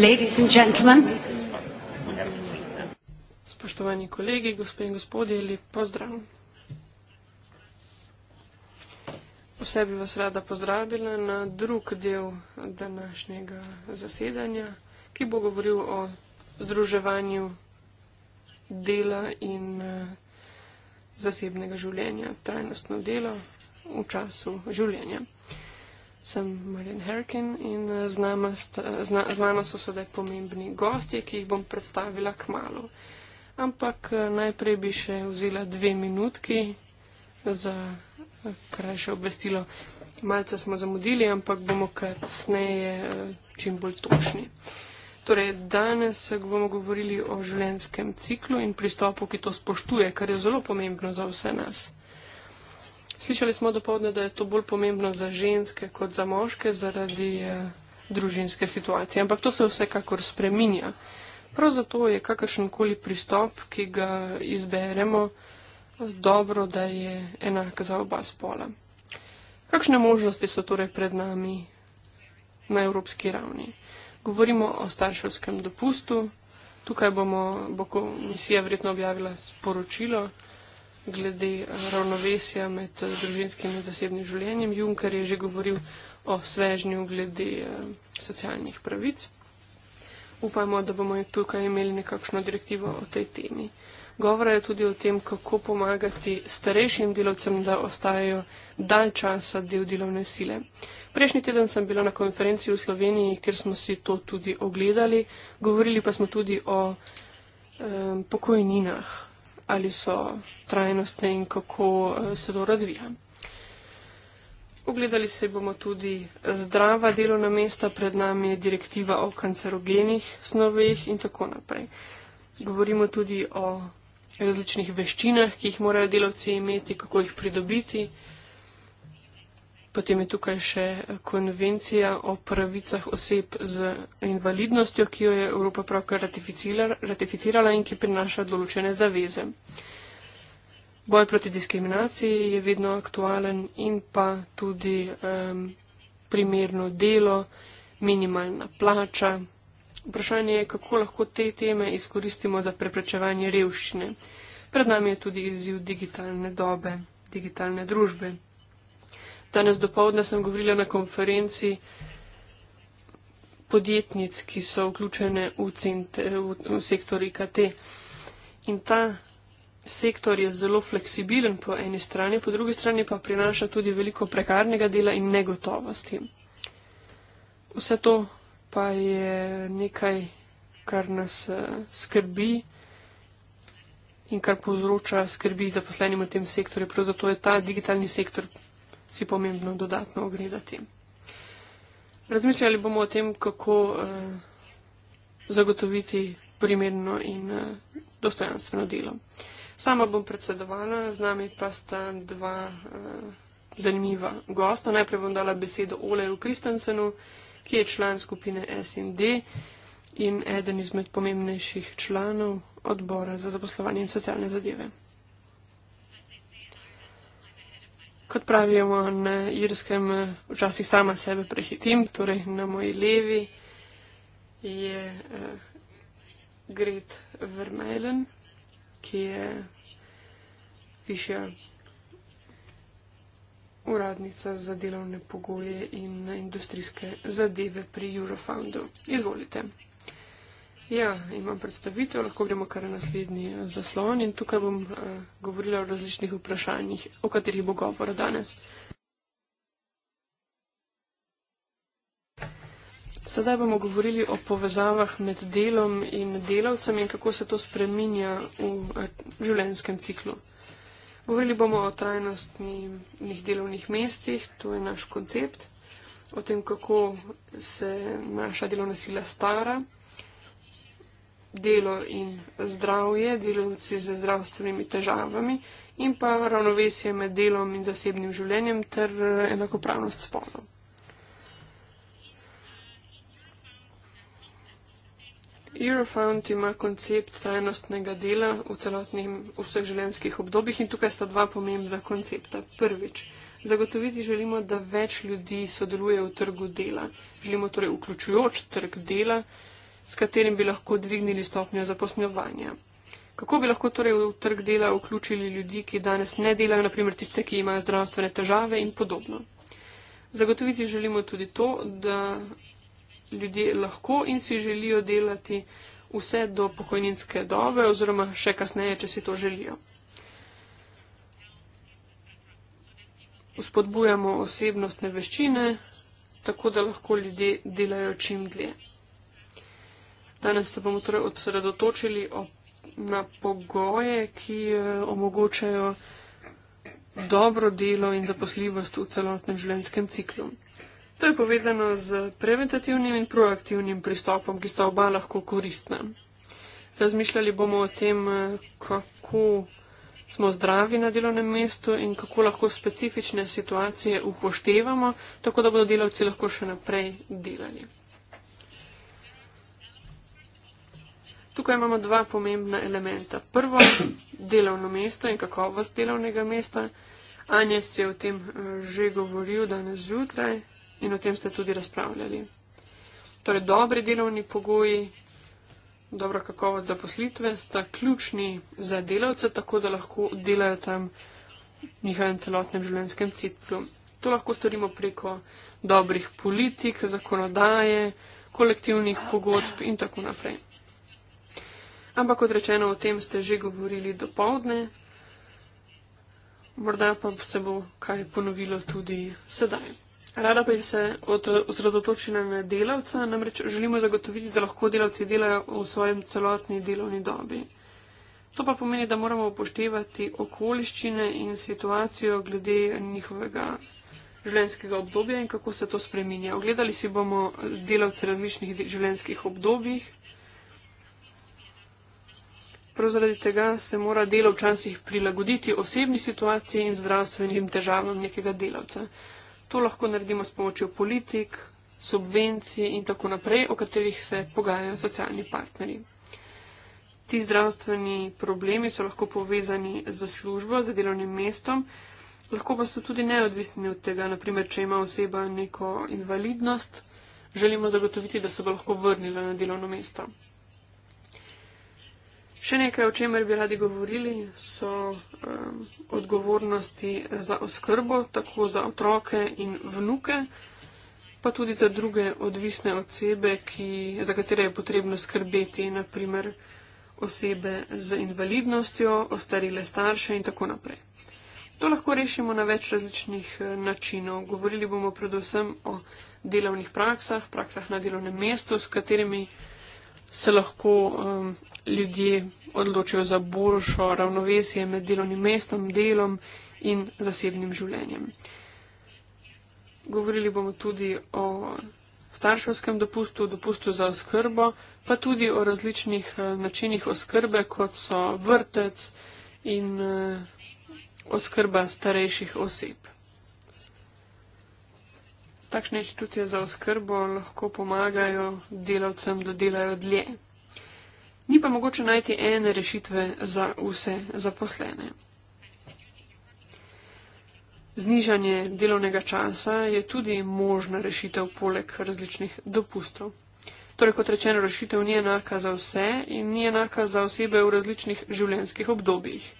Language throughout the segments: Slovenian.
Ladies and gentlemen. Spoštovani kolegi, gospe in gospodje, lep pozdrav. Vse bi vas rada pozdravila na drug del današnjega zasedanja, ki bo govoril o združevanju dela in eh, zasebnega življenja, trajnostno delo v času življenja sem Marjan Herkin in eh, znama sta, eh, zna, znana so sedaj pomembni gosti, ki jih bom predstavila k malu. Ampak eh, najprej bi še vzela dve minutki za krajše obvestilo. Malce smo zamudili, ampak bomo kasneje čim bolj točni. Torej, danes bomo govorili o življenskem ciklu in pristopu, ki to spoštuje, kar je zelo pomembno za vse nas. Slišali smo dopoledne, da je to bolj pomembno za ženske kot za moške zaradi eh, družinske situacije, ampak to se vsekakor spreminja. Prav zato je kakršenkoli pristop, ki ga izberemo, dobro, da je enak za oba spola. Kakšne možnosti so torej pred nami na evropski ravni? Govorimo o starševskem dopustu. Tukaj bomo, bo komisija verjetno objavila sporočilo glede ravnovesja med eh, družinskim in zasebnim življenjem. Juncker je že govoril o svežnju glede eh, socialnih pravic. Upamo, da bomo tukaj imeli nekakšno direktivo o tej temi. Govora je tudi o tem, kako pomagati starejšim delovcem, da ostajajo dal časa del delovne sile. Prejšnji teden sem bila na konferenci v Sloveniji, kjer smo si to tudi ogledali. Govorili pa smo tudi o eh, pokojninah ali so trajnostne in kako eh, se to razvija. Ogledali se bomo tudi zdrava delovna mesta, pred nami je direktiva o kancerogenih snoveh in tako naprej. Govorimo tudi o različnih veščinah, ki jih morajo delavci imeti, kako jih pridobiti. Potem je tukaj še konvencija o pravicah oseb z invalidnostjo, ki jo je Evropa pravkar ratificirala in ki prinaša določene zaveze. Boj proti diskriminaciji je vedno aktualen in pa tudi um, primerno delo, minimalna plača. Vprašanje je, kako lahko te teme izkoristimo za preprečevanje revščine. Pred nami je tudi izziv digitalne dobe, digitalne družbe. Danes dopovdne sem govorila na konferenci podjetnic, ki so vključene v, cint, v, v sektor IKT. In ta sektor je zelo fleksibilen po eni strani, po drugi strani pa prinaša tudi veliko prekarnega dela in negotovosti. Vse to pa je nekaj, kar nas eh, skrbi in kar povzroča skrbi zaposlenim v tem sektorju. Prav zato je ta digitalni sektor si pomembno dodatno ogledati. Razmišljali bomo o tem, kako eh, zagotoviti primerno in eh, dostojanstveno delo. Sama bom predsedovala, z nami pa sta dva eh, zanimiva gosta. Najprej bom dala besedo Oleju Kristensenu, ki je član skupine SND in eden izmed pomembnejših članov odbora za zaposlovanje in socialne zadeve. kot pravimo na irskem, včasih sama sebe prehitim, torej na moji levi je uh, Gret Vermeilen, ki je višja uradnica za delovne pogoje in industrijske zadeve pri Eurofundu. Izvolite. Ja, imam predstavitev, lahko gremo kar na naslednji eh, zaslon in tukaj bom uh, govorila o različnih vprašanjih, o katerih bo govora danes. Sedaj bomo govorili o povezavah med delom in delavcem in kako se to spreminja v eh, življenjskem ciklu. Govorili bomo o trajnostnih delovnih mestih, to je naš koncept, o tem, kako se naša delovna sila stara delo in zdravje, delavci z zdravstvenimi težavami in pa ravnovesje med delom in zasebnim življenjem ter eh, enakopravnost spolov. Eurofound ima koncept trajnostnega dela v celotnih vseh življenjskih obdobjih in tukaj sta dva pomembna koncepta. Prvič, zagotoviti želimo, da več ljudi sodeluje v trgu dela. Želimo torej vključujoč trg dela s katerim bi lahko dvignili stopnjo zaposlovanja. Kako bi lahko torej v trg dela vključili ljudi, ki danes ne delajo, naprimer tiste, ki imajo zdravstvene težave in podobno. Zagotoviti želimo tudi to, da ljudje lahko in si želijo delati vse do pokojninske dobe oziroma še kasneje, če si to želijo. Uspodbujamo osebnostne veščine, tako da lahko ljudje delajo čim dlje. Danes se bomo torej odsredotočili na pogoje, ki eh, omogočajo dobro delo in zaposljivost v celotnem življenjskem ciklu. To je povezano z preventativnim in proaktivnim pristopom, ki sta oba lahko koristna. Razmišljali bomo o tem, eh, kako smo zdravi na delovnem mestu in kako lahko specifične situacije upoštevamo, tako da bodo delavci lahko še naprej delali. tukaj imamo dva pomembna elementa. Prvo, delovno mesto in kakovost delovnega mesta. Anjes je o tem eh, že govoril danes zjutraj in o tem ste tudi razpravljali. Torej, dobri delovni pogoji, dobra kakovost zaposlitve sta ključni za delavce, tako da lahko delajo tam v njihovem celotnem življenjskem ciklu. To lahko storimo preko dobrih politik, zakonodaje, kolektivnih pogodb in tako naprej. Ampak kot rečeno, o tem ste že govorili do povdne. Morda pa se bo kaj ponovilo tudi sedaj. Rada pa bi se osredotočila na delavca, namreč želimo zagotoviti, da lahko delavci delajo v svojem celotni delovni dobi. To pa pomeni, da moramo upoštevati okoliščine in situacijo glede njihovega življenjskega obdobja in kako se to spreminja. Ogledali si bomo delavce različnih življenjskih obdobjih, prav zaradi tega se mora delo včasih prilagoditi osebni situaciji in zdravstvenim težavam nekega delavca. To lahko naredimo s pomočjo politik, subvencij in tako naprej, o katerih se pogajajo socialni partnerji. Ti zdravstveni problemi so lahko povezani za službo, za delovnim mestom, lahko pa so tudi neodvisni od tega, naprimer, če ima oseba neko invalidnost, želimo zagotoviti, da se bo lahko vrnila na delovno mesto. Še nekaj, o čemer bi radi govorili, so um, odgovornosti za oskrbo, tako za otroke in vnuke, pa tudi za druge odvisne osebe, za katere je potrebno skrbeti, naprimer osebe z invalidnostjo, ostarile starše in tako naprej. To lahko rešimo na več različnih eh, načinov. Govorili bomo predvsem o delovnih praksah, praksah na delovnem mestu, s katerimi se lahko um, ljudje odločijo za boljšo ravnovesje med delovnim mestom, delom in zasebnim življenjem. Govorili bomo tudi o starševskem dopustu, dopustu za oskrbo, pa tudi o različnih eh, načinih oskrbe, kot so vrtec in eh, oskrba starejših oseb takšne inštitucije za oskrbo lahko pomagajo delavcem, da delajo dlje. Ni pa mogoče najti ene rešitve za vse zaposlene. Znižanje delovnega časa je tudi možna rešitev poleg različnih dopustov. Torej, kot rečeno, rešitev ni enaka za vse in ni enaka za osebe v različnih življenjskih obdobjih.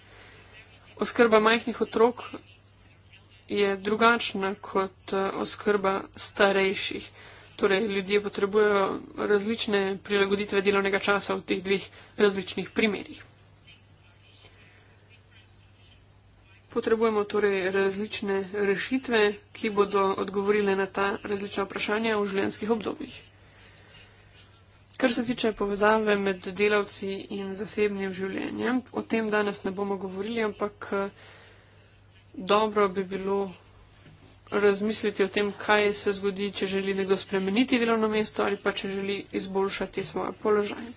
Oskrba majhnih otrok je drugačna kot eh, oskrba starejših. Torej, ljudje potrebujejo različne prilagoditve delovnega časa v teh dveh različnih primerih. Potrebujemo torej različne rešitve, ki bodo odgovorile na ta različna vprašanja v življenjskih obdobjih. Kar se tiče povezave med delavci in zasebnim življenjem, o tem danes ne bomo govorili, ampak. Eh, dobro bi bilo razmisliti o tem, kaj se zgodi, če želi nekdo spremeniti delovno mesto ali pa če želi izboljšati svoje položaje.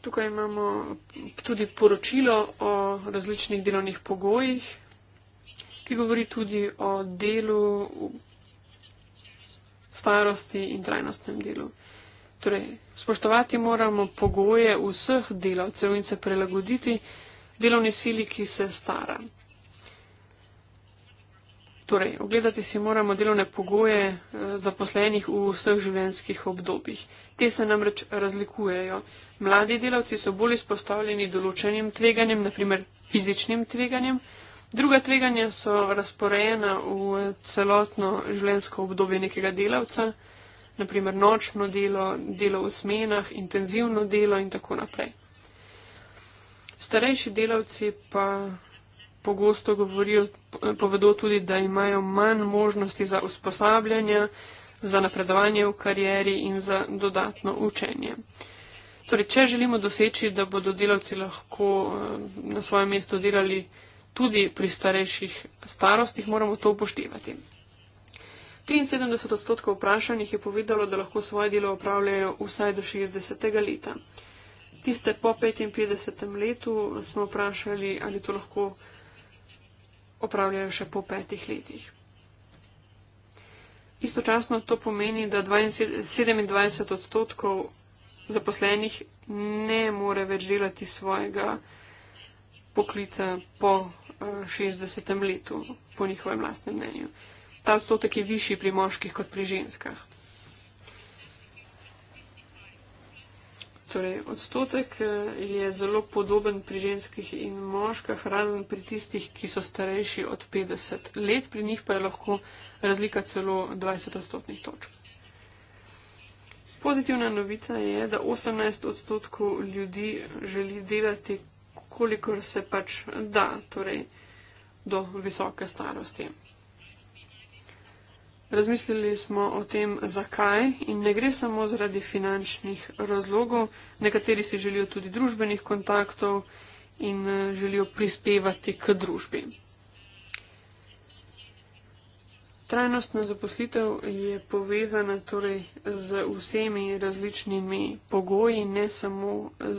Tukaj imamo tudi poročilo o različnih delovnih pogojih, ki govori tudi o delu, starosti in trajnostnem delu. Torej, spoštovati moramo pogoje vseh delavcev in se prilagoditi, delovni sili, ki se stara. Torej, ogledati si moramo delovne pogoje eh, zaposlenih v vseh življenjskih obdobjih. Te se namreč razlikujejo. Mladi delavci so bolj izpostavljeni določenim tveganjem, naprimer fizičnim tveganjem. Druga tveganja so razporejena v celotno življenjsko obdobje nekega delavca, naprimer nočno delo, delo v smenah, intenzivno delo in tako naprej. Starejši delavci pa pogosto govorijo, povedo tudi, da imajo manj možnosti za usposabljanje, za napredovanje v karieri in za dodatno učenje. Torej, če želimo doseči, da bodo delavci lahko eh, na svojem mestu delali tudi pri starejših starostih, moramo to upoštevati. 73 odstotkov vprašanjih je povedalo, da lahko svoje delo opravljajo vsaj do 60. leta tiste po 55. letu smo vprašali, ali to lahko opravljajo še po petih letih. Istočasno to pomeni, da 27 odstotkov zaposlenih ne more več delati svojega poklica po 60. Eh, letu, po njihovem lastnem mnenju. Ta odstotek je višji pri moških kot pri ženskah. Torej, odstotek eh, je zelo podoben pri ženskih in moških, razen pri tistih, ki so starejši od 50 let, pri njih pa je lahko razlika celo 20 odstotnih točk. Pozitivna novica je, da 18 odstotkov ljudi želi delati, kolikor se pač da, torej do visoke starosti. Razmislili smo o tem, zakaj in ne gre samo zaradi finančnih razlogov. Nekateri si želijo tudi družbenih kontaktov in eh, želijo prispevati k družbi. Trajnostna zaposlitev je povezana torej z vsemi različnimi pogoji, ne samo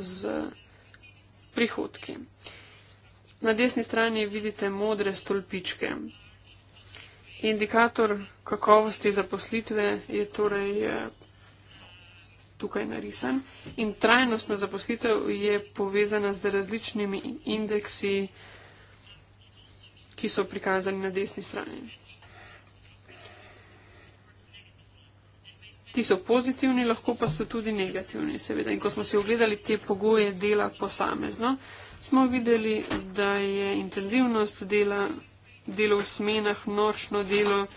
z prihodki. Na desni strani vidite modre stolpičke. Indikator kakovosti zaposlitve je torej eh, tukaj narisan in trajnostna zaposlitev je povezana z različnimi indeksi, ki so prikazani na desni strani. Ti so pozitivni, lahko pa so tudi negativni, seveda. In ko smo si ogledali te pogoje dela posamezno, smo videli, da je intenzivnost dela delo v smenah, nočno delo,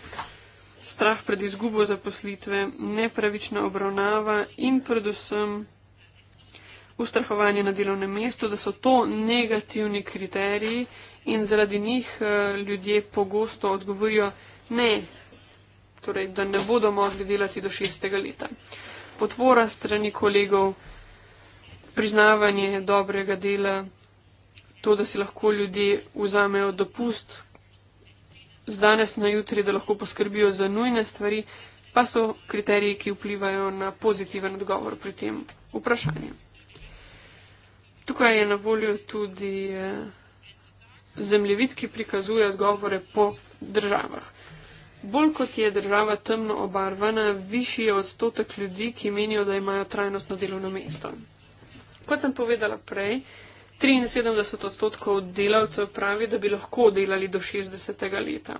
strah pred izgubo zaposlitve, nepravična obravnava in predvsem ustrahovanje na delovnem mestu, da so to negativni kriteriji in zaradi njih eh, ljudje pogosto odgovorijo ne, torej da ne bodo mogli delati do šestega leta. Podpora strani kolegov, priznavanje dobrega dela, to, da si lahko ljudje vzamejo dopust, z danes na jutri, da lahko poskrbijo za nujne stvari, pa so kriteriji, ki vplivajo na pozitiven odgovor pri tem vprašanju. Tukaj je na voljo tudi eh, zemljevid, ki prikazuje odgovore po državah. Bolj kot je država temno obarvana, višji je odstotek ljudi, ki menijo, da imajo trajnostno delovno mesto. Kot sem povedala prej, 73 odstotkov delavcev pravi, da bi lahko delali do 60. leta.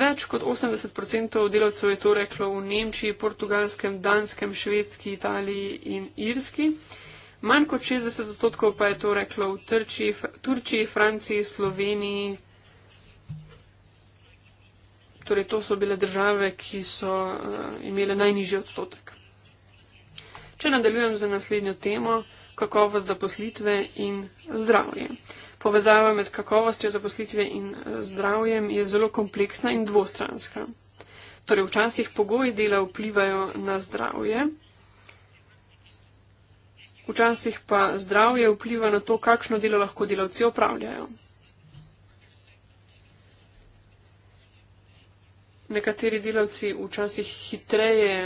Več kot 80 odstotkov delavcev je to reklo v Nemčiji, Portugalskem, Danskem, Švedski, Italiji in Irski. Manj kot 60 odstotkov pa je to reklo v Trčiji, Turčiji, Franciji, Sloveniji. Torej, to so bile države, ki so uh, imele najnižji odstotek. Če nadaljujem z naslednjo temo kakovost zaposlitve in zdravje. Povezava med kakovostjo zaposlitve in eh, zdravjem je zelo kompleksna in dvostranska. Torej, včasih pogoji dela vplivajo na zdravje, včasih pa zdravje vpliva na to, kakšno delo lahko delavci opravljajo. Nekateri delavci včasih hitreje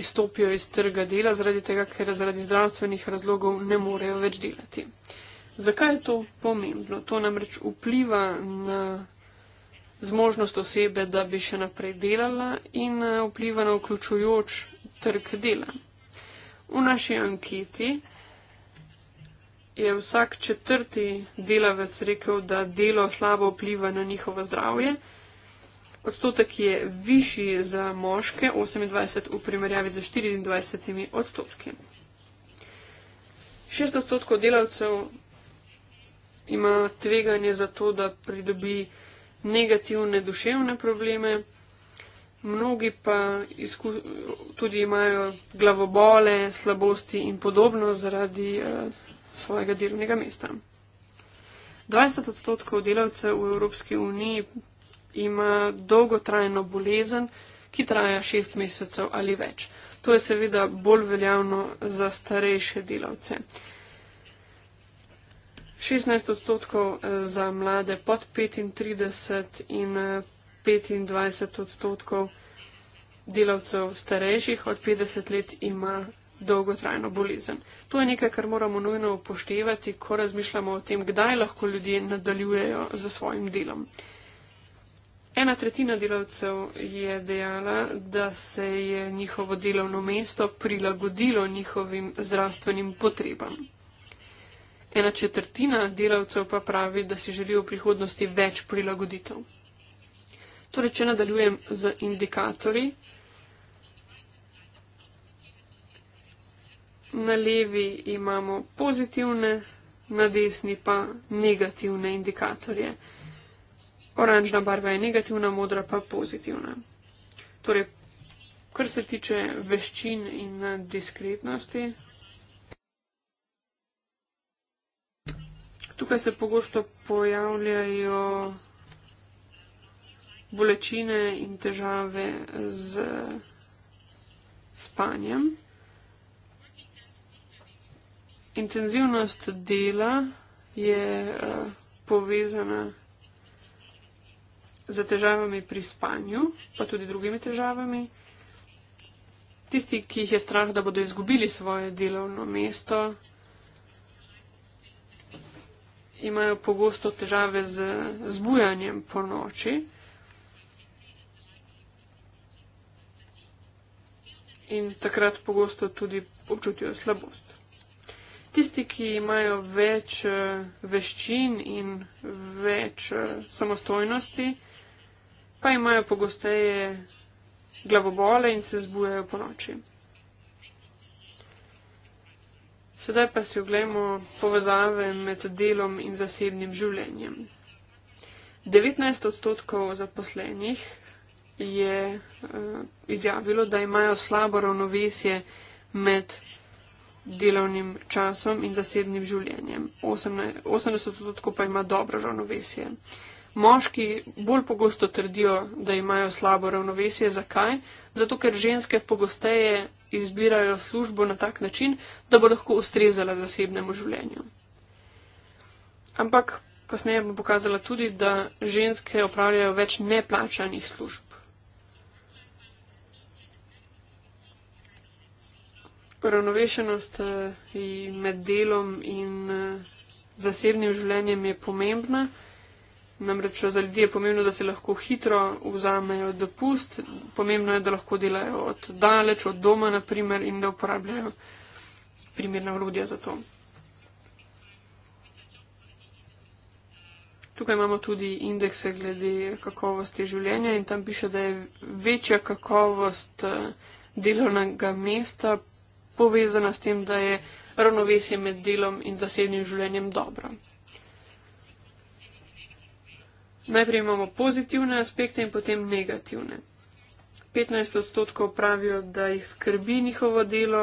izstopijo iz trga dela zaradi tega, ker zaradi zdravstvenih razlogov ne morejo več delati. Zakaj je to pomembno? To namreč vpliva na zmožnost osebe, da bi še naprej delala in eh, vpliva na vključujoč trg dela. V naši anketi je vsak četrti delavec rekel, da delo slabo vpliva na njihovo zdravje odstotek je višji za moške 28 v primerjavi z 24 odstotki. 6 odstotkov delavcev ima tveganje za to, da pridobi negativne duševne probleme, mnogi pa izku, tudi imajo glavobole, slabosti in podobno zaradi eh, svojega delovnega mesta. 20 odstotkov delavcev v Evropski uniji ima dolgotrajno bolezen, ki traja šest mesecev ali več. To je seveda bolj veljavno za starejše delavce. 16 odstotkov eh, za mlade pod 35 in 25 eh, odstotkov delavcev starejših od 50 let ima dolgotrajno bolezen. To je nekaj, kar moramo nujno upoštevati, ko razmišljamo o tem, kdaj lahko ljudje nadaljujejo za svojim delom. Ena tretjina delavcev je dejala, da se je njihovo delovno mesto prilagodilo njihovim zdravstvenim potrebam. Ena četrtina delavcev pa pravi, da si želijo v prihodnosti več prilagoditev. Torej, če nadaljujem z indikatorji, na levi imamo pozitivne, na desni pa negativne indikatorje. Oranžna barva je negativna, modra pa pozitivna. Torej, kar se tiče veščin in diskretnosti, tukaj se pogosto pojavljajo bolečine in težave z spanjem. Intenzivnost dela je uh, povezana z težavami pri spanju, pa tudi drugimi težavami. Tisti, ki jih je strah, da bodo izgubili svoje delovno mesto, imajo pogosto težave z zbujanjem po noči. In takrat pogosto tudi občutijo slabost. Tisti, ki imajo več eh, veščin in več eh, samostojnosti, pa imajo pogosteje glavobole in se zbujajo po noči. Sedaj pa si oglejmo povezave med delom in zasebnim življenjem. 19 odstotkov zaposlenih je uh, izjavilo, da imajo slabo ravnovesje med delovnim časom in zasebnim življenjem. 18, 80 odstotkov pa ima dobro ravnovesje. Uh, Moški bolj pogosto trdijo, da imajo slabo ravnovesje. Zakaj? Zato, ker ženske pogosteje izbirajo službo na tak način, da bo lahko ustrezala zasebnemu življenju. Ampak kasneje bom pokazala tudi, da ženske opravljajo več neplačanih služb. Ravnovešenost eh, med delom in eh, zasebnim življenjem je pomembna. Namreč za ljudi je pomembno, da se lahko hitro vzamejo dopust, pomembno je, da lahko delajo od daleč, od doma, naprimer, in da uporabljajo primerna urodja za to. Tukaj imamo tudi indekse glede kakovosti življenja in tam piše, da je večja kakovost eh, delovnega mesta povezana s tem, da je ravnovesje med delom in zasebnim življenjem dobro. Najprej imamo pozitivne aspekte in potem negativne. 15 odstotkov pravijo, da jih skrbi njihovo delo,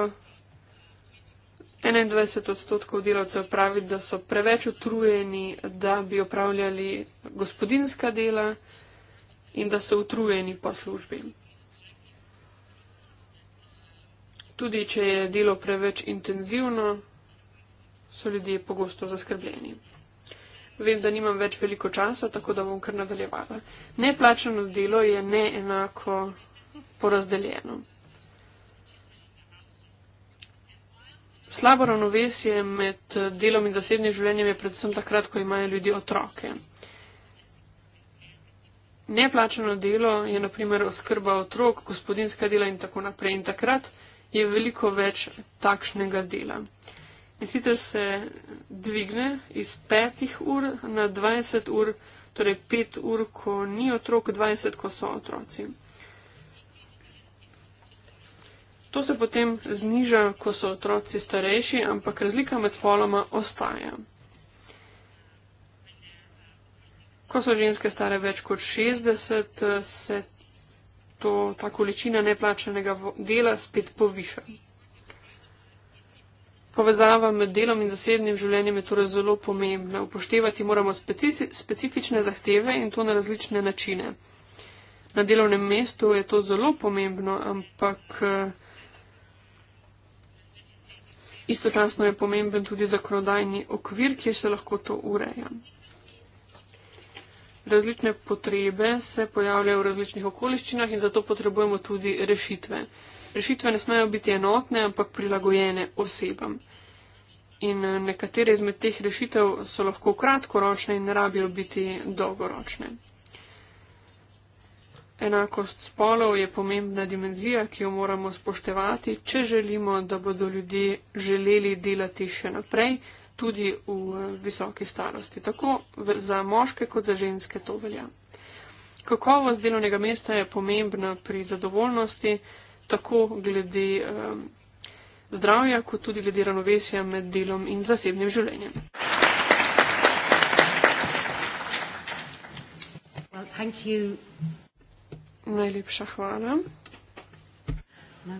21 odstotkov delavcev pravi, da so preveč utrujeni, da bi opravljali gospodinska dela in da so utrujeni po službi. Tudi, če je delo preveč intenzivno, so ljudje pogosto zaskrbljeni. Vem, da nimam več veliko časa, tako da bom kar nadaljevala. Neplačeno delo je neenako porazdeljeno. Slabo ravnovesje med delom in zasebnim življenjem je predvsem takrat, ko imajo ljudje otroke. Neplačeno delo je naprimer oskrba otrok, gospodinska dela in tako naprej. In takrat je veliko več takšnega dela in sicer se dvigne iz 5 ur na 20 ur, torej 5 ur, ko ni otrok, 20, ko so otroci. To se potem zniža, ko so otroci starejši, ampak razlika med poloma ostaja. Ko so ženske stare več kot 60, se to, ta količina neplačanega dela spet poviša. Povezava med delom in zasebnim življenjem je torej zelo pomembna. Upoštevati moramo specifi specifične zahteve in to na različne načine. Na delovnem mestu je to zelo pomembno, ampak eh, istočasno je pomemben tudi zakonodajni okvir, kjer se lahko to ureja. Različne potrebe se pojavljajo v različnih okoliščinah in zato potrebujemo tudi rešitve rešitve ne smejo biti enotne, ampak prilagojene osebam. In eh, nekatere izmed teh rešitev so lahko kratkoročne in ne rabijo biti dolgoročne. Enakost spolov je pomembna dimenzija, ki jo moramo spoštevati, če želimo, da bodo ljudje želeli delati še naprej, tudi v eh, visoki starosti. Tako za moške kot za ženske to velja. Kakovost delovnega mesta je pomembna pri zadovoljnosti, tako glede um, zdravja, kot tudi glede ravnovesja med delom in zasebnim življenjem. Well, Najlepša hvala. No,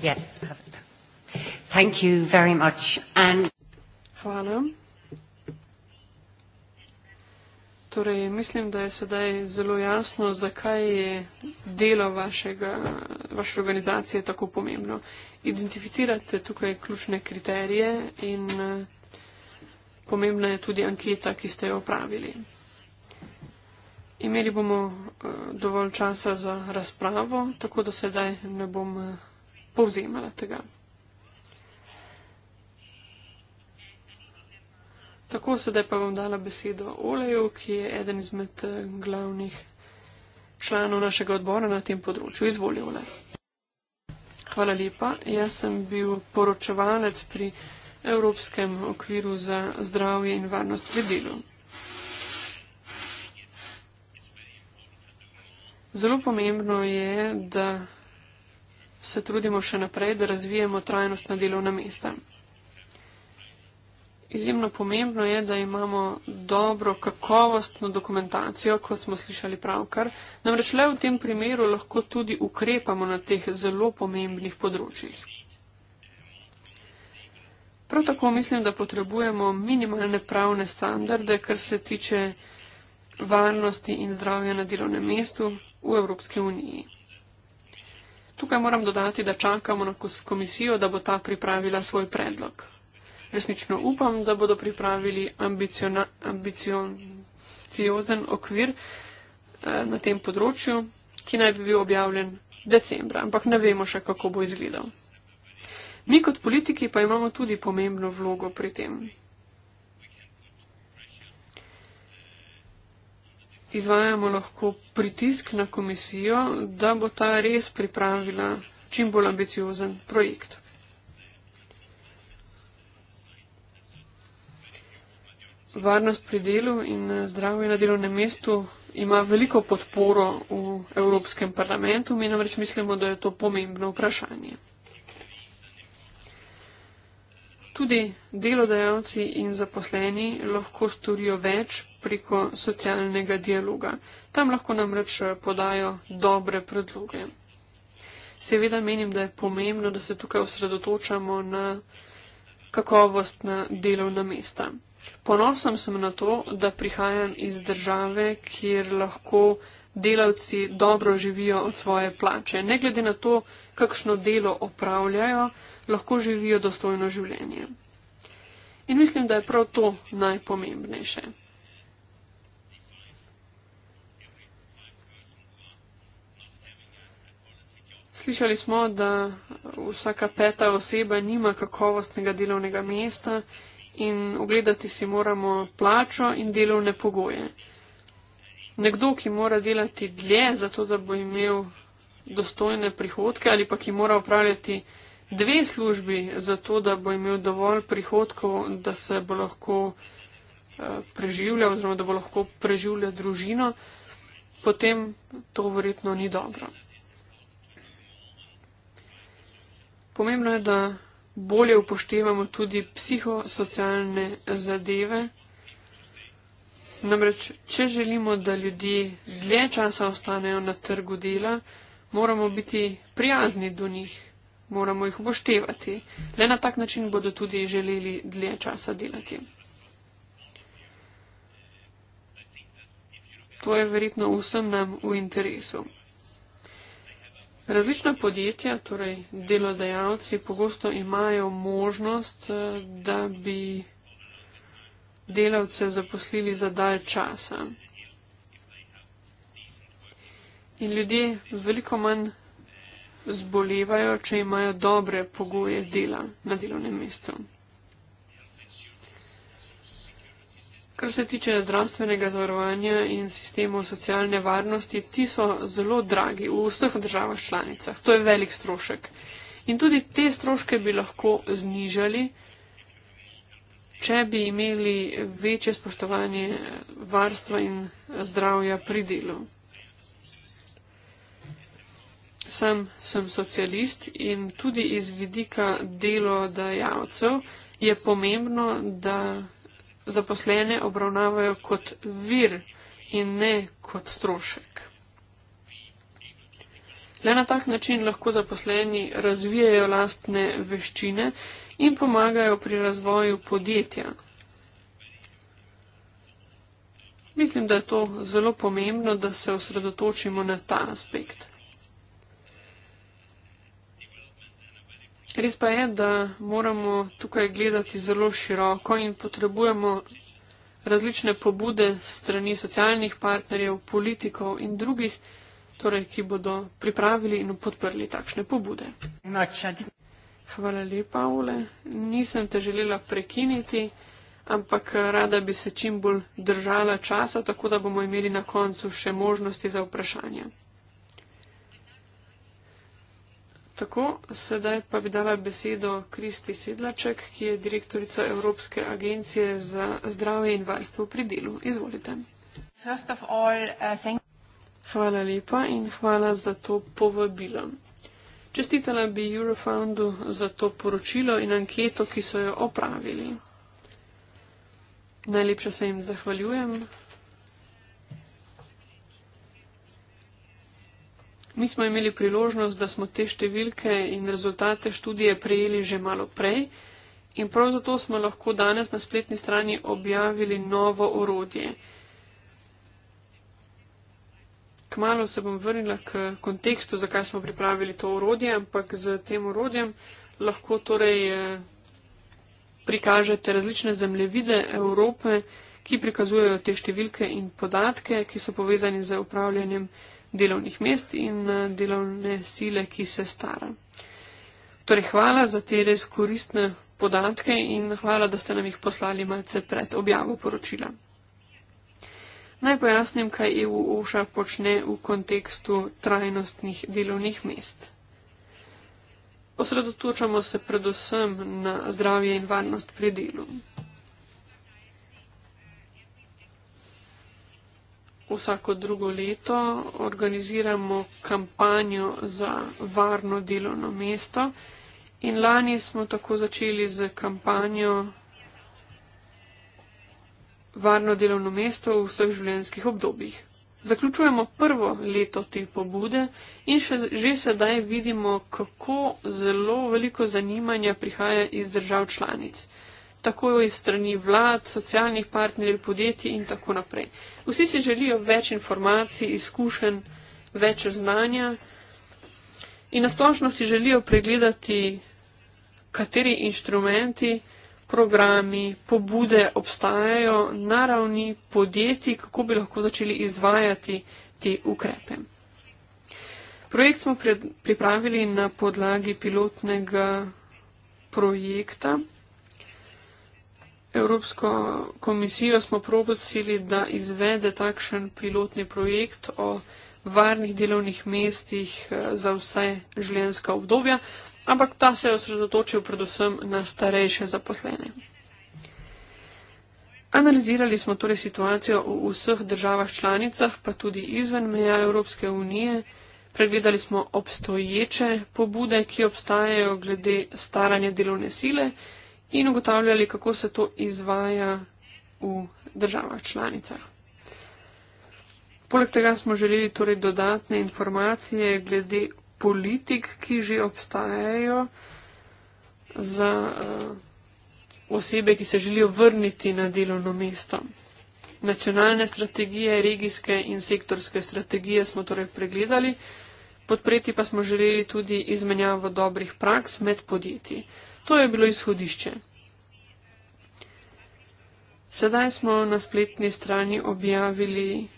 yeah. Yeah, And... Hvala. Torej, mislim, da je sedaj zelo jasno, zakaj je delo vašega, vaše organizacije tako pomembno. Identificirate tukaj ključne kriterije in eh, pomembna je tudi anketa, ki ste jo opravili. Imeli bomo eh, dovolj časa za razpravo, tako da sedaj ne bom eh, povzemala tega. Tako, sedaj pa bom dala besedo Oleju, ki je eden izmed eh, glavnih članov našega odbora na tem področju. Izvolil le. Hvala lepa. Jaz sem bil poročevalec pri Evropskem okviru za zdravje in varnost pri delu. Zelo pomembno je, da se trudimo še naprej, da razvijemo trajnostna delovna mesta. Izjemno pomembno je, da imamo dobro kakovostno dokumentacijo, kot smo slišali pravkar. Namreč le v tem primeru lahko tudi ukrepamo na teh zelo pomembnih področjih. Prav tako mislim, da potrebujemo minimalne pravne standarde, kar se tiče varnosti in zdravja na delovnem mestu v Evropski uniji. Tukaj moram dodati, da čakamo na komisijo, da bo ta pripravila svoj predlog resnično upam, da bodo pripravili ambiciozen okvir eh, na tem področju, ki naj bi bil objavljen decembra, ampak ne vemo še, kako bo izgledal. Mi kot politiki pa imamo tudi pomembno vlogo pri tem. Izvajamo lahko pritisk na komisijo, da bo ta res pripravila čim bolj ambiciozen projekt. varnost pri delu in eh, zdravje na delovnem mestu ima veliko podporo v Evropskem parlamentu, mi namreč mislimo, da je to pomembno vprašanje. Tudi delodajalci in zaposleni lahko storijo več preko socialnega dialoga. Tam lahko namreč eh, podajo dobre predloge. Seveda menim, da je pomembno, da se tukaj osredotočamo na kakovostna delovna mesta. Ponosen sem na to, da prihajam iz države, kjer lahko delavci dobro živijo od svoje plače. Ne glede na to, kakšno delo opravljajo, lahko živijo dostojno življenje. In mislim, da je prav to najpomembnejše. Slišali smo, da vsaka peta oseba nima kakovostnega delovnega mesta in ogledati si moramo plačo in delovne pogoje. Nekdo, ki mora delati dlje, zato da bo imel dostojne prihodke ali pa ki mora upravljati dve službi, zato da bo imel dovolj prihodkov, da se bo lahko eh, preživljal oziroma da bo lahko preživljal družino, potem to verjetno ni dobro. Pomembno je, da bolje upoštevamo tudi psihosocialne zadeve. Namreč, če želimo, da ljudje dlje časa ostanejo na trgu dela, moramo biti prijazni do njih, moramo jih upoštevati. Le na tak način bodo tudi želeli dlje časa delati. To je verjetno vsem nam v interesu. Različna podjetja, torej delodajalci, pogosto imajo možnost, eh, da bi delavce zaposlili za dalj časa. In ljudje veliko manj zbolevajo, če imajo dobre pogoje dela na delovnem mestu. Kar se tiče zdravstvenega zavarovanja in sistemov socialne varnosti, ti so zelo dragi v vseh državah članicah. To je velik strošek. In tudi te stroške bi lahko znižali, če bi imeli večje spoštovanje varstva in zdravja pri delu. Sam sem socialist in tudi iz vidika delodajalcev je pomembno, da zaposlene obravnavajo kot vir in ne kot strošek. Le na tak način lahko zaposleni razvijajo lastne veščine in pomagajo pri razvoju podjetja. Mislim, da je to zelo pomembno, da se osredotočimo na ta aspekt. Res pa je, da moramo tukaj gledati zelo široko in potrebujemo različne pobude strani socialnih partnerjev, politikov in drugih, torej, ki bodo pripravili in podprli takšne pobude. Hvala lepa, Ole. Nisem te želela prekiniti, ampak rada bi se čim bolj držala časa, tako da bomo imeli na koncu še možnosti za vprašanje. Tako, sedaj pa bi dala besedo Kristi Sedlaček, ki je direktorica Evropske agencije za zdravje in varstvo pri delu. Izvolite. All, uh, thank... Hvala lepa in hvala za to povabilo. Čestitala bi Eurofoundu za to poročilo in anketo, ki so jo opravili. Najlepše se jim zahvaljujem. Mi smo imeli priložnost, da smo te številke in rezultate študije prejeli že malo prej in prav zato smo lahko danes na spletni strani objavili novo orodje. Kmalo se bom vrnila k kontekstu, zakaj smo pripravili to orodje, ampak z tem orodjem lahko torej eh, prikažete različne zemljevide Evrope, ki prikazujejo te številke in podatke, ki so povezani z upravljanjem delovnih mest in eh, delovne sile, ki se stara. Torej, hvala za te res koristne podatke in hvala, da ste nam jih poslali malce pred objavo poročila. Naj pojasnim, kaj EU OŠA počne v kontekstu trajnostnih delovnih mest. Osredotočamo se predvsem na zdravje in varnost pri delu. vsako drugo leto organiziramo kampanjo za varno delovno mesto in lani smo tako začeli z kampanjo varno delovno mesto v vseh življenjskih obdobjih. Zaključujemo prvo leto te pobude in še, že sedaj vidimo, kako zelo veliko zanimanja prihaja iz držav članic tako iz strani vlad, socialnih partnerjev, podjetij in tako naprej. Vsi si želijo več informacij, izkušenj, več znanja in nasplošno si želijo pregledati, kateri inštrumenti, programi, pobude obstajajo na ravni podjetij, kako bi lahko začeli izvajati te ukrepe. Projekt smo pripravili na podlagi pilotnega projekta, Evropsko komisijo smo probosili, da izvede takšen pilotni projekt o varnih delovnih mestih eh, za vse življenjska obdobja, ampak ta se je osredotočil predvsem na starejše zaposlene. Analizirali smo torej situacijo v vseh državah članicah, pa tudi izven meja Evropske unije. Pregledali smo obstoječe pobude, ki obstajajo glede staranja delovne sile in ugotavljali, kako se to izvaja v državah članicah. Poleg tega smo želeli torej dodatne informacije glede politik, ki že obstajajo za uh, osebe, ki se želijo vrniti na delovno mesto. Nacionalne strategije, regijske in sektorske strategije smo torej pregledali, podpreti pa smo želeli tudi izmenjavo dobrih praks med podjetji. To je bilo izhodišče. Sedaj smo na spletni strani objavili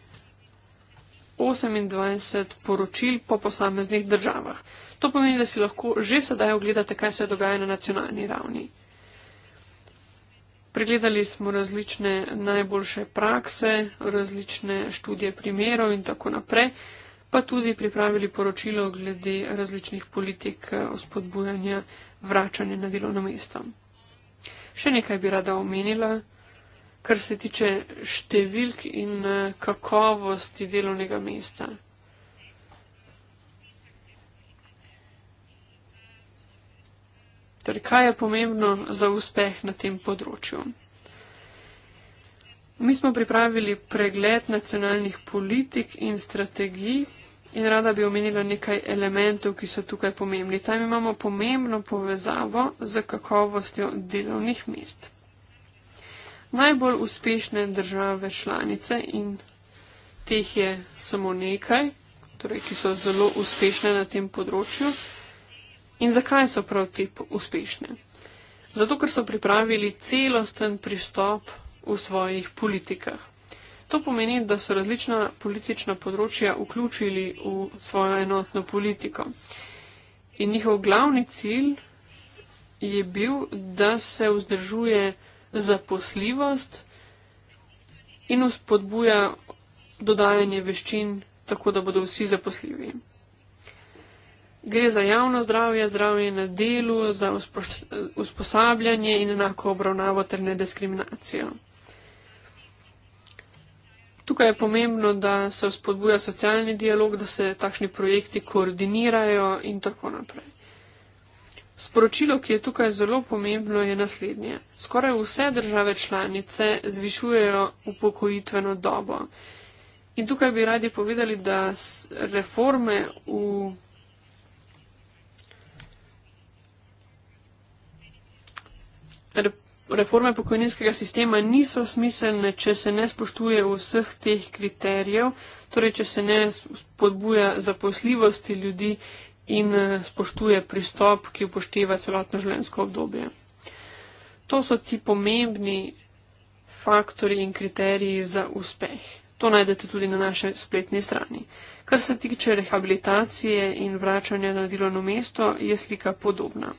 28 poročil po posameznih državah. To pomeni, da si lahko že sedaj ogledate, kaj se dogaja na nacionalni ravni. Pregledali smo različne najboljše prakse, različne študije primerov in tako naprej, pa tudi pripravili poročilo glede različnih politik eh, spodbujanja vračanje na delovno mesto. Še nekaj bi rada omenila, kar se tiče številk in eh, kakovosti delovnega mesta. Torej, kaj je pomembno za uspeh na tem področju? Mi smo pripravili pregled nacionalnih politik in strategij In rada bi omenila nekaj elementov, ki so tukaj pomembni. Tam imamo pomembno povezavo z kakovostjo delovnih mest. Najbolj uspešne države članice in teh je samo nekaj, torej, ki so zelo uspešne na tem področju. In zakaj so prav te uspešne? Zato, ker so pripravili celosten pristop v svojih politikah. To pomeni, da so različna politična področja vključili v svojo enotno politiko. In njihov glavni cilj je bil, da se vzdržuje zaposljivost in uspodbuja dodajanje veščin, tako da bodo vsi zaposljivi. Gre za javno zdravje, zdravje na delu, za usposabljanje in enako obravnavo ter nediskriminacijo. Tukaj je pomembno, da se spodbuja socialni dialog, da se takšni projekti koordinirajo in tako naprej. Sporočilo, ki je tukaj zelo pomembno, je naslednje. Skoraj vse države članice zvišujejo upokojitveno dobo. In tukaj bi radi povedali, da reforme v. Re reforme pokojninskega sistema niso smiselne, če se ne spoštuje vseh teh kriterijev, torej če se ne spodbuja zaposljivosti ljudi in eh, spoštuje pristop, ki upošteva celotno življenjsko obdobje. To so ti pomembni faktori in kriteriji za uspeh. To najdete tudi na naši spletni strani. Kar se tiče rehabilitacije in vračanja na delovno mesto, je slika podobna.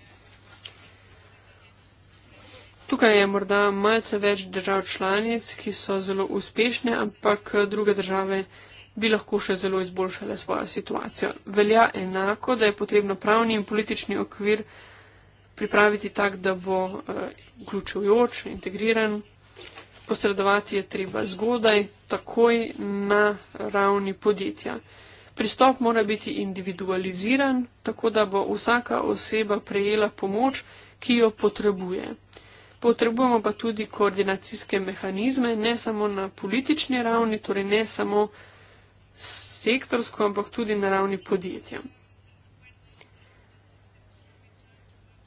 Tukaj je morda malce več držav članic, ki so zelo uspešne, ampak eh, druge države bi lahko še zelo izboljšale svojo situacijo. Velja enako, da je potrebno pravni in politični okvir pripraviti tak, da bo eh, vključujoč, integriran. Posredovati je treba zgodaj, takoj na ravni podjetja. Pristop mora biti individualiziran, tako da bo vsaka oseba prejela pomoč, ki jo potrebuje. Potrebujemo pa tudi koordinacijske mehanizme, ne samo na politični ravni, torej ne samo sektorsko, ampak tudi na ravni podjetja.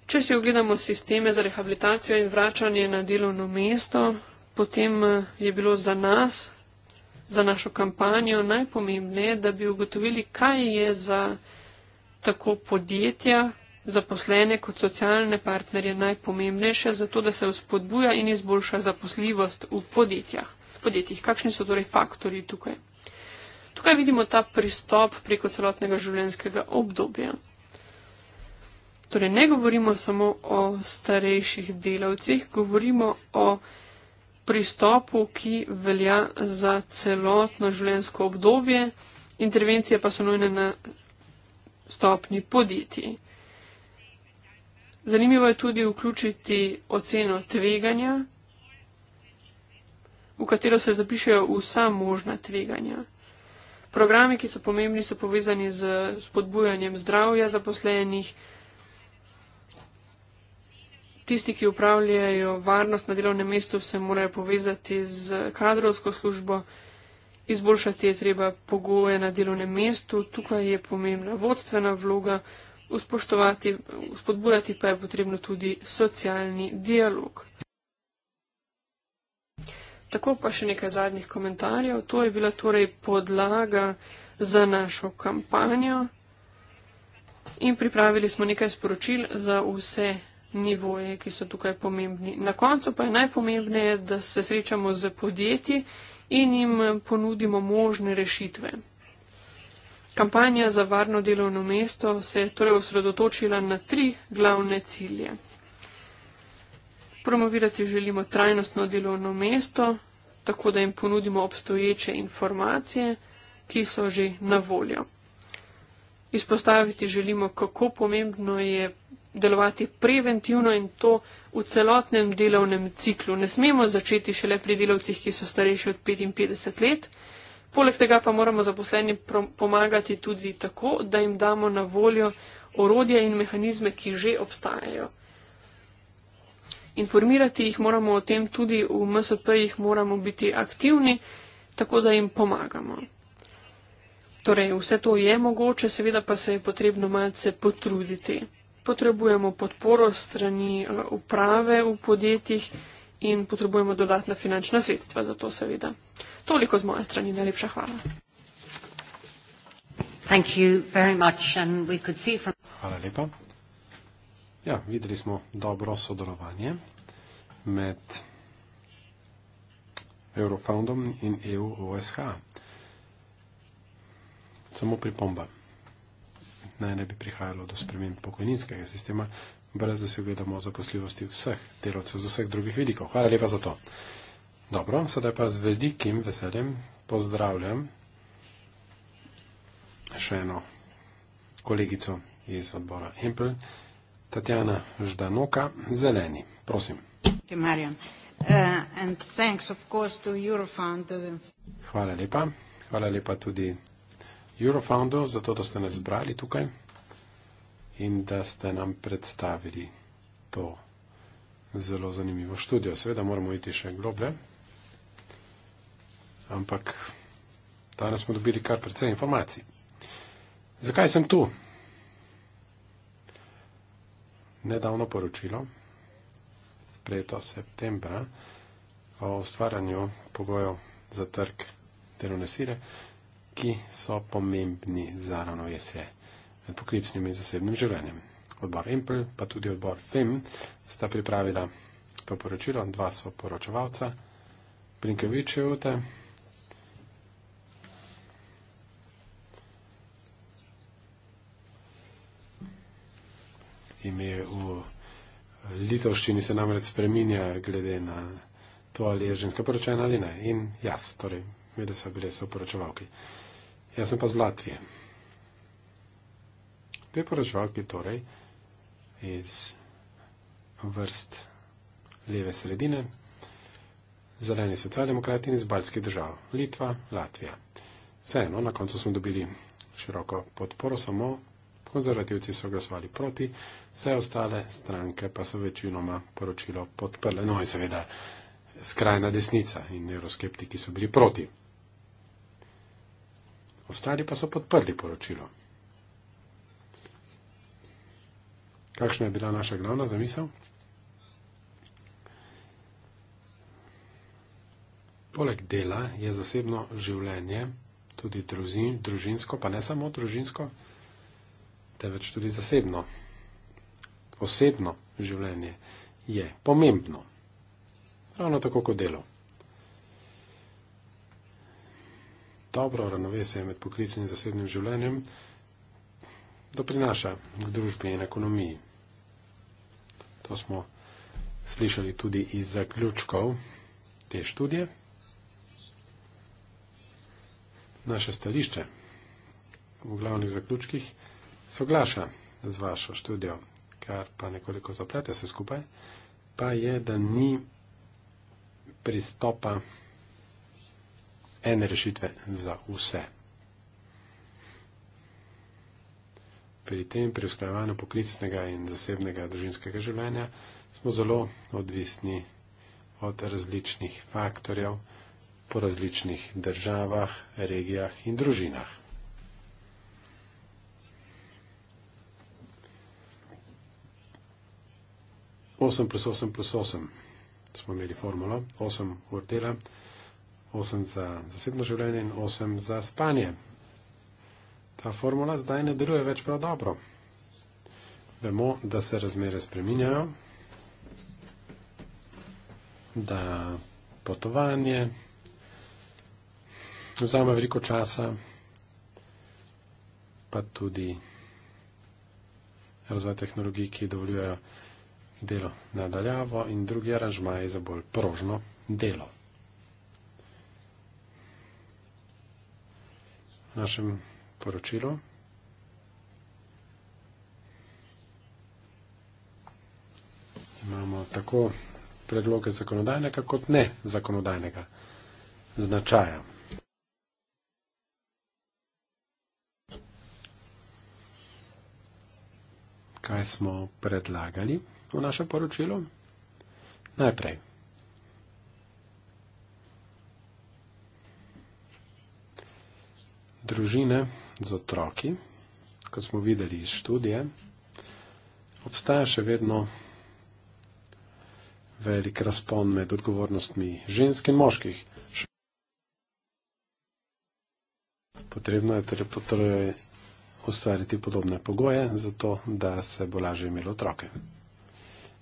Če si ogledamo sisteme za rehabilitacijo in vračanje na delovno mesto, potem eh, je bilo za nas, za našo kampanjo najpomembneje, da bi ugotovili, kaj je za tako podjetja, zaposlene kot socialne partnerje najpomembnejše, zato da se vzpodbuja in izboljša zaposljivost v podjetjah. podjetjih. Kakšni so torej faktori tukaj? Tukaj vidimo ta pristop preko celotnega življenjskega obdobja. Torej, ne govorimo samo o starejših delavcih, govorimo o pristopu, ki velja za celotno življenjsko obdobje, intervencije pa so nujne na stopni podjetij. Zanimivo je tudi vključiti oceno tveganja, v katero se zapišejo vsa možna tveganja. Programi, ki so pomembni, so povezani z spodbujanjem zdravja zaposlenih, tisti, ki upravljajo varnost na delovnem mestu, se morajo povezati z kadrovsko službo, izboljšati je treba pogoje na delovnem mestu, tukaj je pomembna vodstvena vloga, Uspoštovati, spodbujati pa je potrebno tudi socialni dialog. Tako pa še nekaj zadnjih komentarjev. To je bila torej podlaga za našo kampanjo in pripravili smo nekaj sporočil za vse nivoje, ki so tukaj pomembni. Na koncu pa je najpomembneje, da se srečamo z podjetji in jim ponudimo možne rešitve. Kampanja za varno delovno mesto se je torej osredotočila na tri glavne cilje. Promovirati želimo trajnostno delovno mesto, tako da jim ponudimo obstoječe informacije, ki so že na voljo. Izpostaviti želimo, kako pomembno je delovati preventivno in to v celotnem delovnem ciklu. Ne smemo začeti šele pri delavcih, ki so starejši od 55 let. Poleg tega pa moramo zaposlenim pomagati tudi tako, da jim damo na voljo orodje in mehanizme, ki že obstajajo. Informirati jih moramo o tem, tudi v MSP-jih moramo biti aktivni, tako da jim pomagamo. Torej, vse to je mogoče, seveda pa se je potrebno malce potruditi. Potrebujemo podporo strani eh, uprave v podjetjih in potrebujemo dodatna finančna sredstva za to, seveda. Toliko z moje strani, najlepša hvala. Hvala lepa. Ja, videli smo dobro sodelovanje med Eurofoundom in EU-OSH. Samo pripomba. Naj ne bi prihajalo do sprememb pokojninskega sistema, brez da se ogledamo zaposljivosti vseh delavcev z vseh drugih vidikov. Hvala lepa za to. Dobro, sedaj pa z velikim veseljem pozdravljam še eno kolegico iz odbora Empel, Tatjana Ždanoka, Zeleni. Prosim. Uh, uh, Hvala lepa. Hvala lepa tudi Eurofoundu za to, da ste nas zbrali tukaj in da ste nam predstavili to zelo zanimivo študijo. Seveda moramo iti še globlje ampak danes smo dobili kar precej informacij. Zakaj sem tu? Nedavno poročilo, sprejeto septembra, o ustvarjanju pogojev za trg delovne sile, ki so pomembni za ravnovesje med poklicnim in zasebnim življenjem. Odbor Impel pa tudi odbor FEM sta pripravila to poročilo, dva so poročevalca, Brinkevičevute. ime v litovščini se namreč spreminja glede na to, ali je ženska poročena ali ne. In jaz, torej, vedno so bile soporočevalke. Jaz sem pa z Latvije. Dve poročevalki torej iz vrst leve sredine, zeleni socialdemokrati in iz baljskih držav, Litva, Latvija. Vseeno, na koncu smo dobili široko podporo, samo konzervativci so glasovali proti, Vse ostale stranke pa so večinoma poročilo podprle. No in seveda skrajna desnica in neuroskeptiki so bili proti. Ostali pa so podprli poročilo. Kakšna je bila naša glavna zamisel? Poleg dela je zasebno življenje, tudi družinsko, pa ne samo družinsko, temveč tudi zasebno osebno življenje je pomembno. Ravno tako kot delo. Dobro ravnovesje med poklicnim in zasebnim življenjem doprinaša k družbi in ekonomiji. To smo slišali tudi iz zaključkov te študije. Naše stališče v glavnih zaključkih soglaša z vašo študijo kar pa nekoliko zaplete vse skupaj, pa je, da ni pristopa ene rešitve za vse. Pri tem, pri usklajevanju poklicnega in zasebnega družinskega življenja, smo zelo odvisni od različnih faktorjev po različnih državah, regijah in družinah. 8 plus 8 plus 8 smo imeli formulo, 8 ur dela, 8 za zasebno življenje in 8 za spanje. Ta formula zdaj ne deluje več prav dobro. Vemo, da se razmere spreminjajo, da potovanje vzame veliko časa, pa tudi razvoj tehnologij, ki dovoljujejo delo nadaljavo in drugi aranžmaj za bolj prožno delo. V našem poročilu imamo tako predloge zakonodajnega kot ne zakonodajnega značaja. Kaj smo predlagali? v naše poročilo? Najprej. Družine z otroki, kot smo videli iz študije, obstaja še vedno velik razpon med odgovornostmi žensk in moških. Potrebno je torej ustvariti podobne pogoje, zato da se bo lažje imelo otroke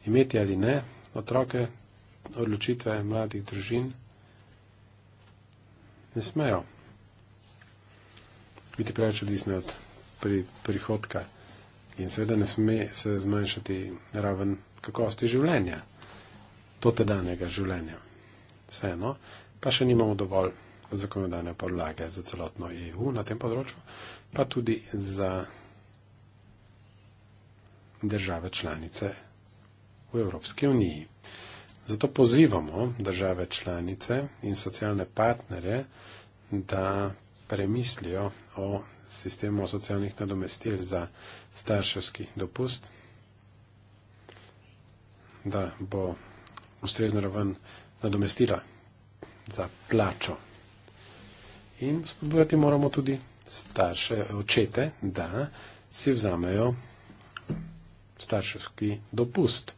imeti ali ne otroke, odločitve mladih družin ne smejo biti preveč odvisne od pri, prihodka in seveda ne sme se zmanjšati raven kakovosti življenja, totedanega življenja. Vseeno, pa še nimamo dovolj zakonodajne podlage za celotno EU na tem področju, pa tudi za države članice v Evropski uniji. Zato pozivamo države članice in socialne partnere, da premislijo o sistemu socialnih nadomestil za starševski dopust, da bo ustrezna raven nadomestila za plačo. In spodbujati moramo tudi starše, očete, da si vzamejo starševski dopust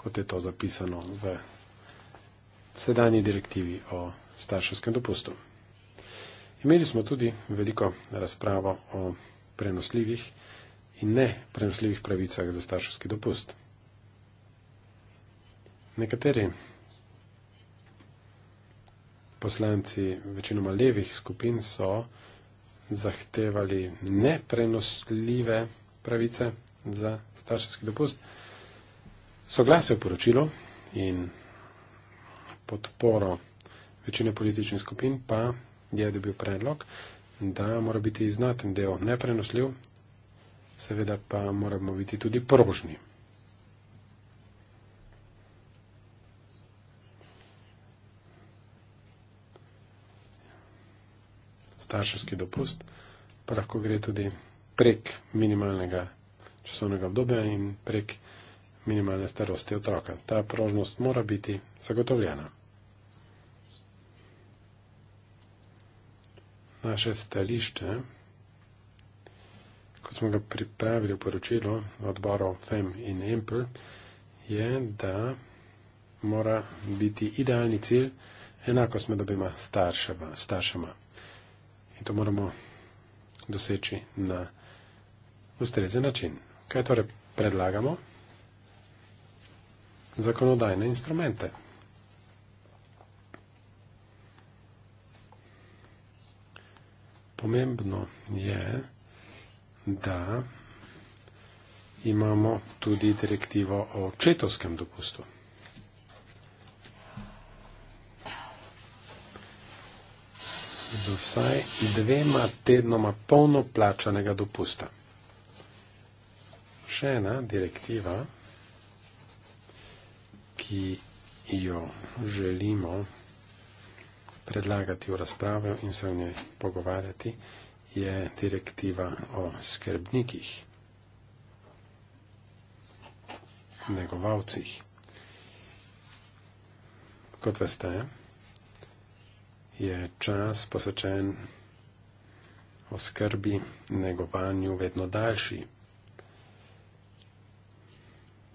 kot je to zapisano v sedanji direktivi o starševskem dopustu. Imeli smo tudi veliko razpravo o prenosljivih in ne prenosljivih pravicah za starševski dopust. Nekateri poslanci večinoma levih skupin so zahtevali neprenosljive pravice za starševski dopust soglasje v poročilu in podporo večine političnih skupin pa je dobil predlog, da mora biti znaten del neprenosljiv, seveda pa moramo biti tudi prožni. Starševski dopust pa lahko gre tudi prek minimalnega časovnega obdobja in prek minimalne starosti otroka. Ta prožnost mora biti zagotovljena. Naše stališče, kot smo ga pripravili v poročilo odboru FEM in EMPL, je, da mora biti idealni cilj enakost med obima staršema, staršema. In to moramo doseči na ustrezen način. Kaj torej predlagamo? zakonodajne instrumente. Pomembno je, da imamo tudi direktivo o četovskem dopustu. Z vsaj dvema tednoma polnoplačanega dopusta. Še ena direktiva ki jo želimo predlagati v razpravo in se o njej pogovarjati, je direktiva o skrbnikih, negovalcih. Kot veste, je čas posvečen o skrbi, negovanju vedno daljši.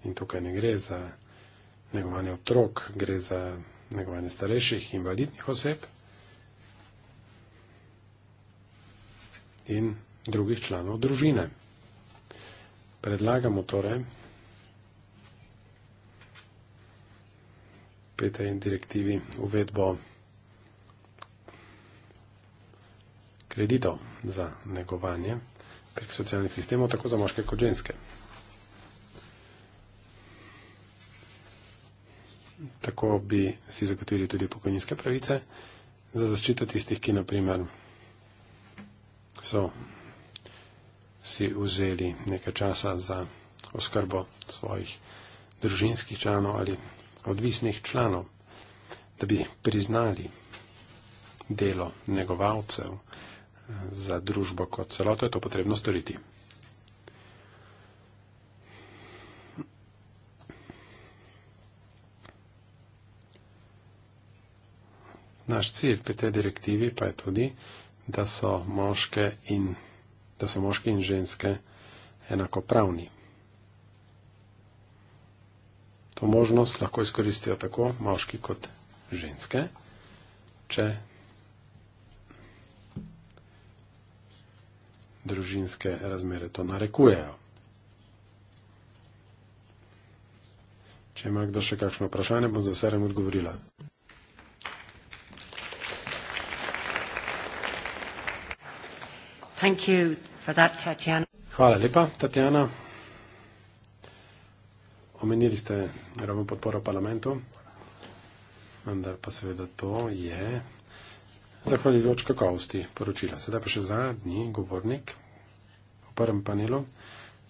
In tukaj ne gre za negovanje otrok, gre za negovanje starejših, invalidnih oseb in drugih članov družine. Predlagamo torej pete in direktivi uvedbo kreditov za negovanje prek socialnih sistemov tako za moške kot ženske. tako bi si zagotovili tudi pokojninske pravice za zaščito tistih, ki naprimer so si vzeli nekaj časa za oskrbo svojih družinskih članov ali odvisnih članov, da bi priznali delo negovalcev eh, za družbo kot celoto, je to potrebno storiti. Naš cilj pri tej direktivi pa je tudi, da so moške in, da so moške in ženske enakopravni. To možnost lahko izkoristijo tako moški kot ženske, če družinske razmere to narekujejo. Če ima kdo še kakšno vprašanje, bom z veseljem odgovorila. Thank you for that, Tatjana. Hvala lepa, Tatjana. Omenili ste ravno podporo parlamentu, vendar pa seveda to je zahvaljujoč kakovosti poročila. Sedaj pa še zadnji govornik v prvem panelu.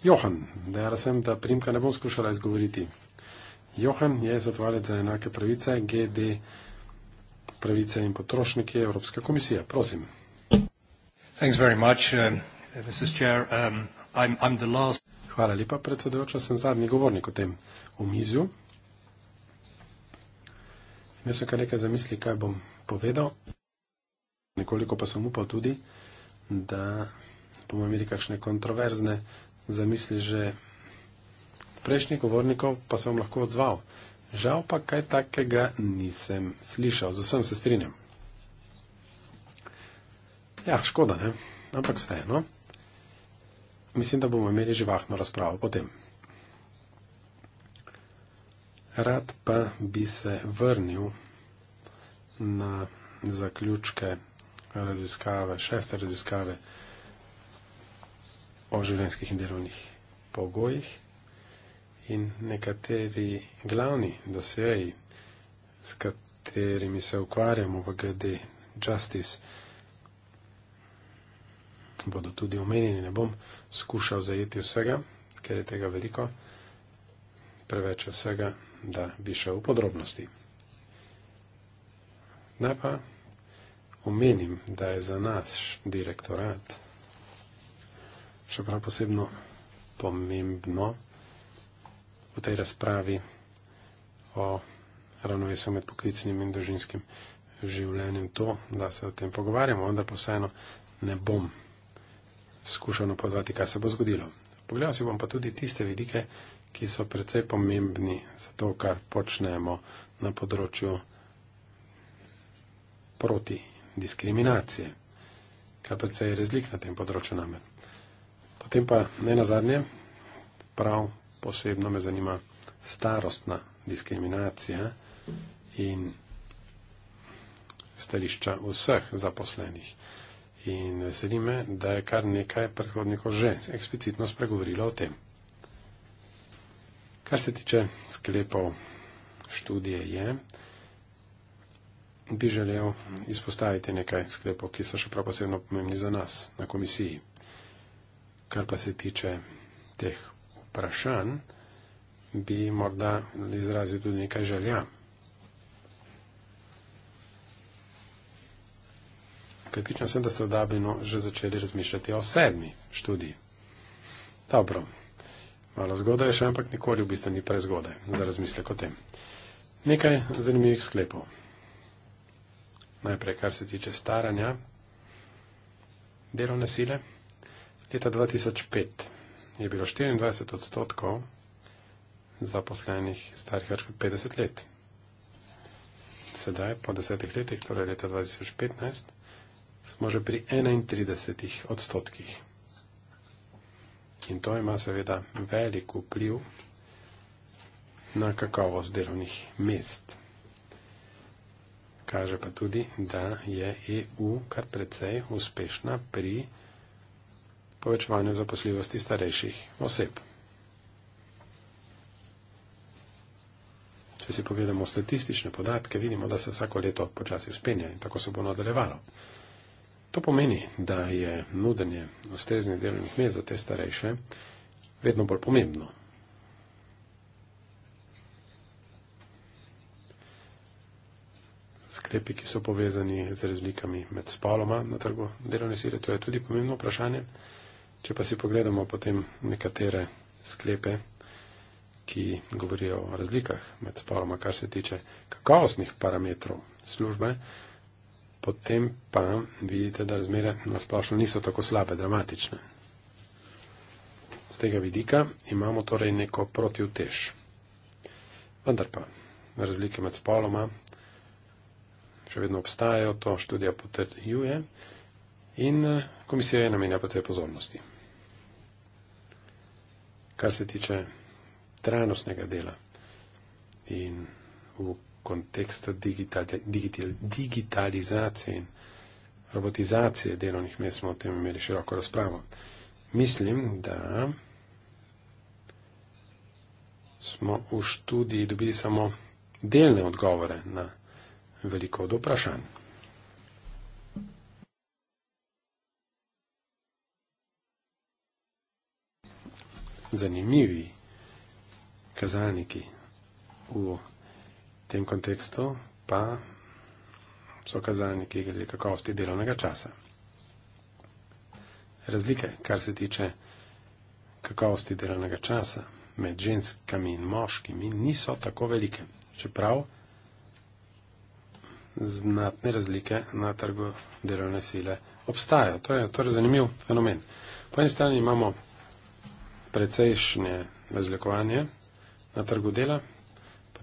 Johan, dejala sem, da primka ne bom skušala izgovoriti. Johan je zatvarjal za enake pravice, GD pravice in potrošniki Evropske komisije. Prosim. Thanks very much, Mrs. Um, Chair. Um, I'm, I'm the last. Hvala lepa, predsedujoča, sem zadnji govornik o tem omizju. Jaz sem kar nekaj zamisli, kaj bom povedal. Nekoliko pa sem upal tudi, da bomo imeli kakšne kontroverzne zamisli že prejšnjih govornikov, pa sem lahko odzval. Žal pa kaj takega nisem slišal, z vsem se strinjam. Ja, škoda, ne? ampak vseeno. Mislim, da bomo imeli živahno razpravo potem. Rad pa bi se vrnil na zaključke raziskave, šeste raziskave o življenjskih in delovnih pogojih in nekateri glavni DSA, s katerimi se ukvarjamo v GD Justice, bodo tudi omenjeni. Ne bom skušal zajeti vsega, ker je tega veliko, preveč vsega, da bi šel v podrobnosti. Naj pa omenim, da je za nas direktorat še prav posebno pomembno v tej razpravi o ravnovesju med poklicnim in družinskim življenjem to, da se o tem pogovarjamo, vendar pa vseeno ne bom skušano podati, kaj se bo zgodilo. Pogledal si bom pa tudi tiste vidike, ki so precej pomembni za to, kar počnemo na področju proti diskriminacije, kar precej razlik na tem področju name. Potem pa ne nazadnje, prav posebno me zanima starostna diskriminacija in stališča vseh zaposlenih in veseli me, da je kar nekaj predhodnikov že eksplicitno spregovorilo o tem. Kar se tiče sklepov študije je, bi želel izpostaviti nekaj sklepov, ki so še prav posebno pomembni za nas na komisiji. Kar pa se tiče teh vprašanj, bi morda izrazil tudi nekaj želja Pripričan sem, da ste v Dublinu že začeli razmišljati o sedmi študiji. Dobro, malo zgodaj še, ampak nikoli v bistvu ni prezgodaj za razmislek o tem. Nekaj zanimivih sklepov. Najprej, kar se tiče staranja delovne sile. Leta 2005 je bilo 24 odstotkov zaposlenih starih več kot 50 let. Sedaj, po desetih letih, torej leta 2015, smo že pri 31 odstotkih. In to ima seveda velik vpliv na kakovost delovnih mest. Kaže pa tudi, da je EU kar precej uspešna pri povečevanju zaposljivosti starejših oseb. Če si pogledamo statistične podatke, vidimo, da se vsako leto počasi uspenja in tako se bo nadaljevalo. To pomeni, da je nudenje ustreznih delovnih mest za te starejše vedno bolj pomembno. Sklepi, ki so povezani z razlikami med spoloma na trgu delovne sile, to je tudi pomembno vprašanje. Če pa si pogledamo potem nekatere sklepe, ki govorijo o razlikah med spoloma, kar se tiče kakovostnih parametrov službe, potem pa vidite, da razmere na splošno niso tako slabe, dramatične. Z tega vidika imamo torej neko protivtež. Vendar pa razlike med spoloma še vedno obstajajo, to študija potrjuje in eh, komisija je namenja precej pozornosti. Kar se tiče trajnostnega dela in v kontekstu digital, digital, digitalizacije in robotizacije delovnih mest smo o tem imeli široko razpravo. Mislim, da smo v študiji dobili samo delne odgovore na veliko od vprašanj. Zanimivi kazalniki v tem kontekstu pa so kazalniki glede kakovosti delovnega časa. Razlike, kar se tiče kakovosti delovnega časa med ženskami in moškimi, niso tako velike. Čeprav znatne razlike na trgu delovne sile obstajajo. To je torej zanimiv fenomen. Po eni strani imamo precejšnje razlikovanje na trgu dela,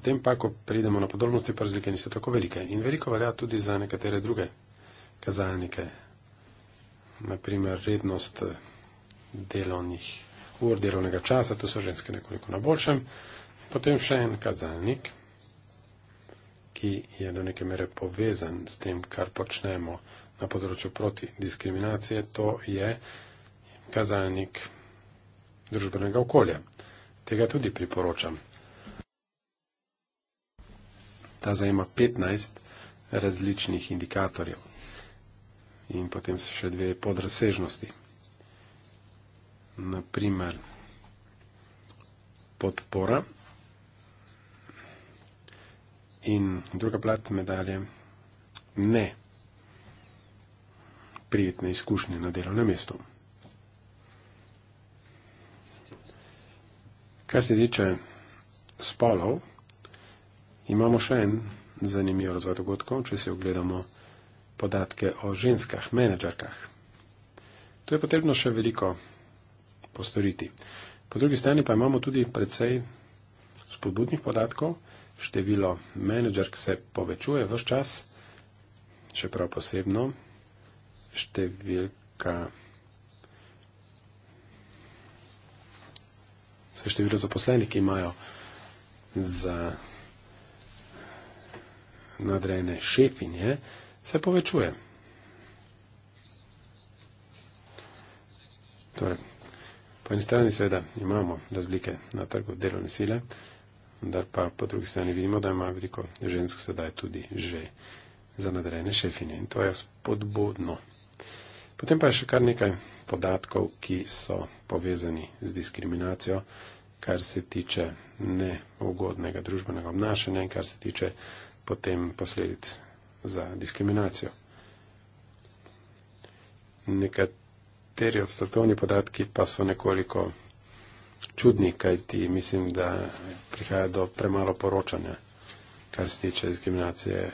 Potem pa, ko pridemo na podrobnosti, pa razlike niso tako velike. In veliko velja tudi za nekatere druge kazalnike. Naprimer, rednost eh, delovnih ur, delovnega časa, tu so ženske nekoliko na boljšem. Potem še en kazalnik, ki je do neke mere povezan s tem, kar počnemo na področju proti diskriminacije, to je kazalnik družbenega okolja. Tega tudi priporočam ta zajema 15 različnih indikatorjev in potem so še dve podrazsežnosti. Naprimer, podpora in druga plat medalje ne prijetne izkušnje na delovnem mestu. Kar se tiče spolov, Imamo še en zanimiv razvoj dogodkov, če si ogledamo podatke o ženskah, menedžerkah. To je potrebno še veliko postoriti. Po drugi strani pa imamo tudi precej spodbudnih podatkov. Število menedžerk se povečuje v vse čas, čeprav posebno številka. Se število zaposlenih, ki imajo za nadrejene šefinje, se povečuje. Torej, po eni strani seveda imamo razlike na trgu delovne sile, vendar pa po drugi strani vidimo, da ima veliko žensk sedaj tudi že za nadrejene šefinje in to je spodbudno. Potem pa je še kar nekaj podatkov, ki so povezani z diskriminacijo, kar se tiče neugodnega družbenega obnašanja in kar se tiče potem posledic za diskriminacijo. Nekateri odstotkovni podatki pa so nekoliko čudni, kajti mislim, da prihaja do premalo poročanja, kar se tiče diskriminacije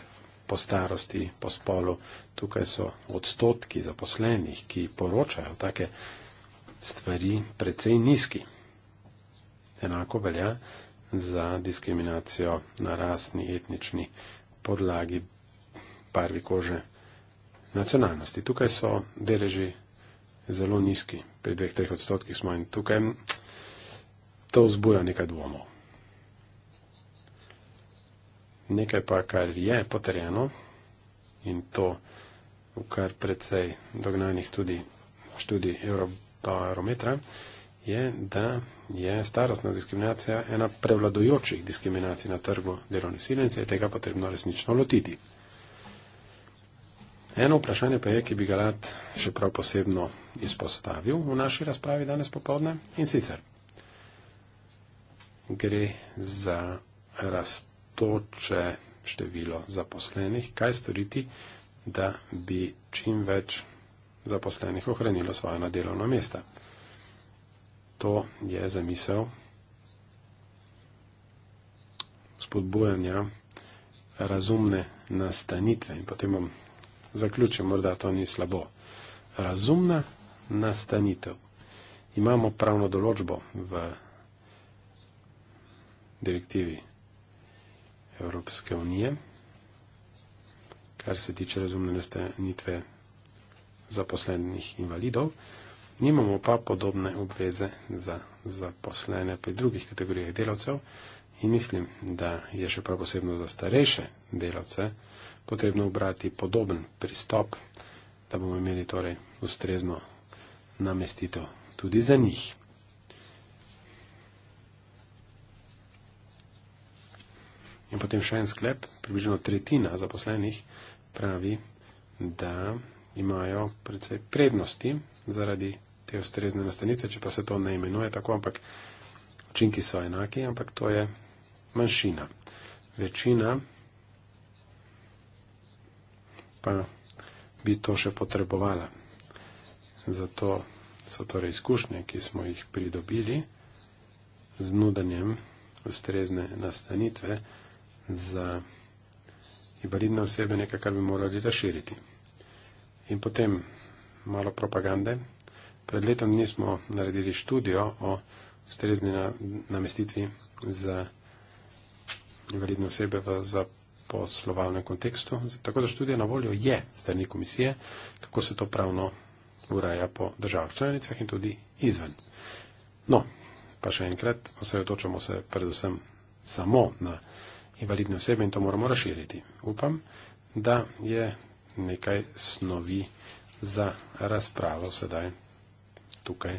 po starosti, po spolu. Tukaj so odstotki zaposlenih, ki poročajo take stvari, precej nizki. Enako velja za diskriminacijo na rasni, etnični podlagi, barvi kože, nacionalnosti. Tukaj so deleži zelo nizki, pri dveh, treh odstotkih smo in tukaj to vzbuja nekaj dvomov. Nekaj pa, kar je potrjeno in to, v kar precej dognanih tudi študij Evropa Rometra, je, da je starostna diskriminacija ena prevladojočih diskriminacij na trgu delovne sile in se je tega potrebno resnično lotiti. Eno vprašanje pa je, ki bi ga rad še prav posebno izpostavil v naši razpravi danes popovdne in sicer gre za rastoče število zaposlenih, kaj storiti, da bi čim več zaposlenih ohranilo svoje na delovno mesto to je zamisel spodbujanja razumne nastanitve. In potem bom zaključil, morda to ni slabo. Razumna nastanitev. Imamo pravno določbo v direktivi Evropske unije, kar se tiče razumne nastanitve zaposlenih invalidov. Nimamo pa podobne obveze za zaposlene pri drugih kategorijah delavcev in mislim, da je še prav posebno za starejše delavce potrebno obrati podoben pristop, da bomo imeli torej ustrezno namestitev tudi za njih. In potem še en sklep, približno tretjina zaposlenih pravi, da imajo predvsej prednosti zaradi te ustrezne nastanitve, če pa se to ne imenuje tako, ampak učinki so enaki, ampak to je manjšina. Večina pa bi to še potrebovala. Zato so torej izkušnje, ki smo jih pridobili z nudanjem ustrezne nastanitve za invalidne osebe, nekaj, kar bi morali da širiti. In potem malo propagande pred letom dni smo naredili študijo o strezni na, namestitvi za invalidne osebe v zaposlovalnem kontekstu. Tako da študija na voljo je strani komisije, kako se to pravno uraja po državah članicah in tudi izven. No, pa še enkrat, osredotočamo se predvsem samo na invalidne osebe in to moramo razširiti. Upam, da je nekaj snovi za razpravo sedaj tukaj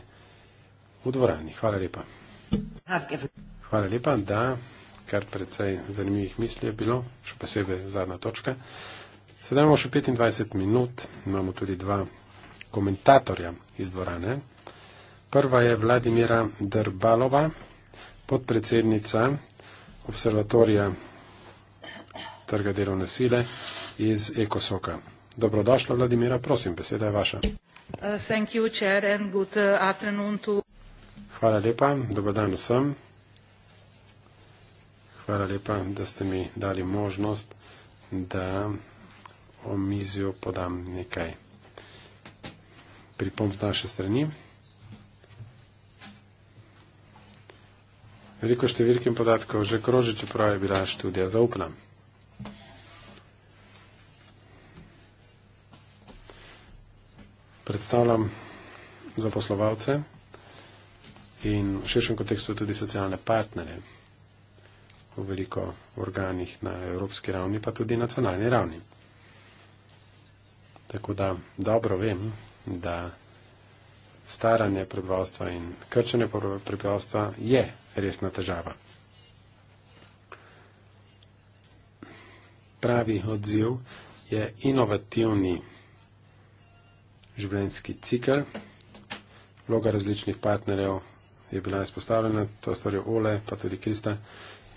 v dvorani. Hvala lepa. Hvala lepa, da kar precej zanimivih misli je bilo, še posebej zadnja točka. Sedaj imamo še 25 minut, imamo tudi dva komentatorja iz dvorane. Prva je Vladimira Drbalova, podpredsednica observatorija trga delovne sile iz Ekosoka. Dobrodošla, Vladimira, prosim, beseda je vaša. Uh, thank you, Chair, and good uh, afternoon to... Hvala lepa, dober dan vsem. Hvala lepa, da ste mi dali možnost, da o mizijo podam nekaj pripomb z naše strani. Veliko številk in podatkov že kroži, čeprav je bila študija zaupna. predstavljam zaposlovalce in v širšem kontekstu tudi socialne partnere v veliko organih na evropski ravni, pa tudi nacionalni ravni. Tako da dobro vem, da staranje prebivalstva in krčenje prebivalstva je resna težava. Pravi odziv je inovativni življenjski cikl. Vloga različnih partnerjev je bila izpostavljena, to stvar je Ole, pa tudi Krista.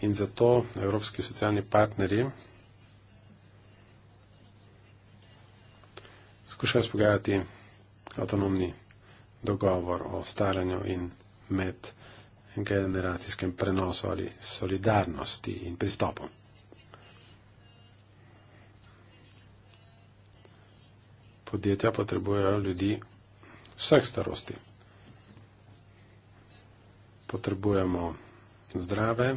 In zato evropski socialni partnerji skušajo spogajati avtonomni dogovor o staranju in med generacijskem prenosu ali solidarnosti in pristopom. podjetja potrebujejo ljudi vseh starosti. Potrebujemo zdrave,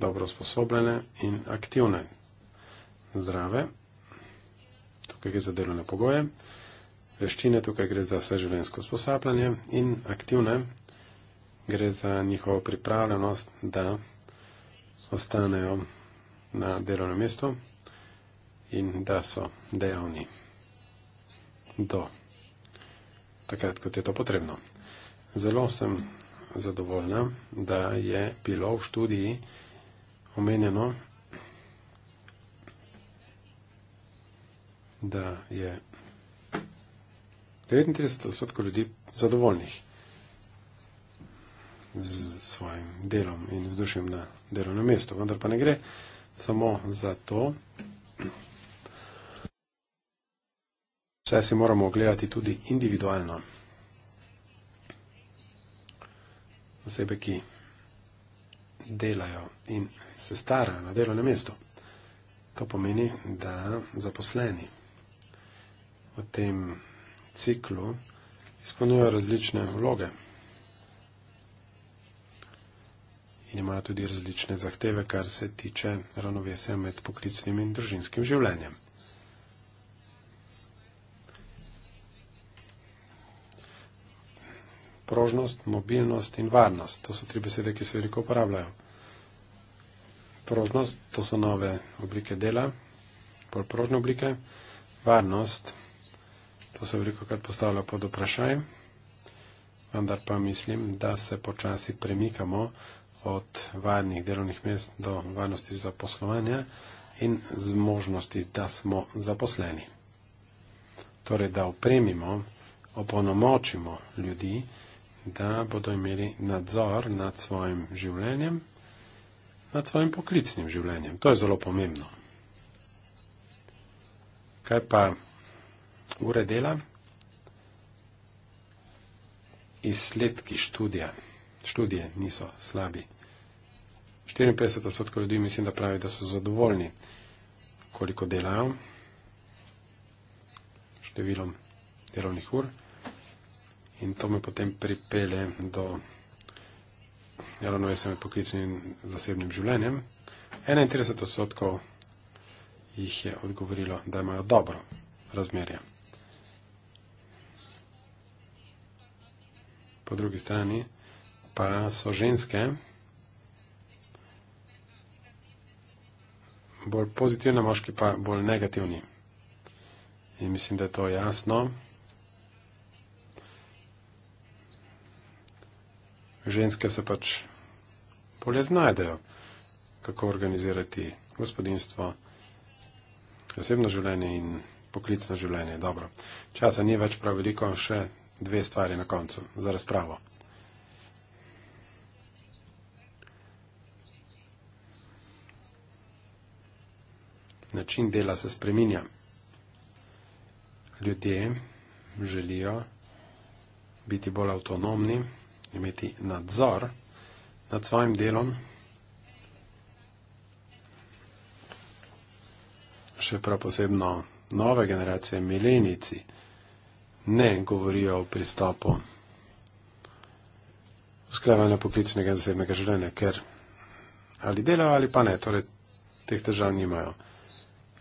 dobro sposobljene in aktivne. Zdrave, tukaj gre za delovne pogoje, veščine, tukaj gre za vseživljenjsko usposabljanje in aktivne, gre za njihovo pripravljenost, da ostanejo na delovnem mestu in da so dejavni do takrat, kot je to potrebno. Zelo sem zadovoljna, da je bilo v študiji omenjeno, da je 39 odstotkov ljudi zadovoljnih z svojim delom in vzdušjem na delovnem mestu. Vendar pa ne gre samo za to, Vse si moramo ogledati tudi individualno. Osebe, ki delajo in se starajo na delovnem mestu. To pomeni, da zaposleni v tem ciklu izpolnjujejo različne vloge in imajo tudi različne zahteve, kar se tiče ravnovesja med poklicnim in družinskim življenjem. prožnost, mobilnost in varnost. To so tri besede, ki se veliko uporabljajo. Prožnost, to so nove oblike dela, bolj prožne oblike. Varnost, to se veliko krat postavlja pod vprašaj, vendar pa mislim, da se počasi premikamo od varnih delovnih mest do varnosti zaposlovanja in zmožnosti, da smo zaposleni. Torej, da opremimo, opolnomočimo ljudi, da bodo imeli nadzor nad svojim življenjem, nad svojim poklicnim življenjem. To je zelo pomembno. Kaj pa ure dela? Izsledki študija. Študije niso slabi. 54 odstotkov ljudi mislim, da pravi, da so zadovoljni, koliko delajo, številom delovnih ur. In to me potem pripelje do ja, ravnovesja med poklicnim in zasebnim življenjem. 31 odstotkov jih je odgovorilo, da imajo dobro razmerje. Po drugi strani pa so ženske bolj pozitivne, moški pa bolj negativni. In mislim, da je to jasno. ženske se pač bolje znajdejo, kako organizirati gospodinstvo, osebno življenje in poklicno življenje. Dobro, časa ni več prav veliko, še dve stvari na koncu za razpravo. Način dela se spreminja. Ljudje želijo biti bolj avtonomni imeti nadzor nad svojim delom. Še prav posebno nove generacije, milenici, ne govorijo o pristopu usklajevanja poklicnega in zasebnega življenja, ker ali delajo ali pa ne, torej teh težav nimajo.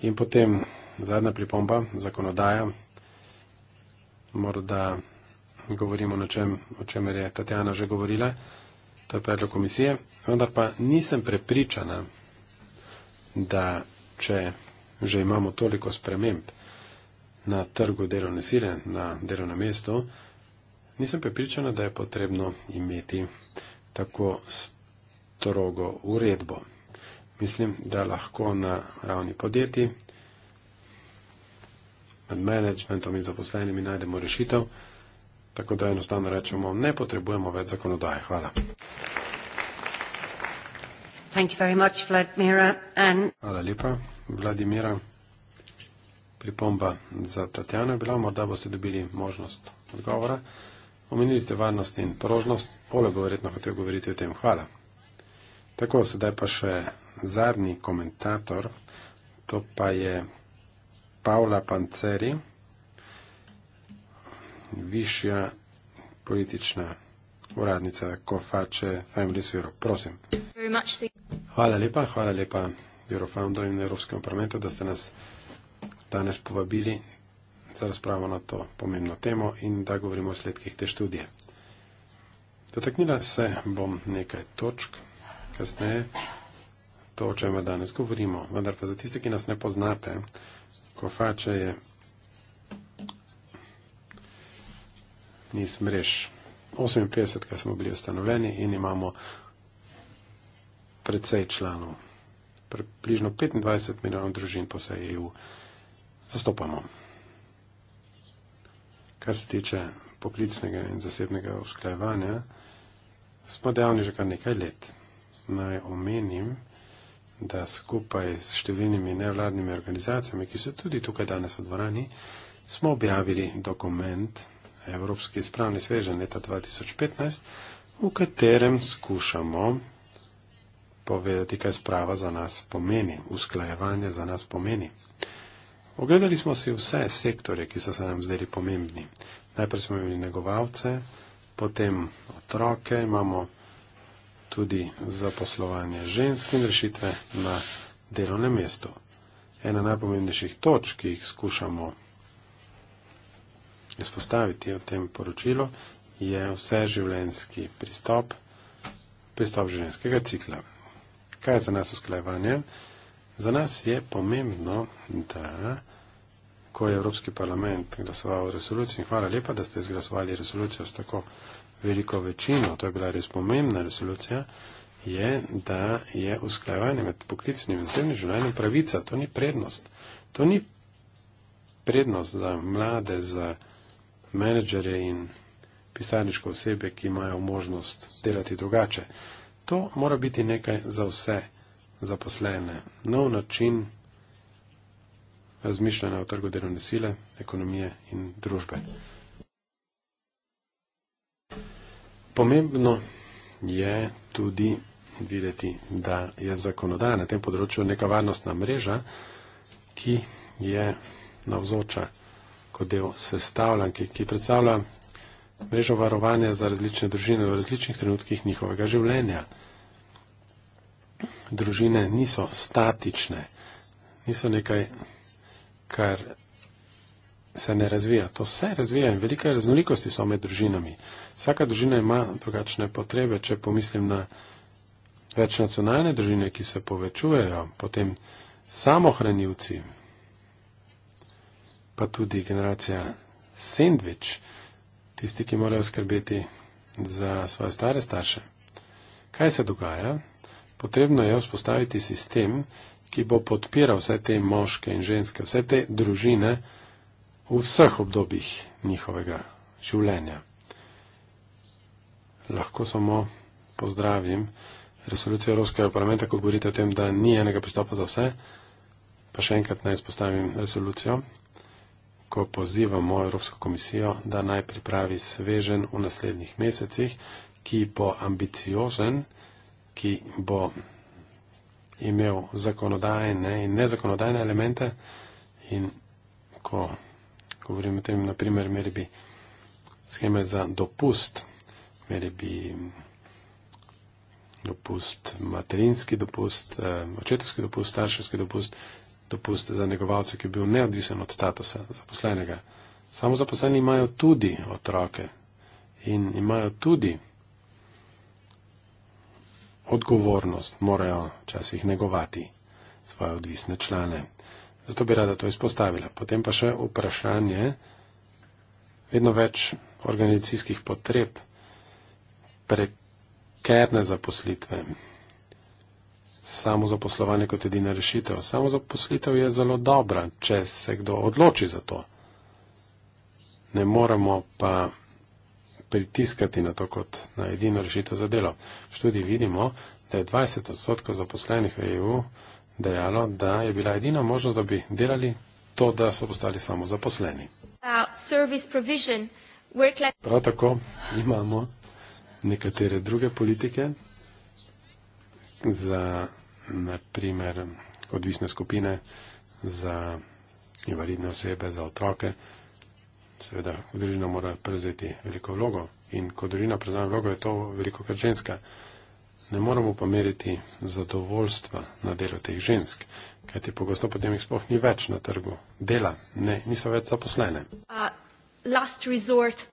In potem zadnja pripomba, zakonodaja, morda govorimo o čem, o čemer je Tatjana že govorila, to je predlog komisije, vendar pa nisem prepričana, da če že imamo toliko sprememb na trgu delovne sile, na delovnem mestu, nisem prepričana, da je potrebno imeti tako strogo uredbo. Mislim, da lahko na ravni podjetij med managementom in zaposlenimi najdemo rešitev, Tako da enostavno rečemo, ne potrebujemo več zakonodaje. Hvala. Much, Hvala lepa, Vladimira. Pripomba za Tatjano je bila, morda boste dobili možnost odgovora. Omenili ste varnost in prožnost. Oleg bo verjetno hotel govoriti o tem. Hvala. Tako, sedaj pa še zadnji komentator. To pa je Paula Panceri višja politična uradnica Kofače Family Sphere. Prosim. Hvala lepa, hvala lepa Eurofoundu in Evropskemu parlamentu, da ste nas danes povabili za razpravo na to pomembno temo in da govorimo o sledkih te študije. Dotaknila se bom nekaj točk kasneje, to, o čemer danes govorimo, vendar pa za tiste, ki nas ne poznate, Kofače je niz mrež. 58, kaj smo bili ustanovljeni in imamo predvsej članov. Približno 25 milijonov družin po vsej EU zastopamo. Kar se tiče poklicnega in zasebnega usklajevanja, smo dejavni že kar nekaj let. Naj omenim, da skupaj s številnimi nevladnimi organizacijami, ki so tudi tukaj danes v dvorani, smo objavili dokument, Evropski spravni sveže leta 2015, v katerem skušamo povedati, kaj sprava za nas pomeni, usklajevanje za nas pomeni. Ogledali smo si vse sektorje, ki so se nam zdeli pomembni. Najprej smo imeli negovalce, potem otroke, imamo tudi zaposlovanje žensk in rešitve na delovnem mestu. Ena najpomembnejših točk, ki jih skušamo izpostaviti v tem poročilu, je vse življenjski pristop, pristop življenjskega cikla. Kaj je za nas usklajevanje? Za nas je pomembno, da ko je Evropski parlament glasoval o resoluciji, in hvala lepa, da ste izglasovali resolucijo s tako veliko večino, to je bila res pomembna resolucija, je, da je usklajevanje med poklicnim in zasebnim življenjem pravica. To ni prednost. To ni prednost za mlade, za menedžere in pisarniško osebe, ki imajo možnost delati drugače. To mora biti nekaj za vse zaposlene. Nov način razmišljanja o trgu delovne sile, ekonomije in družbe. Pomembno je tudi videti, da je zakonodaja na tem področju neka varnostna mreža, ki je navzoča rekel, del sestavljanke, ki predstavlja mrežo varovanja za različne družine v različnih trenutkih njihovega življenja. Družine niso statične, niso nekaj, kar se ne razvija. To se razvija in velike raznolikosti so med družinami. Vsaka družina ima drugačne potrebe. Če pomislim na večnacionalne družine, ki se povečujejo, potem samohranilci, pa tudi generacija sandvič, tisti, ki morajo skrbeti za svoje stare starše. Kaj se dogaja? Potrebno je vzpostaviti sistem, ki bo podpiral vse te moške in ženske, vse te družine v vseh obdobjih njihovega življenja. Lahko samo pozdravim resolucijo Evropskega parlamenta, ko govorite o tem, da ni enega pristopa za vse. Pa še enkrat naj spostavim resolucijo ko pozivamo Evropsko komisijo, da naj pripravi svežen v naslednjih mesecih, ki bo ambiciozen, ki bo imel zakonodajne in nezakonodajne elemente in ko govorimo o tem, naprimer, meri bi scheme za dopust, meri bi dopust, materinski dopust, eh, očetovski dopust, starševski dopust, dopust za negovalce, ki je bil neodvisen od statusa zaposlenega. Samo zaposleni imajo tudi otroke in imajo tudi odgovornost, morajo včasih negovati svoje odvisne člane. Zato bi rada to izpostavila. Potem pa še vprašanje vedno več organizacijskih potreb prekerne zaposlitve samo zaposlovanje kot edina rešitev. Samo zaposlitev je zelo dobra, če se kdo odloči za to. Ne moramo pa pritiskati na to kot na edino rešitev za delo. V študiji vidimo, da je 20 odstotkov zaposlenih v EU dejalo, da je bila edina možnost, da bi delali to, da so postali samo zaposleni. Prav tako imamo nekatere druge politike, za naprimer odvisne skupine, za invalidne osebe, za otroke. Seveda, družina mora prevzeti veliko vlogo in ko družina prevzame vlogo, je to veliko kar ženska. Ne moramo pa meriti zadovoljstva na delu teh žensk, kajti pogosto potem jih sploh ni več na trgu dela, ne, niso več zaposlene. Uh, last resort.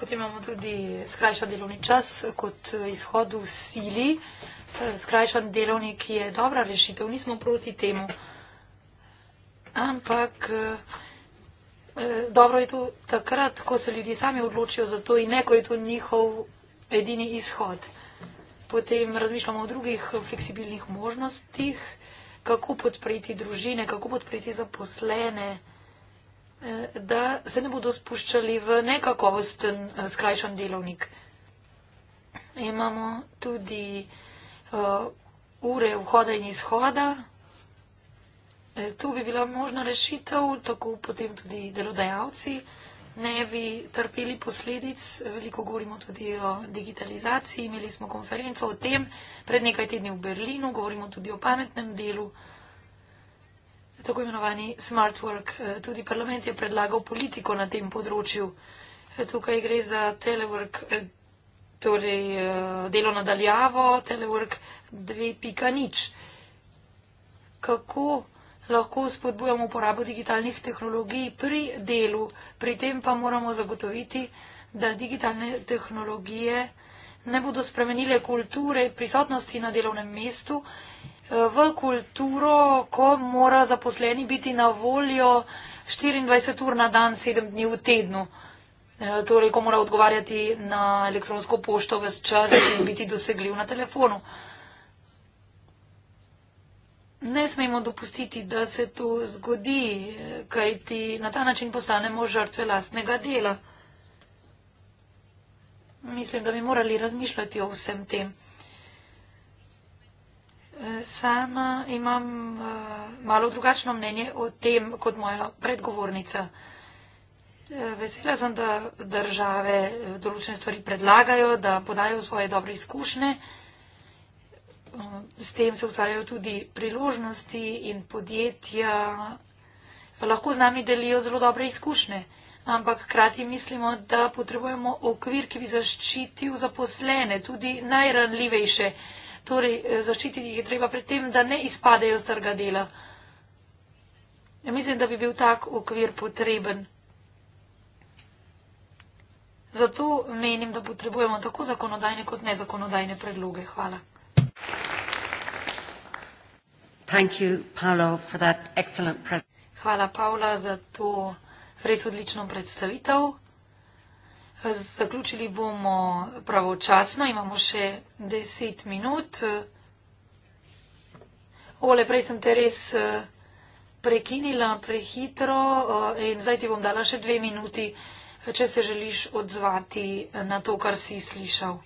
Potem imamo tudi skrajšan delovni čas kot izhod v sili. Uh, skrajšan delovnik je dobra rešitev, nismo proti temu. Ampak eh, eh, dobro je to takrat, ko se ljudje sami odločijo za to in ne, ko je to njihov edini izhod. Potem razmišljamo o drugih fleksibilnih možnostih, kako podpreti družine, kako podpreti zaposlene, eh, da se ne bodo spuščali v nekakovosten skrajšan delovnik. Imamo tudi uh, Uh, ure vhoda in izhoda. E, tu bi bila možna rešitev, tako potem tudi delodajalci ne bi trpeli posledic. Veliko govorimo tudi o digitalizaciji. Imeli smo konferenco o tem pred nekaj tedni v Berlinu, govorimo tudi o pametnem delu, tako imenovani smart work. E, tudi parlament je predlagal politiko na tem področju. E, tukaj gre za telework torej eh, delo nadaljavo, telework 2.0. Kako lahko spodbujamo uporabo digitalnih tehnologij pri delu, pri tem pa moramo zagotoviti, da digitalne tehnologije ne bodo spremenile kulture prisotnosti na delovnem mestu eh, v kulturo, ko mora zaposleni biti na voljo 24 ur na dan, 7 dni v tednu. Eh, torej, ko mora odgovarjati na elektronsko pošto v čas in biti dosegljiv na telefonu. Ne smemo dopustiti, da se to zgodi, kaj ti na ta način postanemo žrtve lastnega dela. Mislim, da bi morali razmišljati o vsem tem. Eh, sama imam eh, malo drugačno mnenje o tem kot moja predgovornica. Vesela sem, da države določene stvari predlagajo, da podajo svoje dobre izkušnje. S tem se ustvarjajo tudi priložnosti in podjetja. Lahko z nami delijo zelo dobre izkušnje, ampak krati mislimo, da potrebujemo okvir, ki bi zaščitil zaposlene, tudi najranljivejše. Torej, zaščititi jih je treba pred tem, da ne izpadejo z trga dela. Ja, mislim, da bi bil tak okvir potreben. Zato menim, da potrebujemo tako zakonodajne kot nezakonodajne predloge. Hvala. Hvala, Paula, za to res odlično predstavitev. Zaključili bomo pravočasno, imamo še deset minut. Ole, prej sem te res eh, prekinila prehitro eh, in zdaj ti bom dala še dve minuti če se želiš odzvati na to, kar si slišal.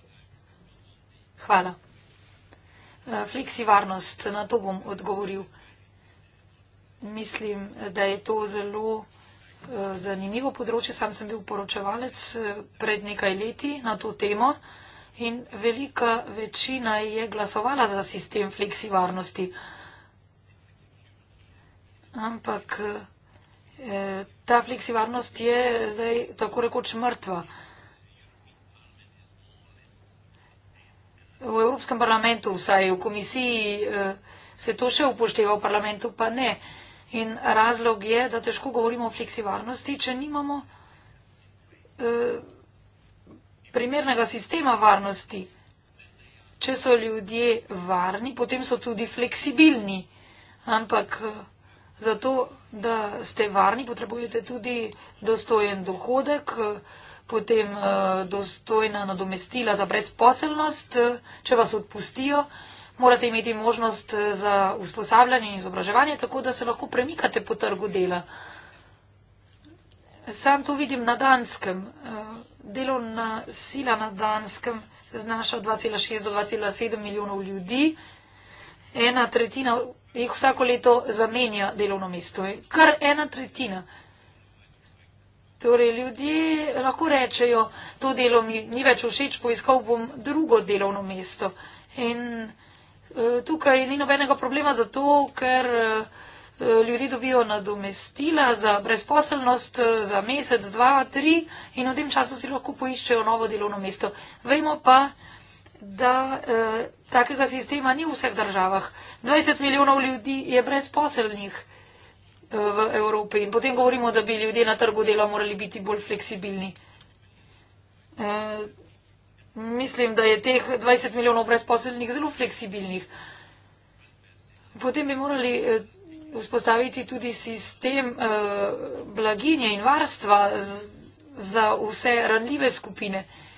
Hvala. Eh, fleksi varnost, na to bom odgovoril. Mislim, da je to zelo eh, zanimivo področje. Sam sem bil poročevalec eh, pred nekaj leti na to temo in velika večina je glasovala za sistem fleksi varnosti. Ampak ta fleksivarnost je zdaj tako rekoč mrtva. V Evropskem parlamentu, vsaj v komisiji, eh, se to še upošteva, v parlamentu pa ne. In razlog je, da težko govorimo o fleksivarnosti, če nimamo eh, primernega sistema varnosti. Če so ljudje varni, potem so tudi fleksibilni. Ampak eh, Zato, da ste varni, potrebujete tudi dostojen dohodek, potem eh, dostojna nadomestila za brezposelnost, eh, če vas odpustijo. Morate imeti možnost eh, za usposabljanje in izobraževanje, tako da se lahko premikate po trgu dela. Sam to vidim na danskem. Delovna sila na danskem znaša 2,6 do 2,7 milijonov ljudi. Ena tretjina jih vsako leto zamenja delovno mesto. Kar ena tretjina. Torej, ljudje lahko rečejo, to delo mi ni več všeč, poiskal bom drugo delovno mesto. In eh, tukaj ni nobenega problema zato, ker eh, ljudje dobijo nadomestila za brezposelnost e, za mesec, dva, tri in v tem času si lahko poiščejo novo delovno mesto. Vemo pa, da. Eh, Takega sistema ni v vseh državah. 20 milijonov ljudi je brezposelnih eh, v Evropi in potem govorimo, da bi ljudje na trgu dela morali biti bolj fleksibilni. E, mislim, da je teh 20 milijonov brezposelnih zelo fleksibilnih. Potem bi morali. Eh, vzpostaviti tudi sistem eh, blaginje in varstva z, za vse ranljive skupine. Eh,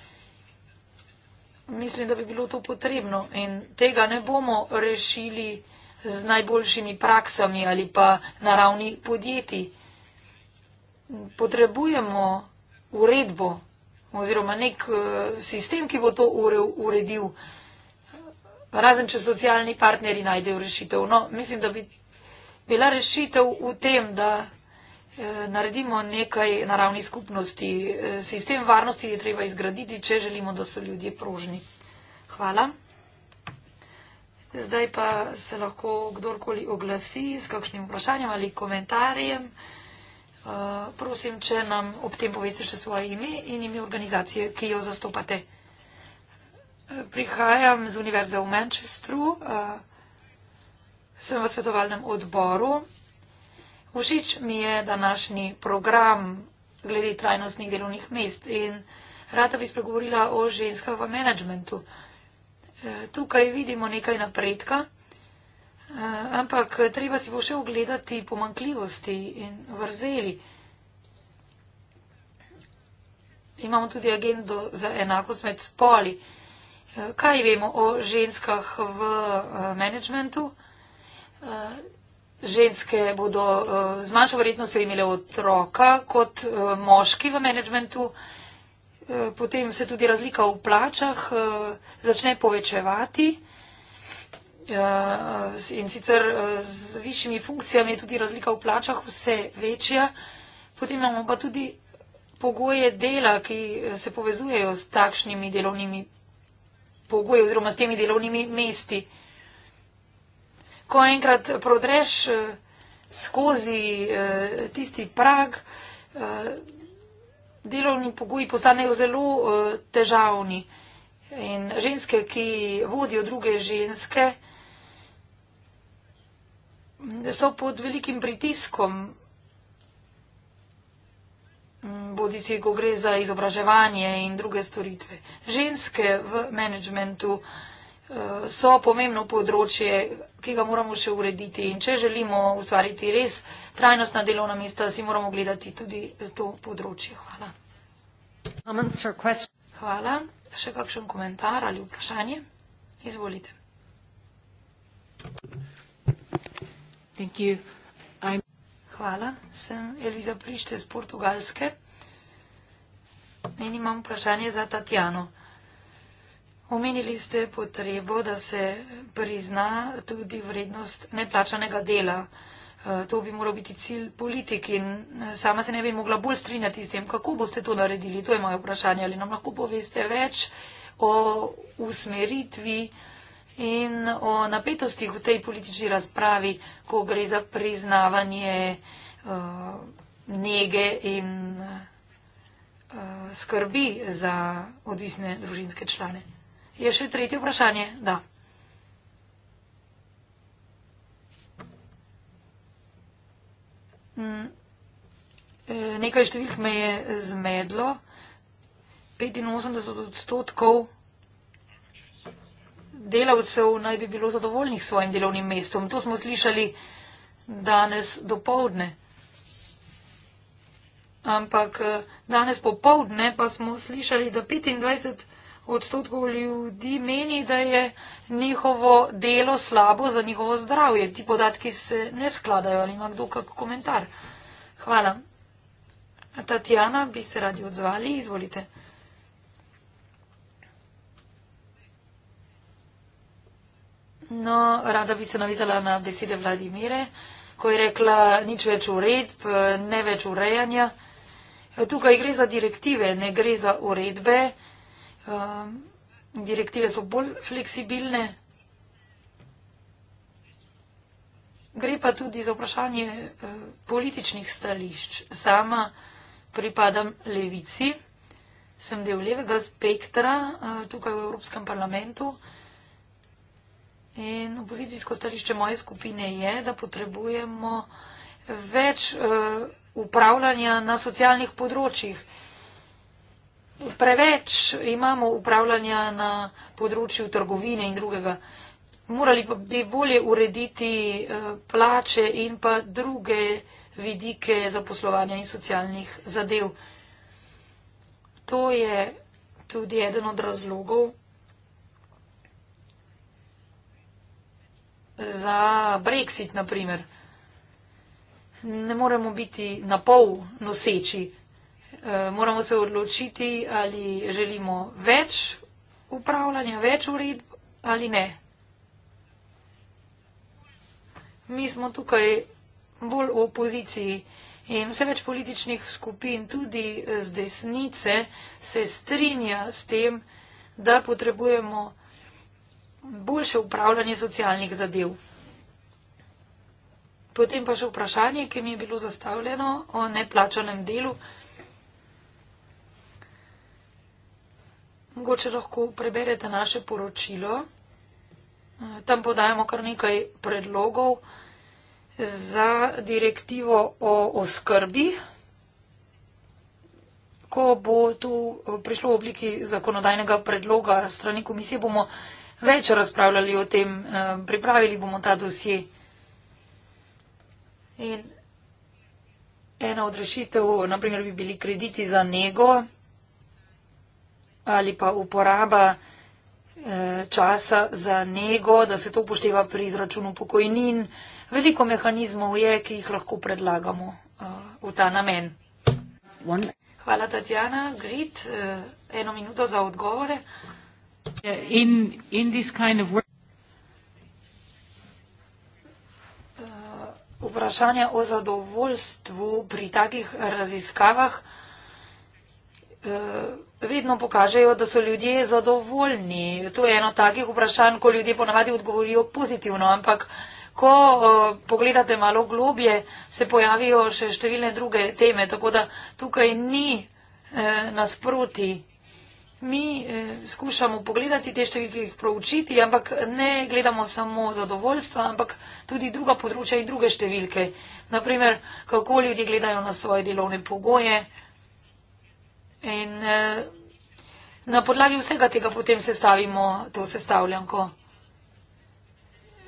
mislim, da bi bilo to potrebno in tega ne bomo rešili z najboljšimi praksami ali pa na ravni podjetij. Potrebujemo uredbo oziroma nek eh, sistem, ki bo to uredil, razen če socialni partneri najdejo rešitev. No, mislim, da bi bila rešitev v tem, da. Eh, naredimo nekaj na ravni skupnosti. Eh, sistem varnosti je treba izgraditi, če želimo, da so ljudje pružni. Hvala. Zdaj pa se lahko kdorkoli oglasi s kakšnim vprašanjem ali komentarjem. Eh, prosim, če nam ob tem poveste še svoje ime in ime organizacije, ki jo zastopate. Prihajam z Univerze v Manchesteru. Sem v svetovalnem odboru. Všeč mi je današnji program glede trajnostnih delovnih mest in rada bi spregovorila o ženskah v menedžmentu. E, tukaj vidimo nekaj napredka, e, ampak treba si bo še ogledati pomankljivosti in vrzeli. Imamo tudi agendo za enakost med spoli. E, kaj vemo o ženskah v menedžmentu? ženske bodo eh, z manjšo verjetnostjo imele otroka kot eh, moški v menedžmentu. Eh, potem se tudi razlika v plačah začne povečevati in sicer z višjimi funkcijami je tudi razlika v plačah vse večja. Potem imamo pa tudi pogoje dela, ki se povezujejo s takšnimi delovnimi pogoji oziroma s temi delovnimi mesti ko enkrat prodreš eh, skozi eh, tisti prag, eh, delovni pogoji postanejo zelo težavni. In ženske, ki vodijo druge ženske, so pod velikim pritiskom. Mm, Bodi si, ko gre za izobraževanje in druge storitve. Ženske v menedžmentu so pomembno področje, ki ga moramo še urediti. In če želimo ustvariti res trajnostna delovna mesta, si moramo gledati tudi to področje. Hvala. Hvala. Še kakšen komentar ali vprašanje? Izvolite. Hvala. Sem Elviza Prište z Portugalske. In imam vprašanje za Tatjano. Omenili ste potrebo, da se prizna tudi vrednost neplačanega dela. E, to bi moral biti cilj politik in e, sama se ne bi mogla bolj strinjati s tem, kako boste to naredili. To je moje vprašanje. Ali nam lahko poveste več o usmeritvi in o napetostih v tej politični razpravi, ko gre za priznavanje uh, nege in uh, skrbi za odvisne družinske člane? Je še tretje vprašanje? Da. Mm. E, nekaj številk me je zmedlo. 85 odstotkov delavcev naj bi bilo zadovoljnih s svojim delovnim mestom. To smo slišali danes do povdne. Ampak e, danes po povdne pa smo slišali, da 25 odstotkov odstotkov ljudi meni, da je njihovo delo slabo za njihovo zdravje. Ti podatki se ne skladajo. Ali ima kdo kak komentar? Hvala. Tatjana, bi se radi odzvali. Izvolite. No, rada bi se navizala na besede Vladimire, ko je rekla nič več uredb, ne več urejanja. Tukaj gre za direktive, ne gre za uredbe um, direktive so bolj fleksibilne. Gre pa tudi za vprašanje uh, političnih stališč. Sama pripadam levici, sem del levega spektra uh, tukaj v Evropskem parlamentu in opozicijsko stališče moje skupine je, da potrebujemo več uh, upravljanja na socialnih področjih preveč imamo upravljanja na področju trgovine in drugega. Morali pa bi bolje urediti eh, plače in pa druge vidike zaposlovanja in socialnih zadev. To je tudi eden od razlogov za Brexit, naprimer. Ne moremo biti na pol noseči. Eh, moramo se odločiti, ali želimo več upravljanja, več uredb ali ne. Mi smo tukaj bolj v opoziciji in vse več političnih skupin, tudi eh, z desnice, se strinja s tem, da potrebujemo boljše upravljanje socialnih zadev. Potem pa še vprašanje, ki mi je bilo zastavljeno o neplačanem delu. Mogoče lahko preberete naše poročilo. Eh, tam podajamo kar nekaj predlogov za direktivo o oskrbi, ko bo to eh, prišlo v obliki zakonodajnega predloga strani komisije, bomo več razpravljali o tem, eh, pripravili bomo ta dosje. In ena od rešitev, naprimer, bi bili krediti za njegovo ali pa uporaba eh, časa za nego, da se to upošteva pri izračunu pokojnin. Veliko mehanizmov je, ki jih lahko predlagamo eh, v ta namen. Hvala, Tatjana. Grit, eh, eno minuto za odgovore. In, in kind of work... Vprašanje o zadovoljstvu pri takih raziskavah vedno pokažejo, da so ljudje zadovoljni. To je eno takih vprašanj, ko ljudje ponavadi odgovorijo pozitivno, ampak ko uh, pogledate malo globje, se pojavijo še številne druge teme, tako da tukaj ni eh, nasproti. Mi eh, skušamo pogledati te številke, jih proučiti, ampak ne gledamo samo zadovoljstva, ampak tudi druga področja in druge številke. Naprimer, kako ljudje gledajo na svoje delovne pogoje, In eh, na podlagi vsega tega potem sestavimo to sestavljanko.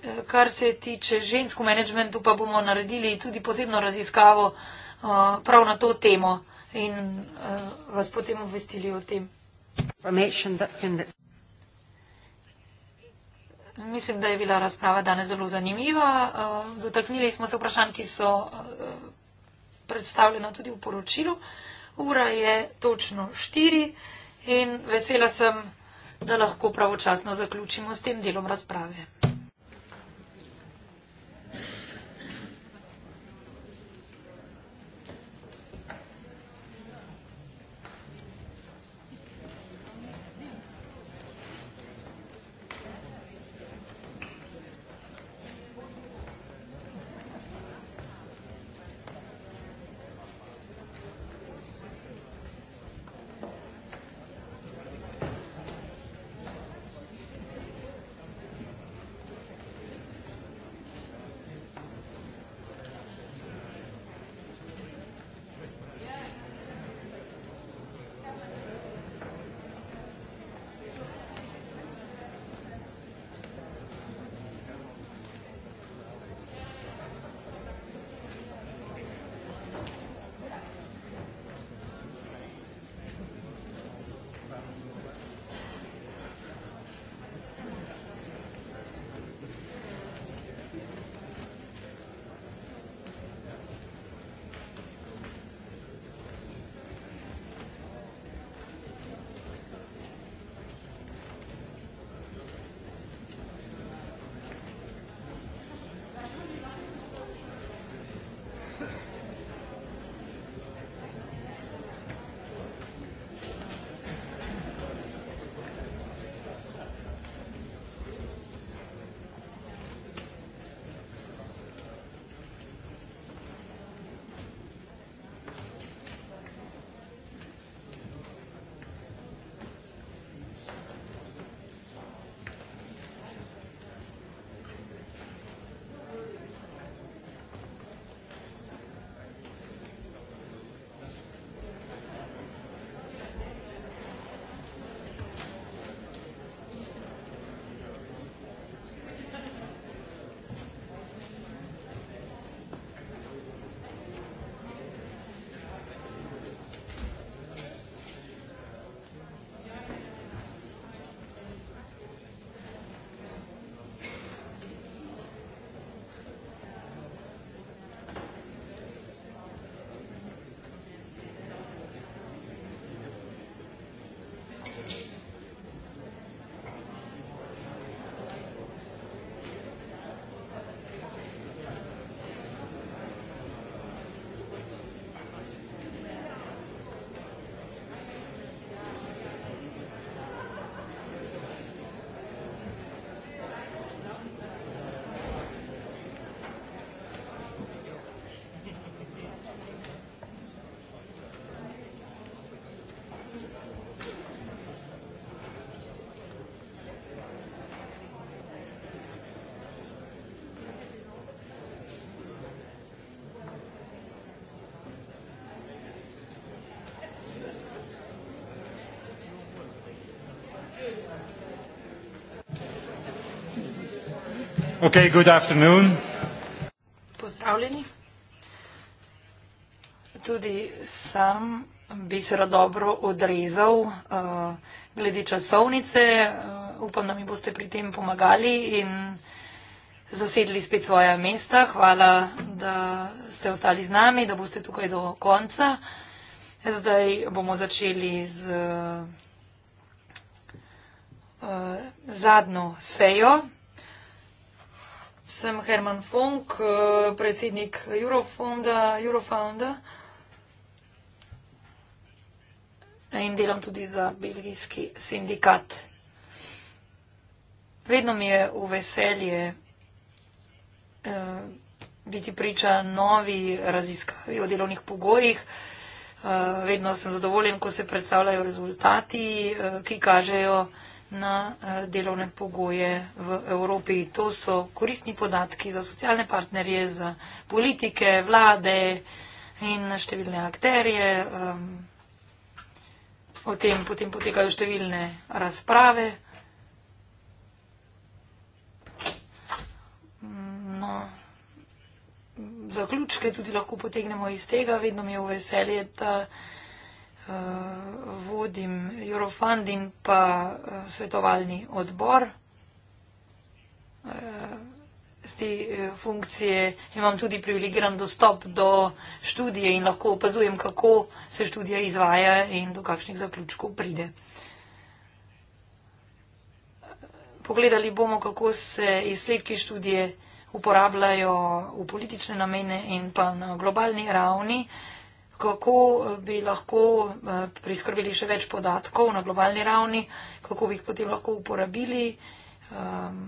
Eh, kar se tiče žensko managementu, pa bomo naredili tudi posebno raziskavo eh, prav na to temo in eh, vas potem obvestili o tem. Mislim, da je bila razprava danes zelo zanimiva. Zotaknili eh, smo se vprašanj, ki so eh, predstavljena tudi v poročilu. Ura je točno štiri in vesela sem, da lahko pravočasno zaključimo s tem delom razprave. Okay, good afternoon. Pozdravljeni. Tudi sam bi se rad dobro odrezal uh, glede časovnice. Uh, upam, da mi boste pri tem pomagali in zasedli spet svoja mesta. Hvala, da ste ostali z nami, da boste tukaj do konca. Zdaj bomo začeli z uh, uh, zadnjo sejo. Sem Herman Funk, eh, predsednik Eurofonda, Eurofonda in delam tudi za belgijski sindikat. Vedno mi je v veselje eh, biti priča novi raziskavi o delovnih pogojih. Eh, vedno sem zadovoljen, ko se predstavljajo rezultati, ki kažejo, da na eh, delovne pogoje v Evropi. To so koristni podatki za socialne partnerje, za politike, vlade in številne akterje. Ehm, o tem potem potekajo številne razprave. No, zaključke tudi lahko potegnemo iz tega. Vedno mi je v veselje, da. Eh, vodim Eurofund in pa eh, svetovalni odbor. Z eh, te funkcije imam tudi privilegiran dostop do študije in lahko opazujem, kako se študija izvaja in do kakšnih zaključkov pride. Pogledali bomo, kako se izsledki študije uporabljajo v politične namene in pa na globalni ravni kako eh, bi lahko eh, priskrbeli še več podatkov na globalni ravni, kako bi jih potem lahko uporabili, ehm,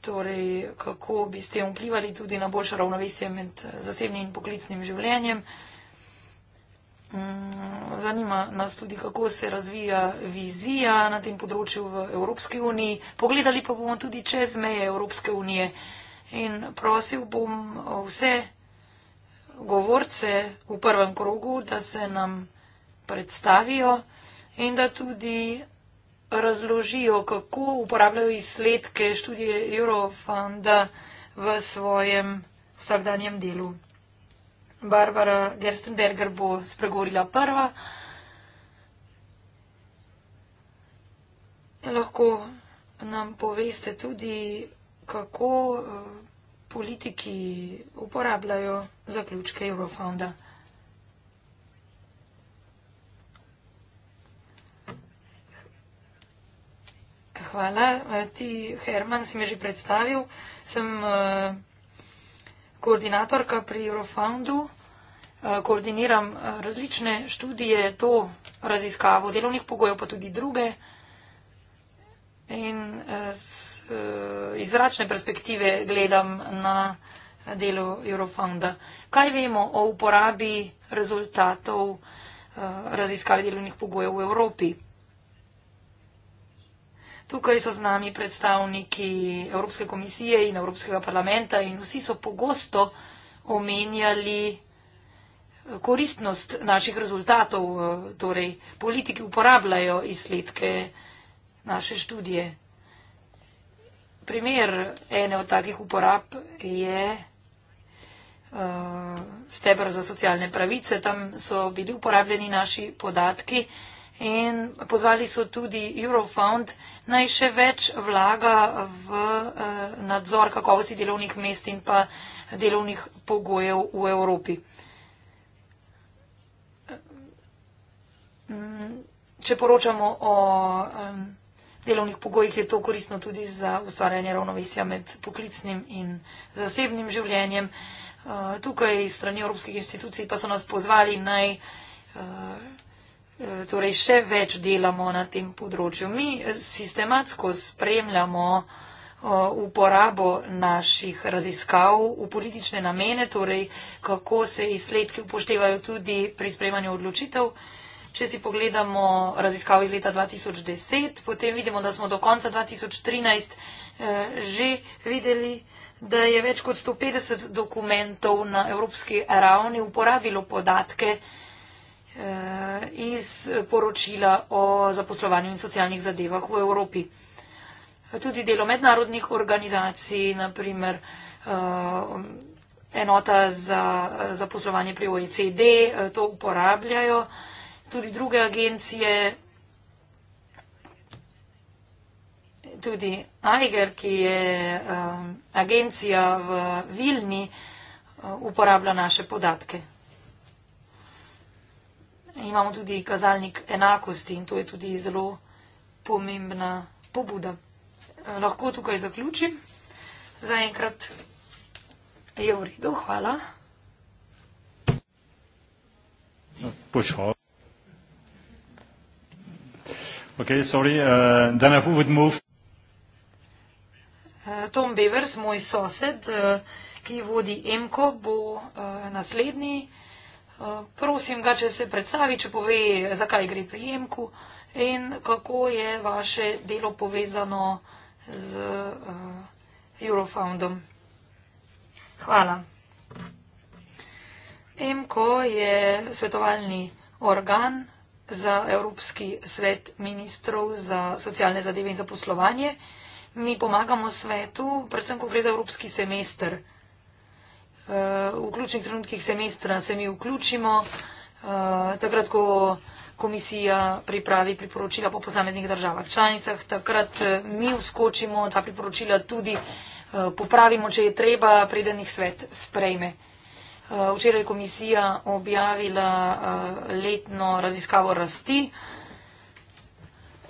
torej kako bi s tem vplivali tudi na boljše ravnovesje med eh, zasebnim in poklicnim življenjem. Mm, zanima nas tudi, kako se razvija vizija na tem področju v Evropski uniji. Pogledali pa bomo tudi čez meje Evropske unije. In prosil bom vse govorce v prvem krogu, da se nam predstavijo in da tudi razložijo, kako uporabljajo izsledke študije Eurofonda v svojem vsakdanjem delu. Barbara Gerstenberger bo spregovorila prva. Lahko nam poveste tudi, kako politiki uporabljajo zaključke Eurofonda. Hvala. Ti, Herman, si me že predstavil. Sem eh, koordinatorka pri Eurofondu. Eh, koordiniram eh, različne študije, to raziskavo delovnih pogojev, pa tudi druge. In eh, eh, z izračne perspektive gledam na delo Eurofonda. Kaj vemo o uporabi rezultatov eh, raziskave delovnih pogojev v Evropi? Tukaj so z nami predstavniki Evropske komisije in Evropskega parlamenta in vsi so pogosto omenjali koristnost naših rezultatov, torej politiki uporabljajo izsledke naše študije. Primer ene od takih uporab je uh, eh, stebr za socialne pravice. Tam so bili uporabljeni naši podatki in pozvali so tudi Eurofond naj še več vlaga v uh, nadzor kakovosti delovnih mest in pa delovnih pogojev v Evropi. Če poročamo o um, delovnih pogojih je to koristno tudi za ustvarjanje ravnovesja med poklicnim in zasebnim življenjem. Eh, tukaj strani evropskih institucij pa so nas pozvali naj eh, eh, torej še več delamo na tem področju. Mi sistematsko spremljamo uporabo naših raziskav v politične namene, torej kako se izsledki upoštevajo tudi pri sprejemanju odločitev. Če si pogledamo raziskavo iz leta 2010, potem vidimo, da smo do konca 2013 eh, že videli, da je več kot 150 dokumentov na evropski ravni uporabilo podatke eh, iz poročila o zaposlovanju in socialnih zadevah v Evropi. Tudi delo mednarodnih organizacij, naprimer eh, enota za zaposlovanje pri OECD, to uporabljajo tudi druge agencije, tudi Aiger, ki je um, agencija v Vilni, uh, uporablja naše podatke. Imamo tudi kazalnik enakosti in to je tudi zelo pomembna pobuda. Eh, lahko tukaj zaključim. Zaenkrat je v redu. Hvala. Počal. Okay, sorry. Uh, then who would move? Uh, Tom Bevers, moj sosed, uh, ki vodi EMKO, bo uh, naslednji. Uh, prosim ga, če se predstavi, če pove, zakaj gre pri EMKO in kako je vaše delo povezano z uh, Eurofoundom. Hvala. EMKO je svetovalni organ za Evropski svet ministrov za socialne zadeve in zaposlovanje. Mi pomagamo svetu, predvsem, ko gre za Evropski semester. Eh, v ključnih trenutkih semestra se mi vključimo, eh, takrat, ko komisija pripravi priporočila po posameznih državah članicah, takrat eh, mi vskočimo ta priporočila tudi popravimo, če je treba, preden jih svet sprejme. Eh, včeraj je komisija objavila eh, letno raziskavo rasti.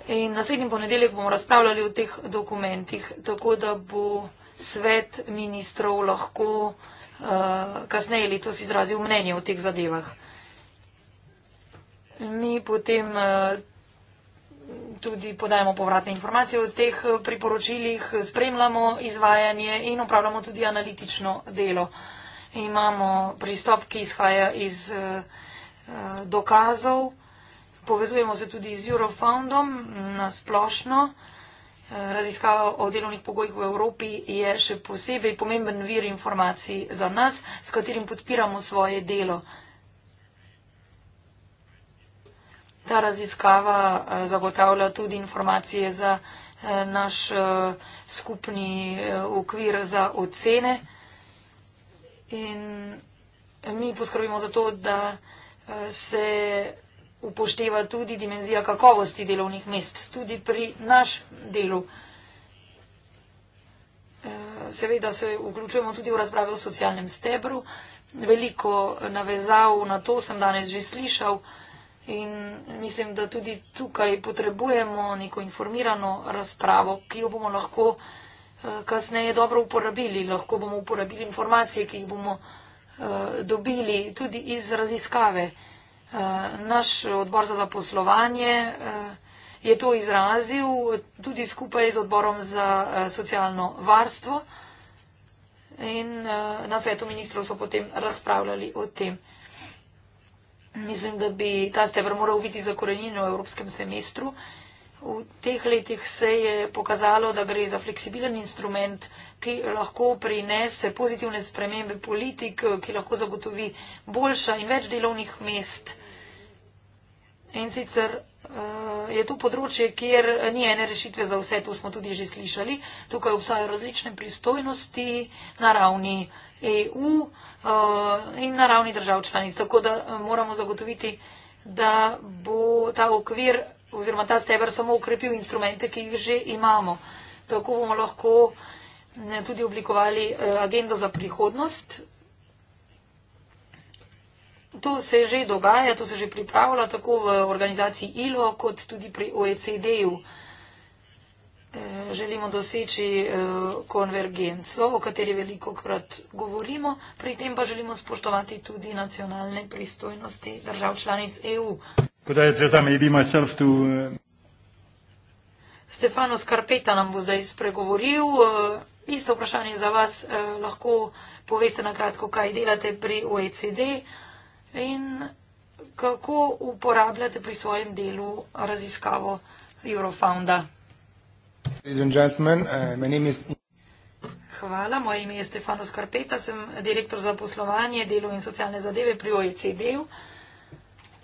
In naslednji ponedeljek bomo razpravljali o teh dokumentih, tako da bo svet ministrov lahko uh, kasneje letos izrazil mnenje o teh zadevah. Mi potem uh, tudi podajamo povratne informacije o teh priporočilih, spremljamo izvajanje in upravljamo tudi analitično delo. Uh, imamo pristop, ki izhaja iz eh, eh, dokazov. Povezujemo se tudi z Eurofoundom na splošno. Eh, raziskava o delovnih pogojih v Evropi je še posebej pomemben vir informacij za nas, s katerim podpiramo svoje delo. Ta raziskava zagotavlja tudi informacije za naš skupni ukvir za ocene. In eh, mi poskrbimo za to, da eh, se upošteva tudi dimenzija kakovosti delovnih mest, tudi pri naš delu. Eh, seveda se vključujemo tudi v razprave o socialnem stebru. Veliko navezav na to sem danes že slišal in mislim, da tudi tukaj potrebujemo neko informirano razpravo, ki jo bomo lahko Eh, kasneje dobro uporabili. Lahko bomo uporabili informacije, ki jih bomo eh, dobili tudi iz raziskave. Eh, naš odbor za zaposlovanje je to izrazil tudi skupaj z odborom za socialno varstvo in na svetu ministrov so potem razpravljali o tem. Mislim, da bi ta stebr moral biti zakorenjen v evropskem semestru. V teh letih se je pokazalo, da gre za fleksibilen instrument, ki lahko prinese pozitivne spremembe politik, ki lahko zagotovi boljša in več delovnih mest. In sicer eh, je to področje, kjer ni ene rešitve za vse, to smo tudi že slišali. Tukaj obstajajo različne pristojnosti na ravni EU eh, in na ravni držav članic. Tako da eh, moramo zagotoviti, da bo ta okvir oziroma ta stebr samo ukrepil instrumente, ki jih že imamo. Tako bomo lahko ne, tudi oblikovali eh, agendo za prihodnost. To se že dogaja, to se že pripravlja tako v organizaciji ILO kot tudi pri OECD-ju. Eh, želimo doseči eh, konvergenco, o kateri veliko krat govorimo, pri tem pa želimo spoštovati tudi nacionalne pristojnosti držav članic EU. Could I address that maybe myself to... Uh, Stefano Skarpeta nam bo zdaj spregovoril. Uh, isto vprašanje za vas. Uh, lahko poveste na kratko, kaj delate pri OECD in kako uporabljate pri svojem delu raziskavo Eurofounda. Hvala, moje ime je Stefano Skarpeta, sem direktor za poslovanje, delo in socialne zadeve pri OECD-u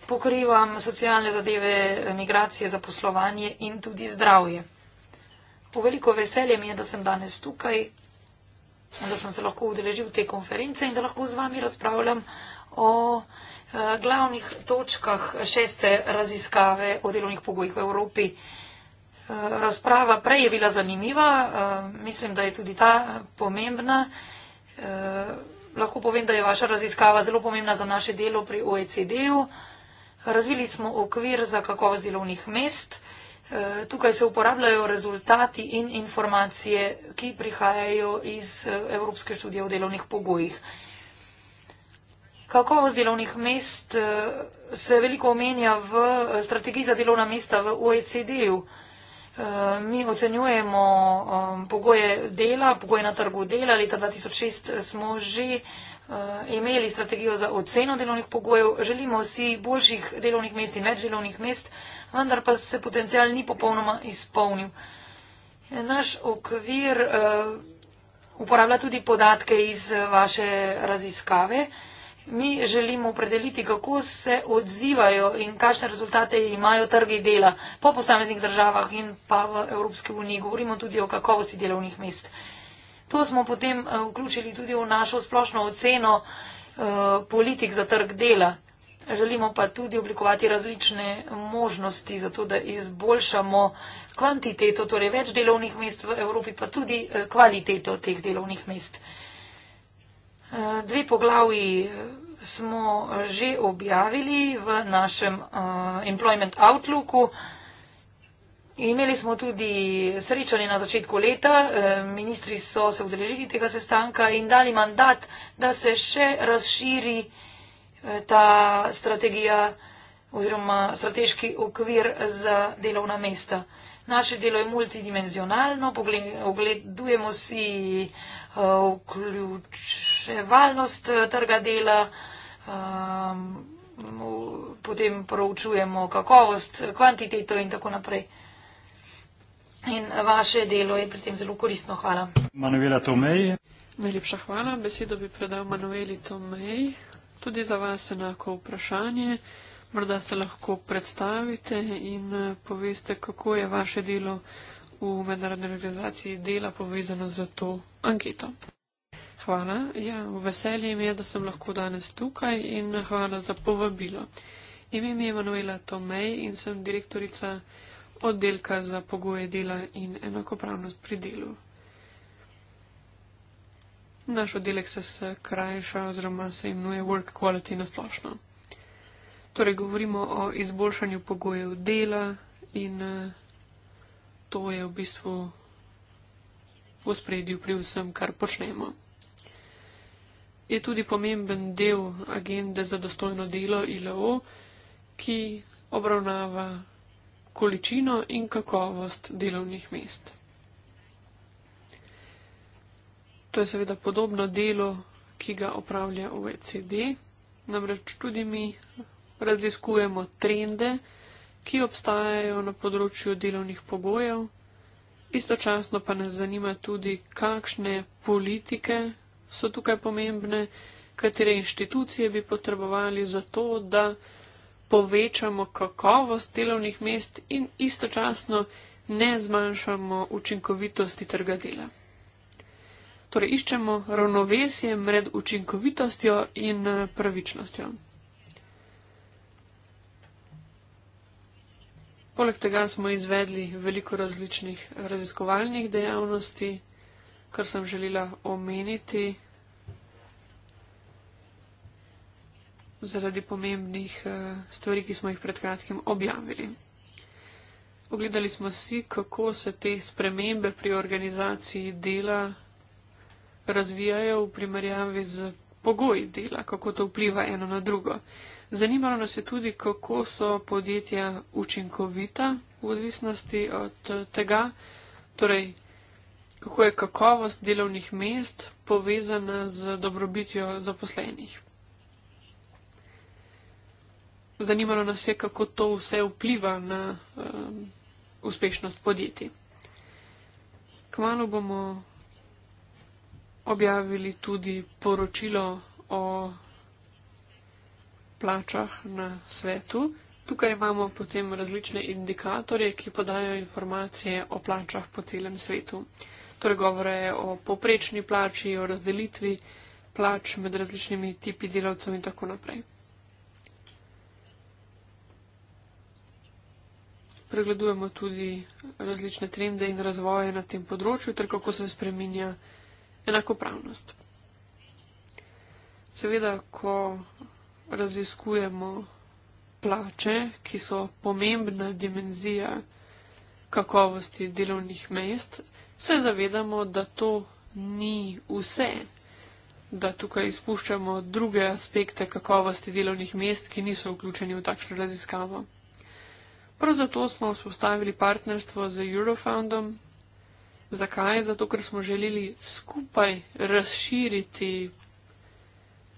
pokrivam socialne zadeve, migracije, zaposlovanje in tudi zdravje. Po veliko veselje mi je, da sem danes tukaj, da sem se lahko udeležil te konference in da lahko z vami razpravljam o eh, glavnih točkah šeste raziskave o delovnih pogojih v Evropi. Eh, razprava prej je bila zanimiva, eh, mislim, da je tudi ta pomembna. Lahko povem, da je vaša raziskava zelo pomembna za naše delo pri OECD-u. Razvili smo okvir za kakovost delovnih mest. E, tukaj se uporabljajo rezultati in informacije, ki prihajajo iz e, Evropske študije o delovnih pogojih. Kakovost delovnih mest e, se veliko omenja v strategiji za delovna mesta v OECD-ju. Mi ocenjujemo pogoje dela, pogoje na trgu dela. Leta 2006 smo že Eh, imeli strategijo za oceno delovnih pogojev, želimo si boljših delovnih mest in več delovnih mest, vendar pa se potencial ni popolnoma izpolnil. Eh, naš okvir eh, uporablja tudi podatke iz vaše raziskave. Mi želimo opredeliti, kako se odzivajo in kakšne rezultate imajo trgi dela po posameznih državah in pa v Evropski uniji. Govorimo tudi o kakovosti delovnih mest. To smo potem eh, vključili tudi v našo splošno oceno eh, politik za trg dela. Želimo pa tudi oblikovati različne možnosti za to, da izboljšamo kvantiteto, torej več delovnih mest v Evropi, pa tudi eh, kvaliteto teh delovnih mest. Dve poglavji smo že objavili v našem Employment Outlooku. Imeli smo tudi srečanje na začetku leta, eh, ministri so se udeležili tega sestanka in dali mandat, da se še razširi eh, ta strategija oziroma strateški okvir za delovna mesta. Naše delo je multidimenzionalno, ogledujemo si eh, vključevalnost trga dela, potem proučujemo kakovost, kvantiteto in tako naprej in vaše delo je pri tem zelo koristno. Hvala. Manuela Tomej. Najlepša hvala. Besedo bi predal Manueli Tomej. Tudi za vas enako vprašanje. Morda se lahko predstavite in eh, poveste, kako je vaše delo v mednarodni organizaciji dela povezano z to anketo. Hvala. Ja, veselje mi je, da sem lahko danes tukaj in hvala za povabilo. Ime mi je Manuela Tomej in sem direktorica oddelka za pogoje dela in enakopravnost pri delu. Naš oddelek se skrajša oziroma se imenuje Work Quality na splošno. Torej, govorimo o izboljšanju pogojev dela in eh, to je v bistvu v spredju pri vsem, kar počnemo. Je tudi pomemben del agende za dostojno delo ILO, ki obravnava količino in kakovost delovnih mest. To je seveda podobno delo, ki ga opravlja OECD, namreč tudi mi raziskujemo trende, ki obstajajo na področju delovnih pogojev, istočasno pa nas zanima tudi, kakšne politike so tukaj pomembne, katere inštitucije bi potrebovali za to, da povečamo kakovost delovnih mest in istočasno ne zmanjšamo učinkovitosti trga dela. Torej iščemo ravnovesje med učinkovitostjo in eh, pravičnostjo. Poleg tega smo izvedli veliko različnih raziskovalnih dejavnosti, kar sem želela omeniti. zaradi pomembnih eh, stvari, ki smo jih pred kratkim objavili. Ogledali smo si, kako se te spremembe pri organizaciji dela razvijajo v primerjavi z pogoji dela, kako to vpliva eno na drugo. Zanimalo nas je tudi, kako so podjetja učinkovita v odvisnosti od eh, tega, torej kako je kakovost delovnih mest povezana z dobrobitjo zaposlenih zanimalo nas je, kako to vse vpliva na um, uspešnost podjetij. Kmalo bomo objavili tudi poročilo o plačah na svetu. Tukaj imamo potem različne indikatorje, ki podajo informacije o plačah po celem svetu. Torej govore je o poprečni plači, o razdelitvi plač med različnimi tipi delavcev in tako naprej. pregledujemo tudi različne trende in razvoje na tem področju, ter kako se spreminja enakopravnost. Seveda, ko raziskujemo plače, ki so pomembna dimenzija kakovosti delovnih mest, se zavedamo, da to ni vse, da tukaj izpuščamo druge aspekte kakovosti delovnih mest, ki niso vključeni v takšno raziskavo. Prav zato smo vzpostavili partnerstvo z Eurofoundom. Zakaj? Zato, ker smo želeli skupaj razširiti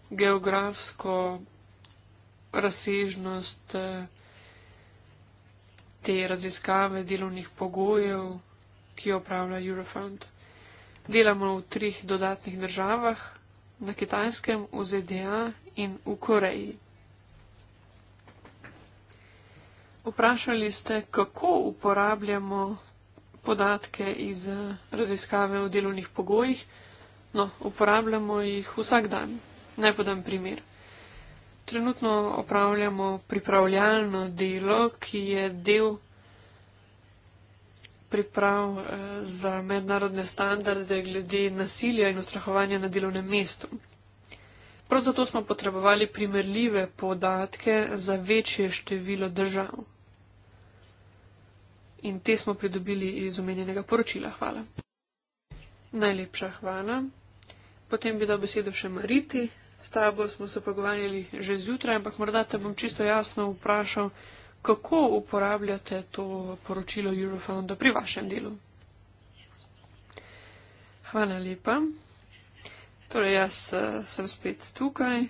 geografsko razsežnost eh, te raziskave delovnih pogojev, ki jo upravlja Eurofound. Delamo v trih dodatnih državah, na Kitajskem, v ZDA in v Koreji. Vprašali ste, kako uporabljamo podatke iz eh, raziskave o delovnih pogojih. No, uporabljamo jih vsak dan. Naj podam primer. Trenutno opravljamo pripravljalno delo, ki je del priprav eh, za mednarodne standarde glede nasilja in ustrahovanja na delovnem mestu. Prav zato smo potrebovali primerljive podatke za večje število držav. In te smo pridobili iz omenjenega poročila. Hvala. Najlepša hvala. Potem bi dal besedo še Mariti. S tabo smo se pogovarjali že zjutraj, ampak morda te bom čisto jasno vprašal, kako uporabljate to poročilo Eurofonda pri vašem delu. Hvala lepa. Torej, jaz eh, sem spet tukaj.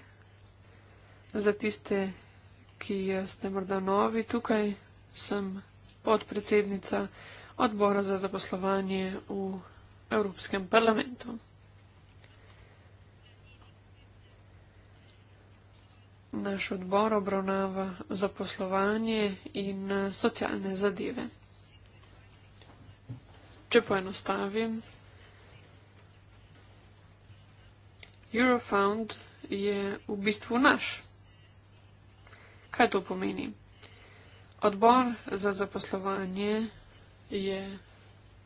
Za tiste, ki ste morda novi tukaj, sem podpredsednica odbora za zaposlovanje v Evropskem parlamentu. Naš odbor obravnava zaposlovanje in eh, socialne zadeve. Če poenostavim, Eurofound je v bistvu naš. Kaj to pomeni? Odbor za zaposlovanje je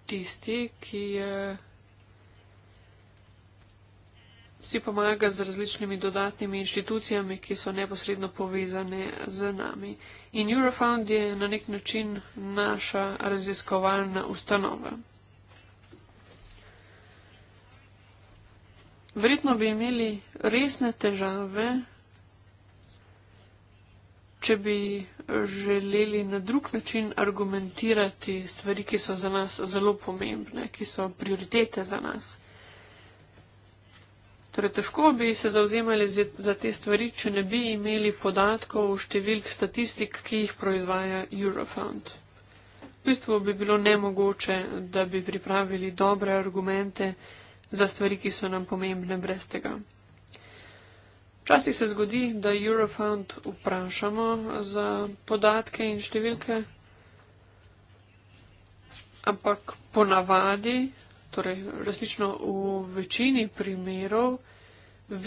tisti, ki je, si pomaga z različnimi dodatnimi inštitucijami, ki so neposredno povezane z nami. In Eurofound je na nek način naša raziskovalna ustanova. Verjetno bi imeli resne težave če bi želeli na drug način argumentirati stvari, ki so za nas zelo pomembne, ki so prioritete za nas. Torej, težko bi se zauzemali za te stvari, če ne bi imeli podatkov o številk statistik, ki jih proizvaja Eurofund. V bistvu bi bilo nemogoče, da bi pripravili dobre argumente za stvari, ki so nam pomembne brez tega. Včasih se zgodi, da Eurofund vprašamo za podatke in številke, ampak ponavadi, torej resnično v večini primerov,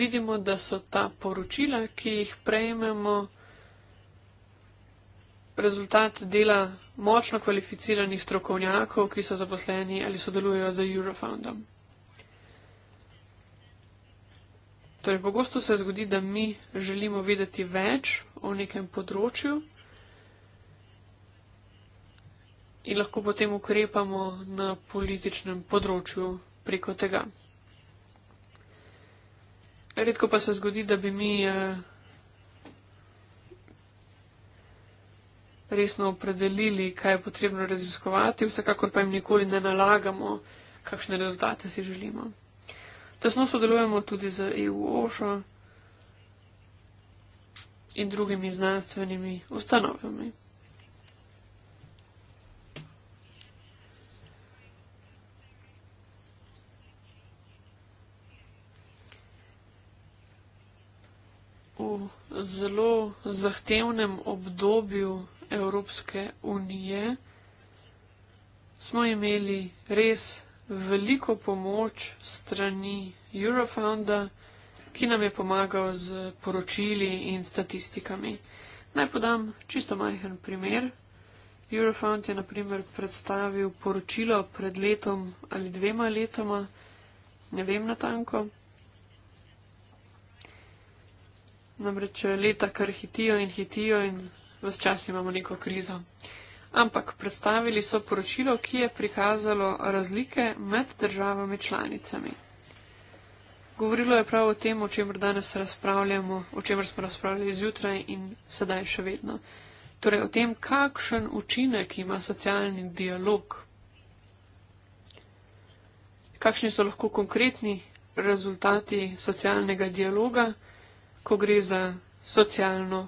vidimo, da so ta poročila, ki jih prejmemo, rezultat dela močno kvalificiranih strokovnjakov, ki so zaposleni ali sodelujejo z Eurofundom. Torej, pogosto se zgodi, da mi želimo vedeti več o nekem področju in lahko potem ukrepamo na političnem področju preko tega. Redko pa se zgodi, da bi mi eh, resno opredelili, kaj je potrebno raziskovati, vsekakor pa jim nikoli ne nalagamo, kakšne rezultate si želimo. Tesno sodelujemo tudi z EUOŠO in drugimi znanstvenimi ustanovami. V zelo zahtevnem obdobju Evropske unije smo imeli res veliko pomoč strani Eurofonda, ki nam je pomagal z poročili in statistikami. Naj podam čisto majhen primer. Eurofond je naprimer predstavil poročilo pred letom ali dvema letoma, ne vem natanko. Namreč leta kar hitijo in hitijo in vse čas imamo neko krizo ampak predstavili so poročilo, ki je prikazalo razlike med državami članicami. Govorilo je prav o tem, o čemer danes razpravljamo, o čemer smo razpravljali zjutraj in sedaj še vedno. Torej o tem, kakšen učinek ima socialni dialog, kakšni so lahko konkretni rezultati socialnega dialoga, ko gre za, socialno,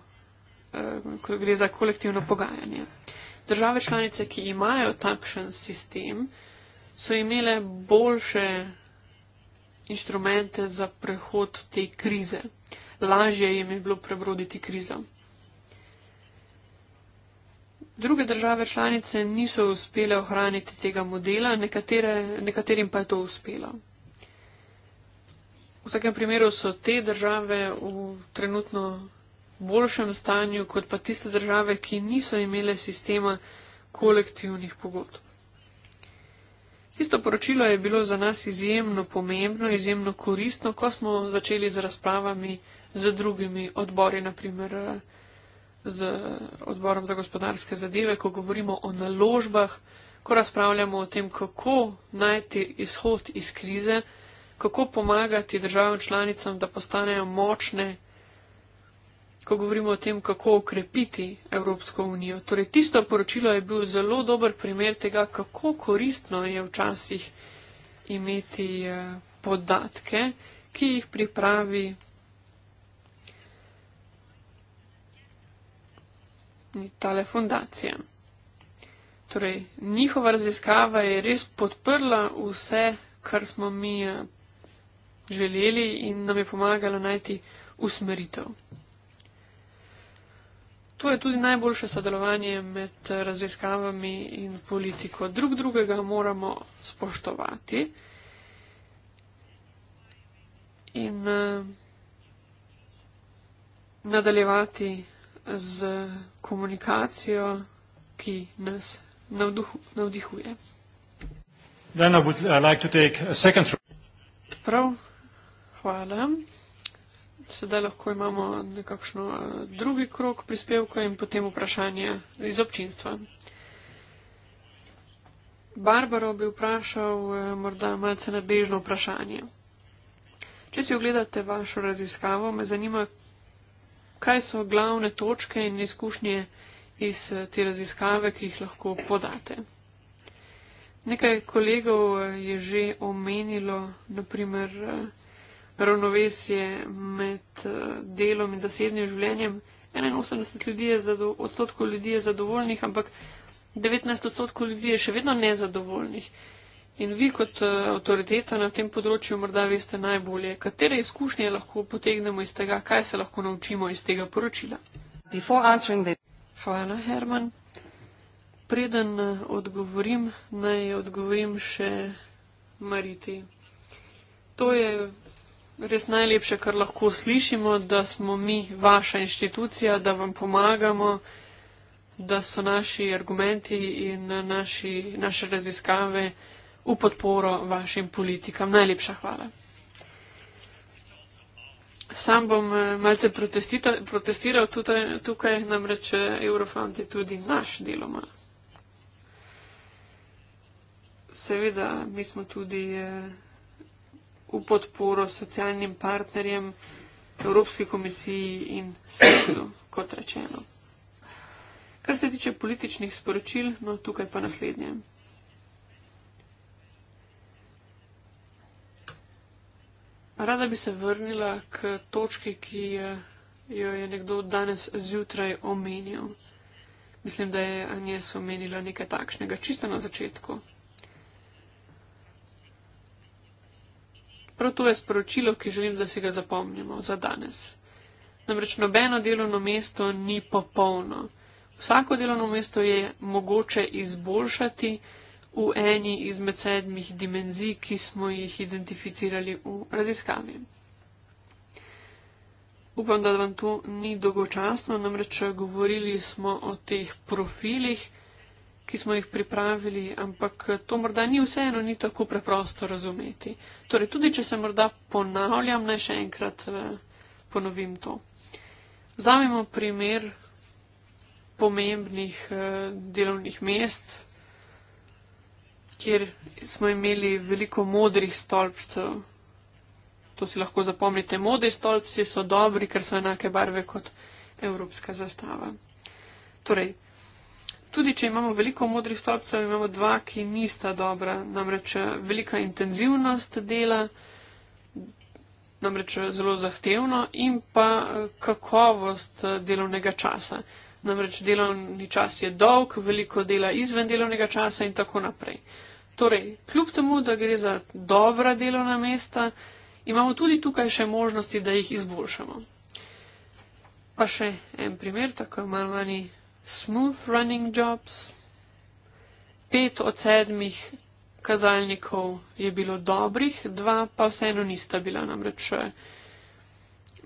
eh, ko gre za kolektivno pogajanje države članice, ki imajo takšen sistem, so imele boljše inštrumente za prehod te krize. Lažje jim je bilo prebroditi krizo. Druge države članice niso uspele ohraniti tega modela, nekatere, nekaterim pa je to uspelo. V vsakem primeru so te države v trenutno boljšem stanju kot pa tiste države, ki niso imele sistema kolektivnih pogodb. Tisto poročilo je bilo za nas izjemno pomembno, izjemno koristno, ko smo začeli z razpravami z drugimi odbori, naprimer eh, z odborom za gospodarske zadeve, ko govorimo o naložbah, ko razpravljamo o tem, kako najti izhod iz krize, kako pomagati državam članicam, da postanejo močne ko govorimo o tem, kako okrepiti Evropsko unijo. Torej, tisto poročilo je bil zelo dober primer tega, kako koristno je včasih imeti eh, podatke, ki jih pripravi. Tale fundacija. Torej, njihova raziskava je res podprla vse, kar smo mi eh, želeli in nam je pomagala najti usmeritev. To je tudi najboljše sodelovanje med raziskavami in politiko. Drug drugega moramo spoštovati in eh, nadaljevati z komunikacijo, ki nas navdihuje. Then I would uh, like to take a second. Prav, hvala sedaj lahko imamo nekakšno eh, drugi krok prispevka in potem vprašanje iz občinstva. Barbaro bi vprašal eh, morda malce nadežno vprašanje. Če si ogledate vašo raziskavo, me zanima, kaj so glavne točke in izkušnje iz eh, te raziskave, ki jih lahko podate. Nekaj kolegov je že omenilo, naprimer, ravnovesje med eh, delom in zasebnim življenjem. 81 ljudi odstotkov ljudi je zadovoljnih, ampak 19 odstotkov ljudi je še vedno nezadovoljnih. In vi kot eh, avtoriteta na tem področju morda veste najbolje, katere izkušnje lahko potegnemo iz tega, kaj se lahko naučimo iz tega poročila. Hvala, Herman. Preden eh, odgovorim, naj odgovorim še Mariti. To je res najlepše, kar lahko slišimo, da smo mi vaša inštitucija, da vam pomagamo, da so naši argumenti in naši, naše raziskave v podporo vašim politikam. Najlepša hvala. Sam bom eh, malce protestiral tutaj, tukaj, namreč eh, Eurofant je tudi naš deloma. Seveda, mi smo tudi. Eh, v podporo socialnim partnerjem, Evropski komisiji in svetu, kot rečeno. Kar se tiče političnih sporočil, no tukaj pa naslednje. Rada bi se vrnila k točki, ki jo je nekdo danes zjutraj omenil. Mislim, da je Anjes omenila nekaj takšnega, čisto na začetku. Prav to je sporočilo, ki želim, da si ga zapomnimo za danes. Namreč nobeno delovno mesto ni popolno. Vsako delovno mesto je mogoče izboljšati v eni izmed sedmih dimenzij, ki smo jih identificirali v raziskavi. Upam, da vam to ni dolgočasno, namreč govorili smo o teh profilih ki smo jih pripravili, ampak to morda ni vseeno, ni tako preprosto razumeti. Torej, tudi če se morda ponavljam, naj še enkrat eh, ponovim to. Vzamemo primer pomembnih eh, delovnih mest, kjer smo imeli veliko modrih stolpcev. To si lahko zapomnite. Modri stolpci so dobri, ker so enake barve kot evropska zastava. Torej, Tudi če imamo veliko modrih stolpcev, imamo dva, ki nista dobra. Namreč eh, velika intenzivnost dela, namreč eh, zelo zahtevno in pa eh, kakovost delovnega časa. Namreč delovni čas je dolg, veliko dela izven delovnega časa in tako naprej. Torej, kljub temu, da gre za dobra delovna mesta, imamo tudi tukaj še možnosti, da jih izboljšamo. Pa še en primer, tako malo manj smooth running jobs, pet od sedmih kazalnikov je bilo dobrih, dva pa vseeno nista bila namreč eh,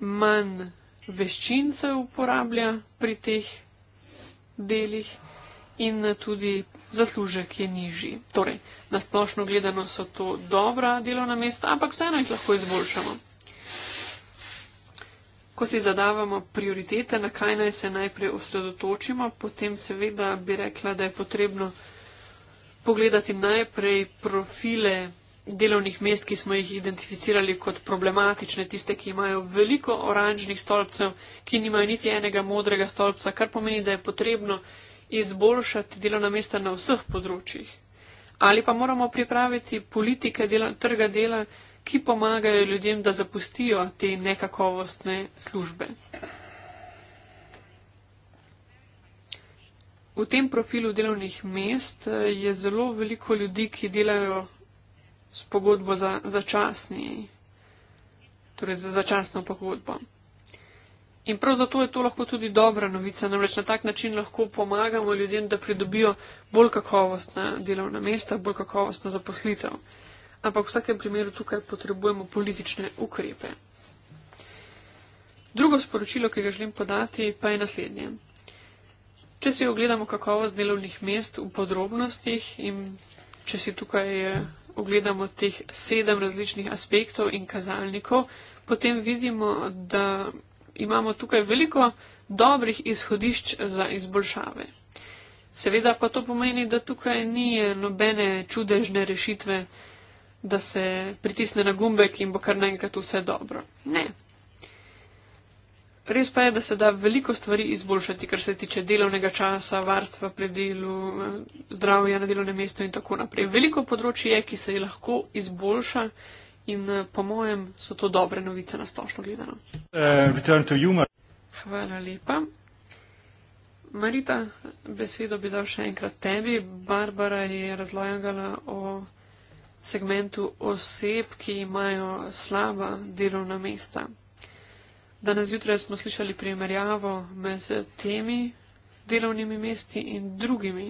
manj veščin se uporablja pri teh delih in eh, tudi zaslužek je nižji. Torej, nasplošno gledano so to dobra delovna mesta, ampak vseeno jih lahko izboljšamo ko si zadavamo prioritete, na kaj naj se najprej osredotočimo, potem seveda bi rekla, da je potrebno pogledati najprej profile delovnih mest, ki smo jih identificirali kot problematične, tiste, ki imajo veliko oranžnih stolpcev, ki nimajo niti enega modrega stolpca, kar pomeni, da je potrebno izboljšati delovna mesta na vseh področjih. Ali pa moramo pripraviti politike dela, trga dela, ki pomagajo ljudem, da zapustijo te nekakovostne službe. V tem profilu delovnih mest eh, je zelo veliko ljudi, ki delajo s pogodbo za začasni, torej za začasno pogodbo. In prav zato je to lahko tudi dobra novica, namreč na tak način lahko pomagamo ljudem, da pridobijo bolj kakovostna delovna mesta, bolj kakovostno zaposlitev ampak v vsakem primeru tukaj potrebujemo politične ukrepe. Drugo sporočilo, ki ga želim podati, pa je naslednje. Če si ogledamo kakovost delovnih mest v podrobnostih in če si tukaj eh, ogledamo teh sedem različnih aspektov in kazalnikov, potem vidimo, da imamo tukaj veliko dobrih izhodišč za izboljšave. Seveda pa to pomeni, da tukaj ni eh, nobene čudežne rešitve, da se pritisne na gumbek in bo kar naenkrat vse dobro. Ne. Res pa je, da se da veliko stvari izboljšati, kar se tiče delovnega časa, varstva pri delu, zdravja na delovnem mestu in tako naprej. Veliko področji je, ki se je lahko izboljša in eh, po mojem so to dobre novice na splošno gledano. Uh, Hvala lepa. Marita, besedo bi dal še enkrat tebi. Barbara je razlagala o segmentu oseb, ki imajo slaba delovna mesta. Danes zjutraj smo slišali primerjavo med temi delovnimi mesti in drugimi,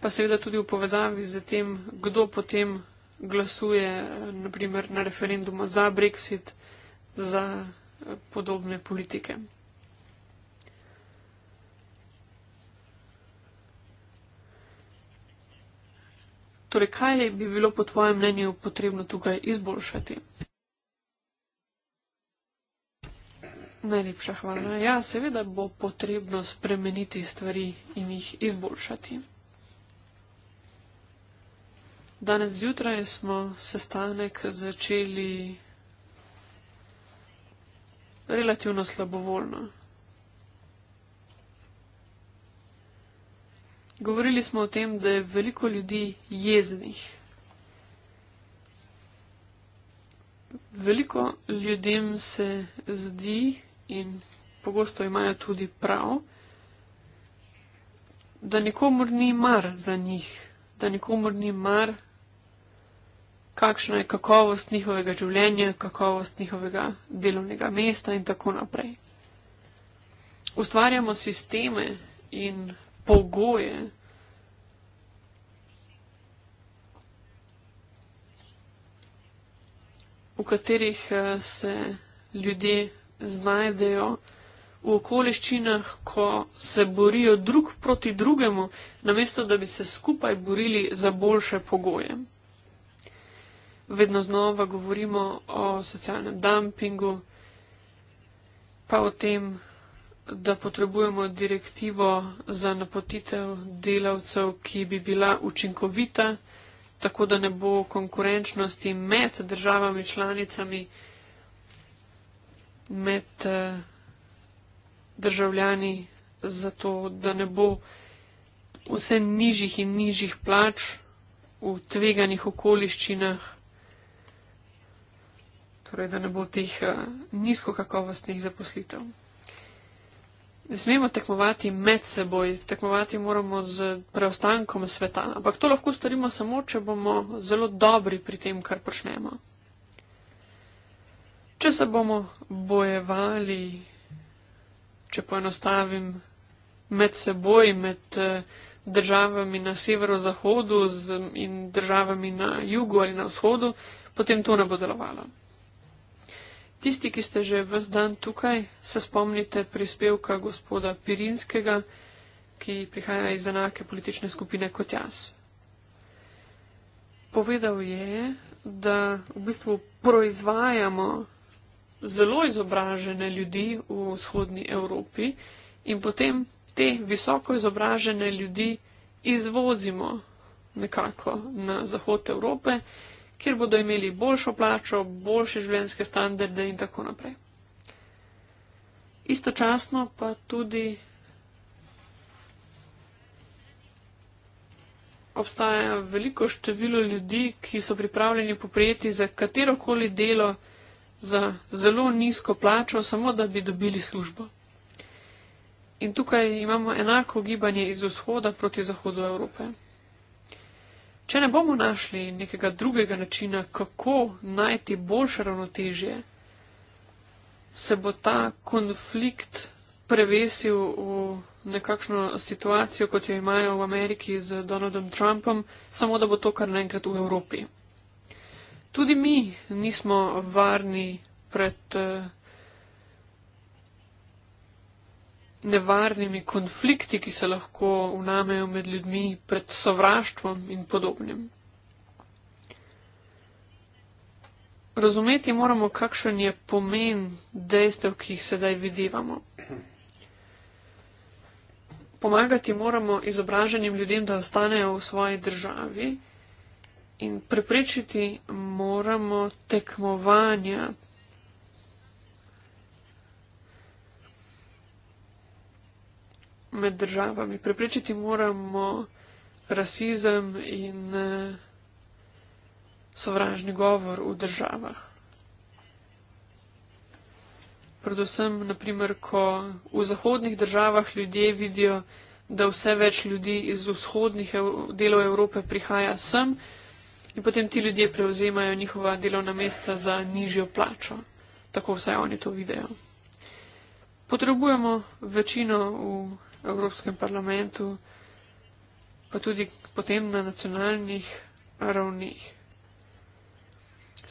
pa seveda tudi v povezavi z tem, kdo potem glasuje naprimer, na referendumu za Brexit, za podobne politike. Torej, kaj bi bilo po tvojem mnenju potrebno tukaj izboljšati? Najlepša hvala. Ja, seveda bo potrebno spremeniti stvari in jih izboljšati. Danes zjutraj smo sestanek začeli relativno slabovoljno. Govorili smo o tem, da je veliko ljudi jeznih. Veliko ljudem se zdi in pogosto imajo tudi prav, da nikomor ni mar za njih, da nikomor ni mar, kakšna je kakovost njihovega življenja, kakovost njihovega delovnega mesta in tako naprej. Ustvarjamo sisteme in pogoje. V katerih eh, se ljudje znajdejo v okoliščinah, ko se borijo drug proti drugemu, namesto da bi se skupaj borili za boljše pogoje. Vedno znova govorimo o socialnem dumpingu, pa o tem, da potrebujemo direktivo za napotitev delavcev, ki bi bila učinkovita, tako da ne bo konkurenčnosti med državami članicami, med eh, državljani, zato da ne bo vse nižjih in nižjih plač v tveganih okoliščinah. Torej, da ne bo teh eh, nizkokakovostnih zaposlitev ne smemo tekmovati med seboj, tekmovati moramo z preostankom sveta, ampak to lahko storimo samo, če bomo zelo dobri pri tem, kar počnemo. Če se bomo bojevali, če poenostavim, med seboj, med eh, državami na severozahodu in državami na jugu ali na vzhodu, potem to ne bo delovalo. Tisti, ki ste že vse dan tukaj, se spomnite prispevka gospoda Pirinskega, ki prihaja iz enake politične skupine kot jaz. Povedal je, da v bistvu proizvajamo zelo izobražene ljudi v vzhodni Evropi in potem te visoko izobražene ljudi izvozimo nekako na zahod Evrope kjer bodo imeli boljšo plačo, boljše življenjske standarde in tako naprej. Istočasno pa tudi obstaja veliko število ljudi, ki so pripravljeni poprijeti za katerokoli delo za zelo nizko plačo, samo da bi dobili službo. In tukaj imamo enako gibanje iz vzhoda proti zahodu Evrope. Če ne bomo našli nekega drugega načina, kako najti boljše ravnotežje, se bo ta konflikt prevesil v nekakšno situacijo, kot jo imajo v Ameriki z Donaldom Trumpom, samo da bo to kar naenkrat v Evropi. Tudi mi nismo varni pred. Uh, nevarnimi konflikti, ki se lahko unamejo med ljudmi pred sovraštvom in podobnim. Razumeti moramo, kakšen je pomen dejstev, ki jih sedaj vidivamo. Pomagati moramo izobraženim ljudem, da ostanejo v svoji državi in preprečiti moramo tekmovanja, med državami. Preprečiti moramo rasizem in eh, sovražni govor v državah. Predvsem, naprimer, ko v zahodnih državah ljudje vidijo, da vse več ljudi iz vzhodnih delov Evrope prihaja sem in potem ti ljudje prevzemajo njihova delovna mesta za nižjo plačo. Tako vsaj oni to vidijo. Potrebujemo večino v Evropskem parlamentu, pa tudi potem na nacionalnih ravnih.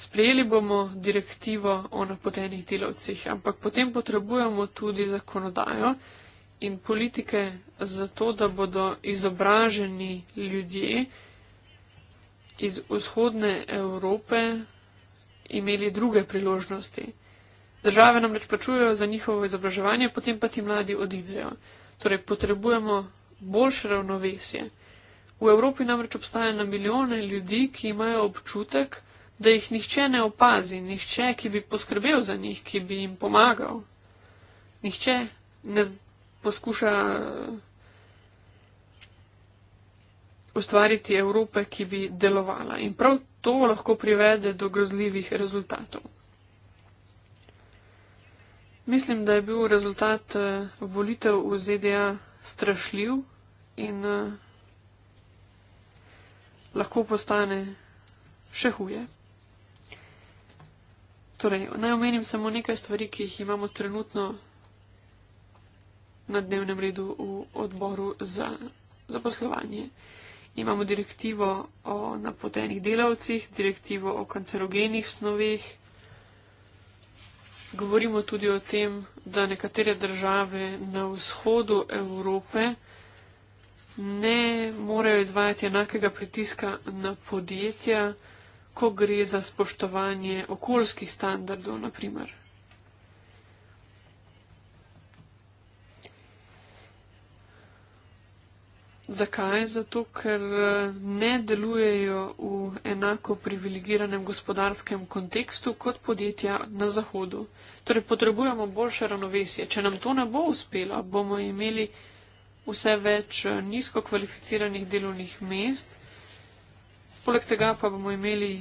Sprejeli bomo direktivo o napotenih delavcih, ampak potem potrebujemo tudi zakonodajo in politike za to, da bodo izobraženi ljudje iz vzhodne Evrope imeli druge priložnosti. Države namreč plačujejo za njihovo izobraževanje, potem pa ti mladi odidejo. Torej potrebujemo boljše ravnovesje. V Evropi namreč obstaja na milijone ljudi, ki imajo občutek, da jih nihče ne opazi, nihče, ki bi poskrbel za njih, ki bi jim pomagal. Nihče ne poskuša eh, ustvariti Evrope, ki bi delovala. In prav to lahko privede do grozljivih rezultatov. Mislim, da je bil rezultat eh, volitev v ZDA strašljiv in eh, lahko postane še huje. Torej, naj omenim samo nekaj stvari, ki jih imamo trenutno na dnevnem redu v odboru za zaposlovanje. Imamo direktivo o napotenih delavcih, direktivo o kancerogenih snovih, govorimo tudi o tem, da nekatere države na vzhodu Evrope ne morejo izvajati enakega pritiska na podjetja, ko gre za spoštovanje okoljskih standardov, naprimer. Zakaj? Zato, ker eh, ne delujejo v enako privilegiranem gospodarskem kontekstu kot podjetja na Zahodu. Torej, potrebujemo boljše ravnovesje. Če nam to ne bo uspelo, bomo imeli vse več eh, nizko kvalificiranih delovnih mest, poleg tega pa bomo imeli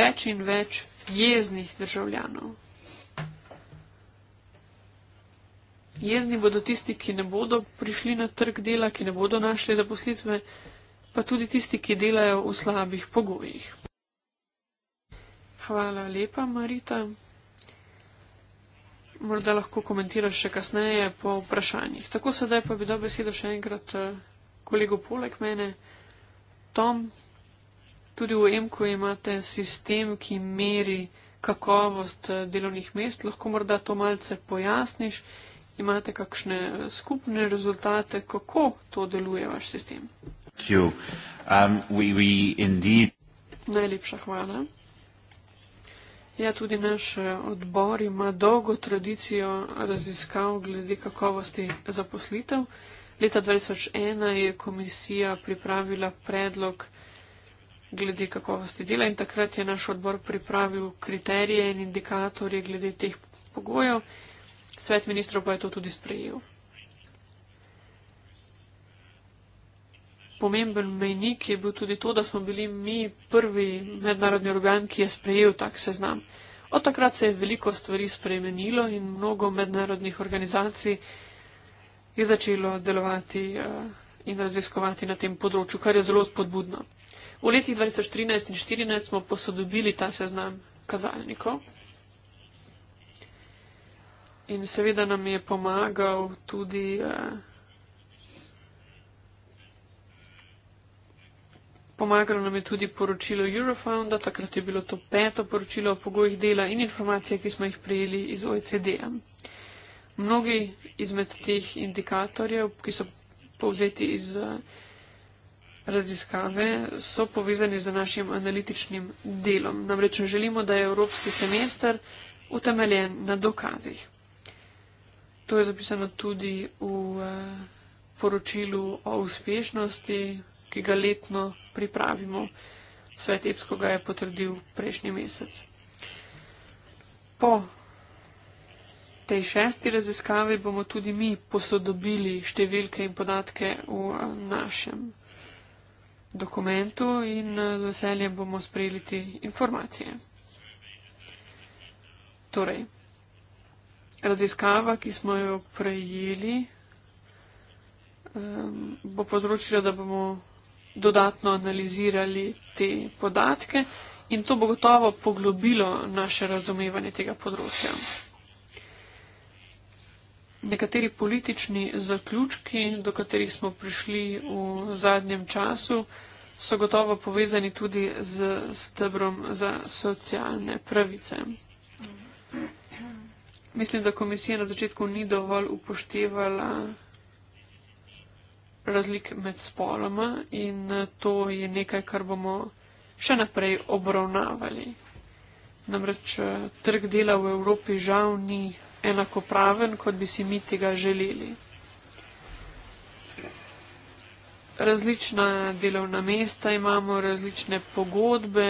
več in več jeznih državljanov. Jezni bodo tisti, ki ne bodo prišli na trg dela, ki ne bodo našli zaposlitve, pa tudi tisti, ki delajo v slabih pogojih. Hvala lepa, Marita. Morda lahko komentiraš še kasneje po vprašanjih. Tako sedaj pa bi dal besedo še enkrat eh, kolegu poleg mene. Tom, tudi v EMKO imate sistem, ki meri kakovost eh, delovnih mest. Lahko morda to malce pojasniš imate kakšne eh, skupne rezultate, kako to deluje vaš sistem? Um, we, we indeed... Najlepša hvala. Ja, tudi naš eh, odbor ima dolgo tradicijo raziskav glede kakovosti zaposlitev. Leta 2001 je komisija pripravila predlog glede kakovosti dela in takrat je naš odbor pripravil kriterije in indikatorje glede teh pogojev. Svet ministrov pa je to tudi sprejel. Pomemben mejnik je bil tudi to, da smo bili mi prvi mednarodni organ, ki je sprejel tak seznam. Od takrat se je veliko stvari spremenilo in mnogo mednarodnih organizacij je začelo delovati eh, in raziskovati na tem področju, kar je zelo spodbudno. V letih 2013 in 2014 smo posodobili ta seznam kazalnikov in seveda nam je pomagal tudi eh, pomagalo nam je tudi poročilo Eurofonda, takrat je bilo to peto poročilo o pogojih dela in informacije, ki smo jih prijeli iz OECD-a. Mnogi izmed teh indikatorjev, ki so povzeti iz eh, raziskave, so povezani z našim analitičnim delom. Namreč želimo, da je evropski semester utemeljen na dokazih. To je zapisano tudi v eh, poročilu o uspešnosti, ki ga letno pripravimo. Svet Epsko ga je potrdil prejšnji mesec. Po tej šesti raziskavi bomo tudi mi posodobili številke in podatke v eh, našem dokumentu in eh, z veseljem bomo sprejeli informacije. Torej, raziskava, ki smo jo prejeli, um, bo povzročila, da bomo dodatno analizirali te podatke in to bo gotovo poglobilo naše razumevanje tega področja. Nekateri politični zaključki, do katerih smo prišli v zadnjem času, so gotovo povezani tudi z stebrom za socialne pravice mislim, da komisija na začetku ni dovolj upoštevala razlik med spoloma in to je nekaj, kar bomo še naprej obravnavali. Namreč eh, trg dela v Evropi žal ni enakopraven, kot bi si mi tega želeli. Različna delovna mesta imamo, različne pogodbe,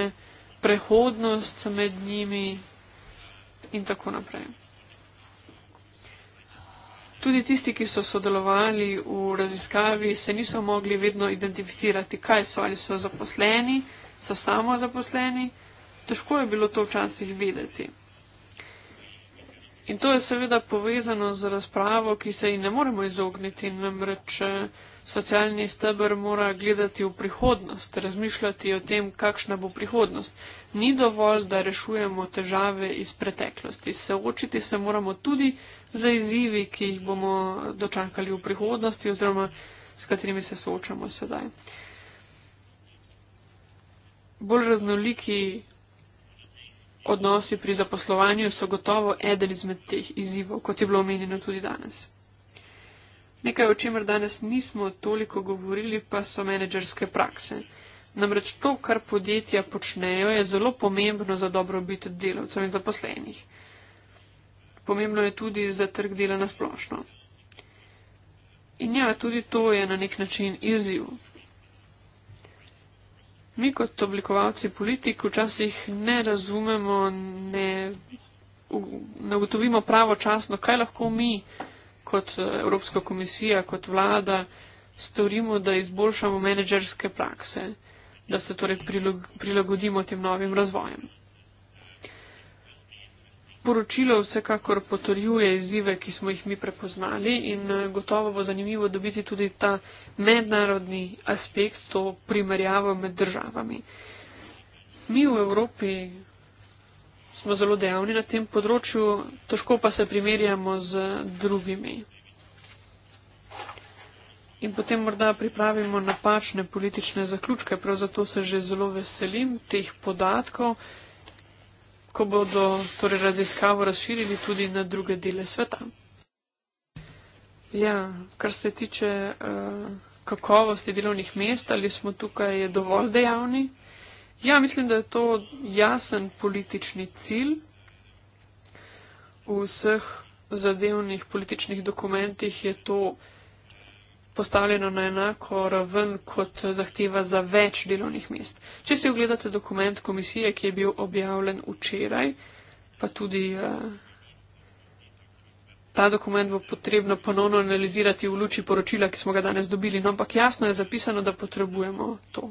prehodnost med njimi in tako naprej tudi tisti, ki so sodelovali v raziskavi, se niso mogli vedno identificirati, kaj so ali so zaposleni, so samo zaposleni. Težko je bilo to včasih videti. In to je seveda povezano z razpravo, ki se ji ne moremo izogniti, namreč. Eh, socialni stebr mora gledati v prihodnost, razmišljati o tem, kakšna bo prihodnost. Ni dovolj, da rešujemo težave iz preteklosti. Soočiti se moramo tudi za izzivi, ki jih bomo dočakali v prihodnosti oziroma s katerimi se soočamo sedaj. Bolj raznoliki odnosi pri zaposlovanju so gotovo eden izmed teh izzivov, kot je bilo omenjeno tudi danes. Nekaj, o čemer danes nismo toliko govorili, pa so menedžerske prakse. Namreč to, kar podjetja počnejo, je zelo pomembno za dobrobit delavcev in zaposlenih. Pomembno je tudi za trg dela nasplošno. In ja, tudi to je na nek način izziv. Mi kot oblikovalci politik včasih ne razumemo, ne, ne ugotovimo pravočasno, kaj lahko mi kot eh, Evropska komisija, kot vlada storimo, da izboljšamo menedžerske prakse, da se torej prilagodimo tem novim razvojem. Poročilo vsekakor potrjuje izzive, ki smo jih mi prepoznali in eh, gotovo bo zanimivo dobiti tudi ta mednarodni aspekt, to primerjavo med državami. Mi v Evropi smo zelo dejavni na tem področju, težko pa se primerjamo z drugimi. In potem morda pripravimo napačne politične zaključke, prav zato se že zelo veselim teh podatkov, ko bodo torej raziskavo razširili tudi na druge dele sveta. Ja, kar se tiče uh, kakovosti delovnih mest, ali smo tukaj dovolj dejavni. Ja, mislim, da je to jasen politični cilj v vseh zadevnih političnih dokumentih je to postavljeno na enako raven kot zahteva za več delovnih mest. Če si ogledate dokument komisije, ki je bil objavljen včeraj, pa tudi eh, ta dokument bo potrebno ponovno analizirati v luči poročila, ki smo ga danes dobili, no, ampak jasno je zapisano, da potrebujemo to.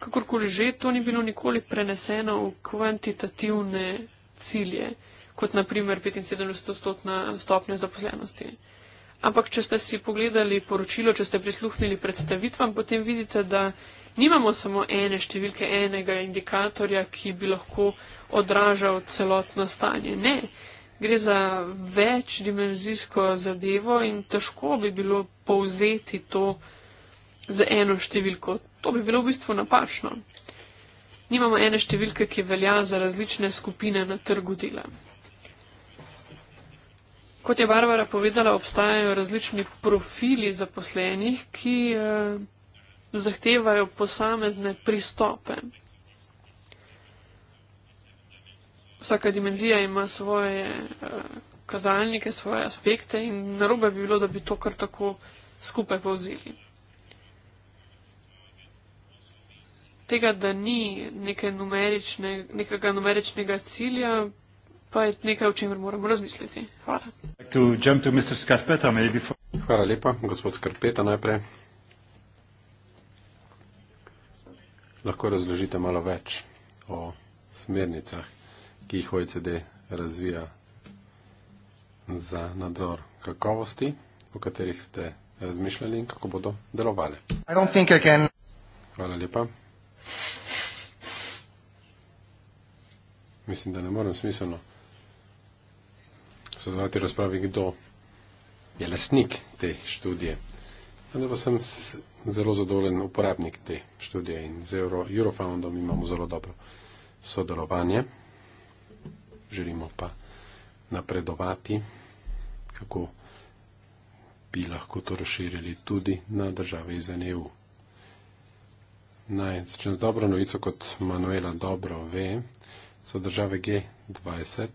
Kakorkoli že, to ni bilo nikoli preneseno v kvantitativne cilje, kot naprimer 75-stotna stopnja zaposlenosti. Ampak, če ste si pogledali poročilo, če ste prisluhnili predstavitvam, potem vidite, da nimamo samo ene številke, enega indikatorja, ki bi lahko odražal celotno stanje. Ne, gre za večdimenzijsko zadevo in težko bi bilo povzeti to z eno številko. To bi bilo v bistvu napačno. Nimamo ene številke, ki velja za različne skupine na trgu dela. Kot je Barbara povedala, obstajajo različni profili zaposlenih, ki eh, zahtevajo posamezne pristope. Vsaka dimenzija ima svoje eh, kazalnike, svoje aspekte in narobe bi bilo, da bi to kar tako skupaj povzeli. tega, da ni neke numerične, nekega numeričnega cilja, pa je nekaj, o čemer moramo razmisliti. Hvala. Hvala lepa, gospod Skarpeta najprej. Lahko razložite malo več o smernicah, ki jih OECD razvija za nadzor kakovosti, o katerih ste razmišljali in kako bodo delovali. Hvala lepa. Mislim, da ne morem smiselno sodelovati v razpravi, kdo je lasnik te študije. Vendar pa sem zelo zadovoljen uporabnik te študije in z Euro, Eurofoundom imamo zelo dobro sodelovanje. Želimo pa napredovati, kako bi lahko to razširili tudi na države izven EU. Naj začnem z dobro novico, kot Manuela dobro ve, so države G20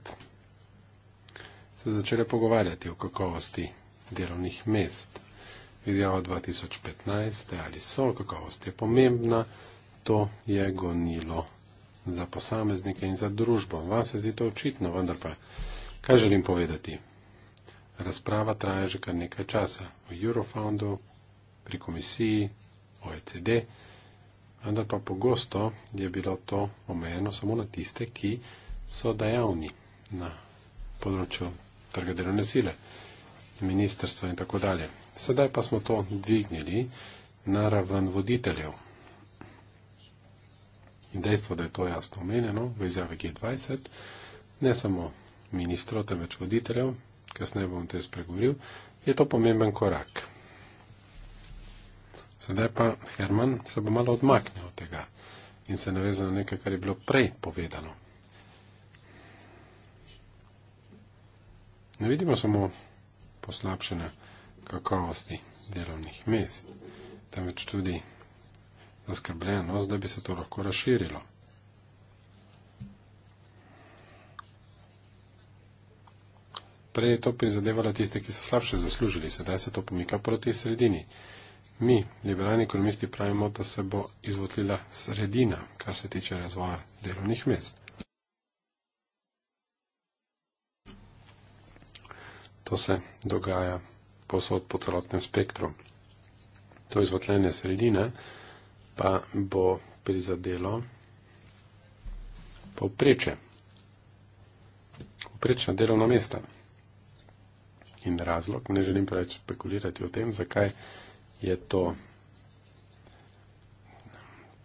se začele pogovarjati o kakovosti delovnih mest. Izjava 2015, ali so kakovost je pomembna, to je gonilo za posameznike in za družbo. Vas je zito očitno, vendar pa, kaj želim povedati? Razprava traja že kar nekaj časa. V Eurofoundu, pri komisiji, OECD, vendar pa pogosto je bilo to omejeno samo na tiste, ki so dejavni na področju trga delovne sile, ministrstva in tako dalje. Sedaj pa smo to dvignili na raven voditeljev. In dejstvo, da je to jasno omenjeno v izjavi G20, ne samo ministrov, temveč voditeljev, kasneje bom te spregovoril, je to pomemben korak. Sedaj pa Herman se bo malo odmaknil od tega in se navezal na nekaj, kar je bilo prej povedano. Ne vidimo samo poslabšanja kakovosti delovnih mest, temveč tudi zaskrbljenost, da bi se to lahko razširilo. Prej je to prizadevalo tiste, ki so slabše zaslužili, sedaj se to pomika proti sredini. Mi, liberalni ekonomisti, pravimo, da se bo izvotlila sredina, kar se tiče razvoja delovnih mest. To se dogaja posod po celotnem spektru. To izvotljenje sredine pa bo prizadelo povpreče. Povprečna delovna mesta. In razlog, ne želim preveč spekulirati o tem, zakaj je to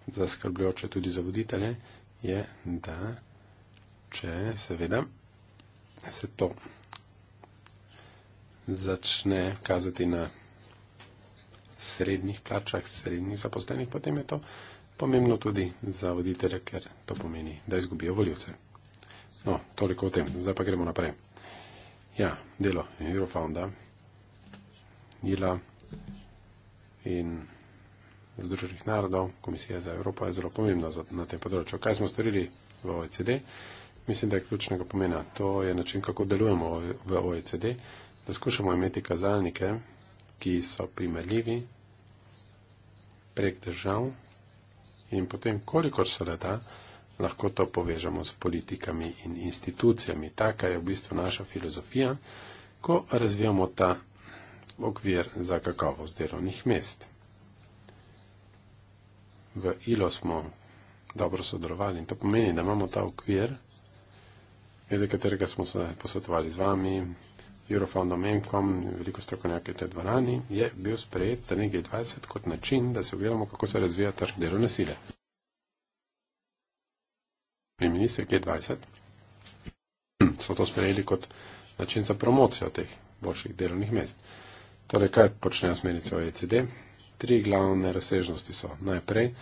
zaskrbljujoče tudi za voditelje, je, da če seveda se to začne kazati na srednjih plačah, srednjih zaposlenih, potem je to pomembno tudi za voditelja, ker to pomeni, da izgubijo voljivce. No, toliko o tem. Zdaj pa gremo naprej. Ja, delo Eurofounda. Ila in Združenih narodov, Komisija za Evropo je zelo pomembna na tem področju. Kaj smo storili v OECD? Mislim, da je ključnega pomena. To je način, kako delujemo v OECD, da skušamo imeti kazalnike, ki so primerljivi prek držav in potem, koliko se le da, lahko to povežemo s politikami in institucijami. Taka je v bistvu naša filozofija, ko razvijamo ta okvir za kakovost delovnih mest. V ILO smo dobro sodelovali in to pomeni, da imamo ta okvir, glede katerega smo se posvetovali z vami, Eurofondom, EMCOM, veliko strokovnjakov v tej dvorani, je bil sprejet za nekaj 20 kot način, da se ogledamo, kako se razvija trg delovne sile. Pri ministr G20 hm, so to sprejeli kot način za promocijo teh boljših delovnih mest. Torej, kaj počnejo smernice OECD? Tri glavne razsežnosti so. Najprej,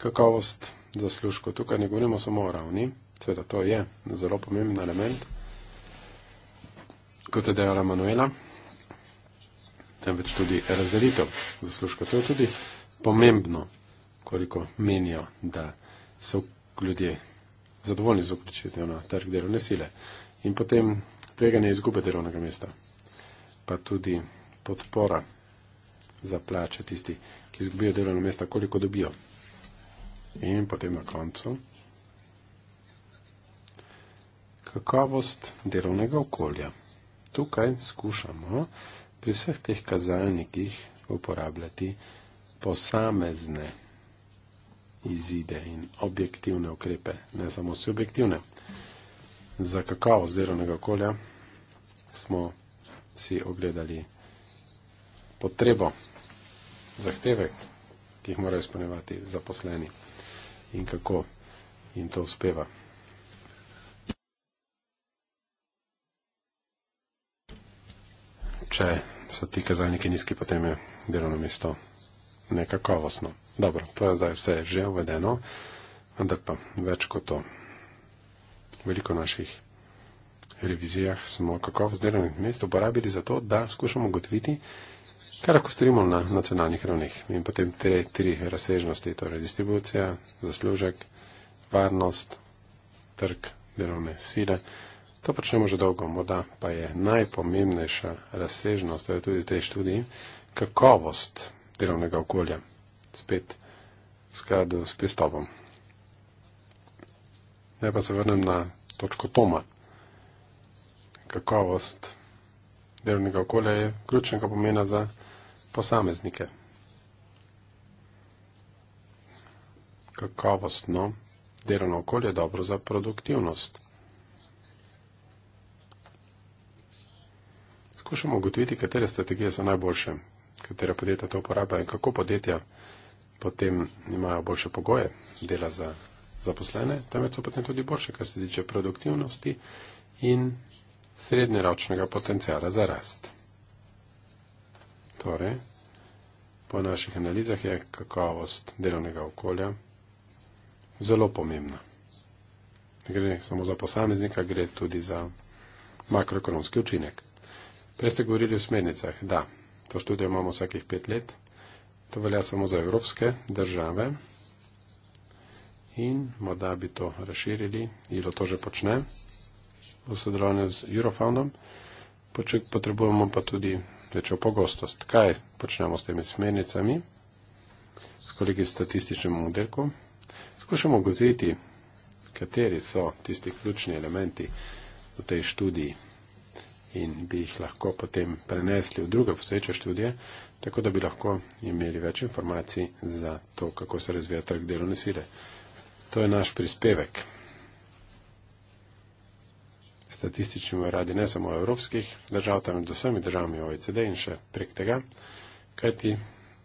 kakovost zaslužkov. Tukaj ne govorimo samo o ravni, seveda to je zelo pomemben element, kot je dejala Manuela, temveč tudi razdelitev zaslužkov. To je tudi pomembno, koliko menijo, da so ljudje zadovoljni z vključitvijo na trg delovne sile. In potem tveganje izgube delovnega mesta, pa tudi podpora za plače tisti, ki izgubijo delovno mesto, koliko dobijo. In potem na koncu kakovost delovnega okolja. Tukaj skušamo pri vseh teh kazalnikih uporabljati posamezne izide in objektivne ukrepe, ne samo subjektivne. Za kakovost delovnega okolja smo si ogledali vsega, potrebo, zahteve, ki jih morajo izpolnjevati zaposleni in kako jim to uspeva. Če so ti kazalniki nizki, potem je delovno mesto nekakovostno. Dobro, to je zdaj vse že uvedeno, vendar pa več kot to. Veliko naših revizijah smo kakovost delovnih mest uporabili za to, da skušamo ugotoviti, Kaj lahko storimo na nacionalnih ravneh? In potem tri, tri razsežnosti, torej distribucija, zaslužek, varnost, trg, delovne sile. To počnemo že dolgo, morda pa je najpomembnejša razsežnost, to je tudi v tej študiji, kakovost delovnega okolja. Spet v skladu s pristopom. Naj pa se vrnem na točko Toma. Kakovost delovnega okolja je ključnega pomena za posameznike. Kakovostno delovno okolje je dobro za produktivnost. Skušamo ugotoviti, katere strategije so najboljše, katere podjetja to uporabljajo in kako podjetja potem imajo boljše pogoje dela za zaposlene, temveč so potem tudi boljše, kar se tiče produktivnosti in srednjeročnega potencijala za rast. Torej, po naših analizah je kakovost delovnega okolja zelo pomembna. Ne gre samo za posameznika, gre tudi za makroekonomski učinek. Prej ste govorili o smernicah. Da, to študijo imamo vsakih pet let. To velja samo za evropske države. In morda bi to razširili, ilo to že počne, v sodelovanju z Eurofoundom. Potrebujemo pa tudi večjo pogostost. Kaj počnemo s temi smernicami? S koliki statističnem modelku? Skušamo ugotoviti, kateri so tisti ključni elementi v tej študiji in bi jih lahko potem prenesli v druge posveče študije, tako da bi lahko imeli več informacij za to, kako se razvija trg delovne sile. To je naš prispevek statističnimi uradi, ne samo evropskih držav, tam med vsemi državami OECD in še prek tega, kajti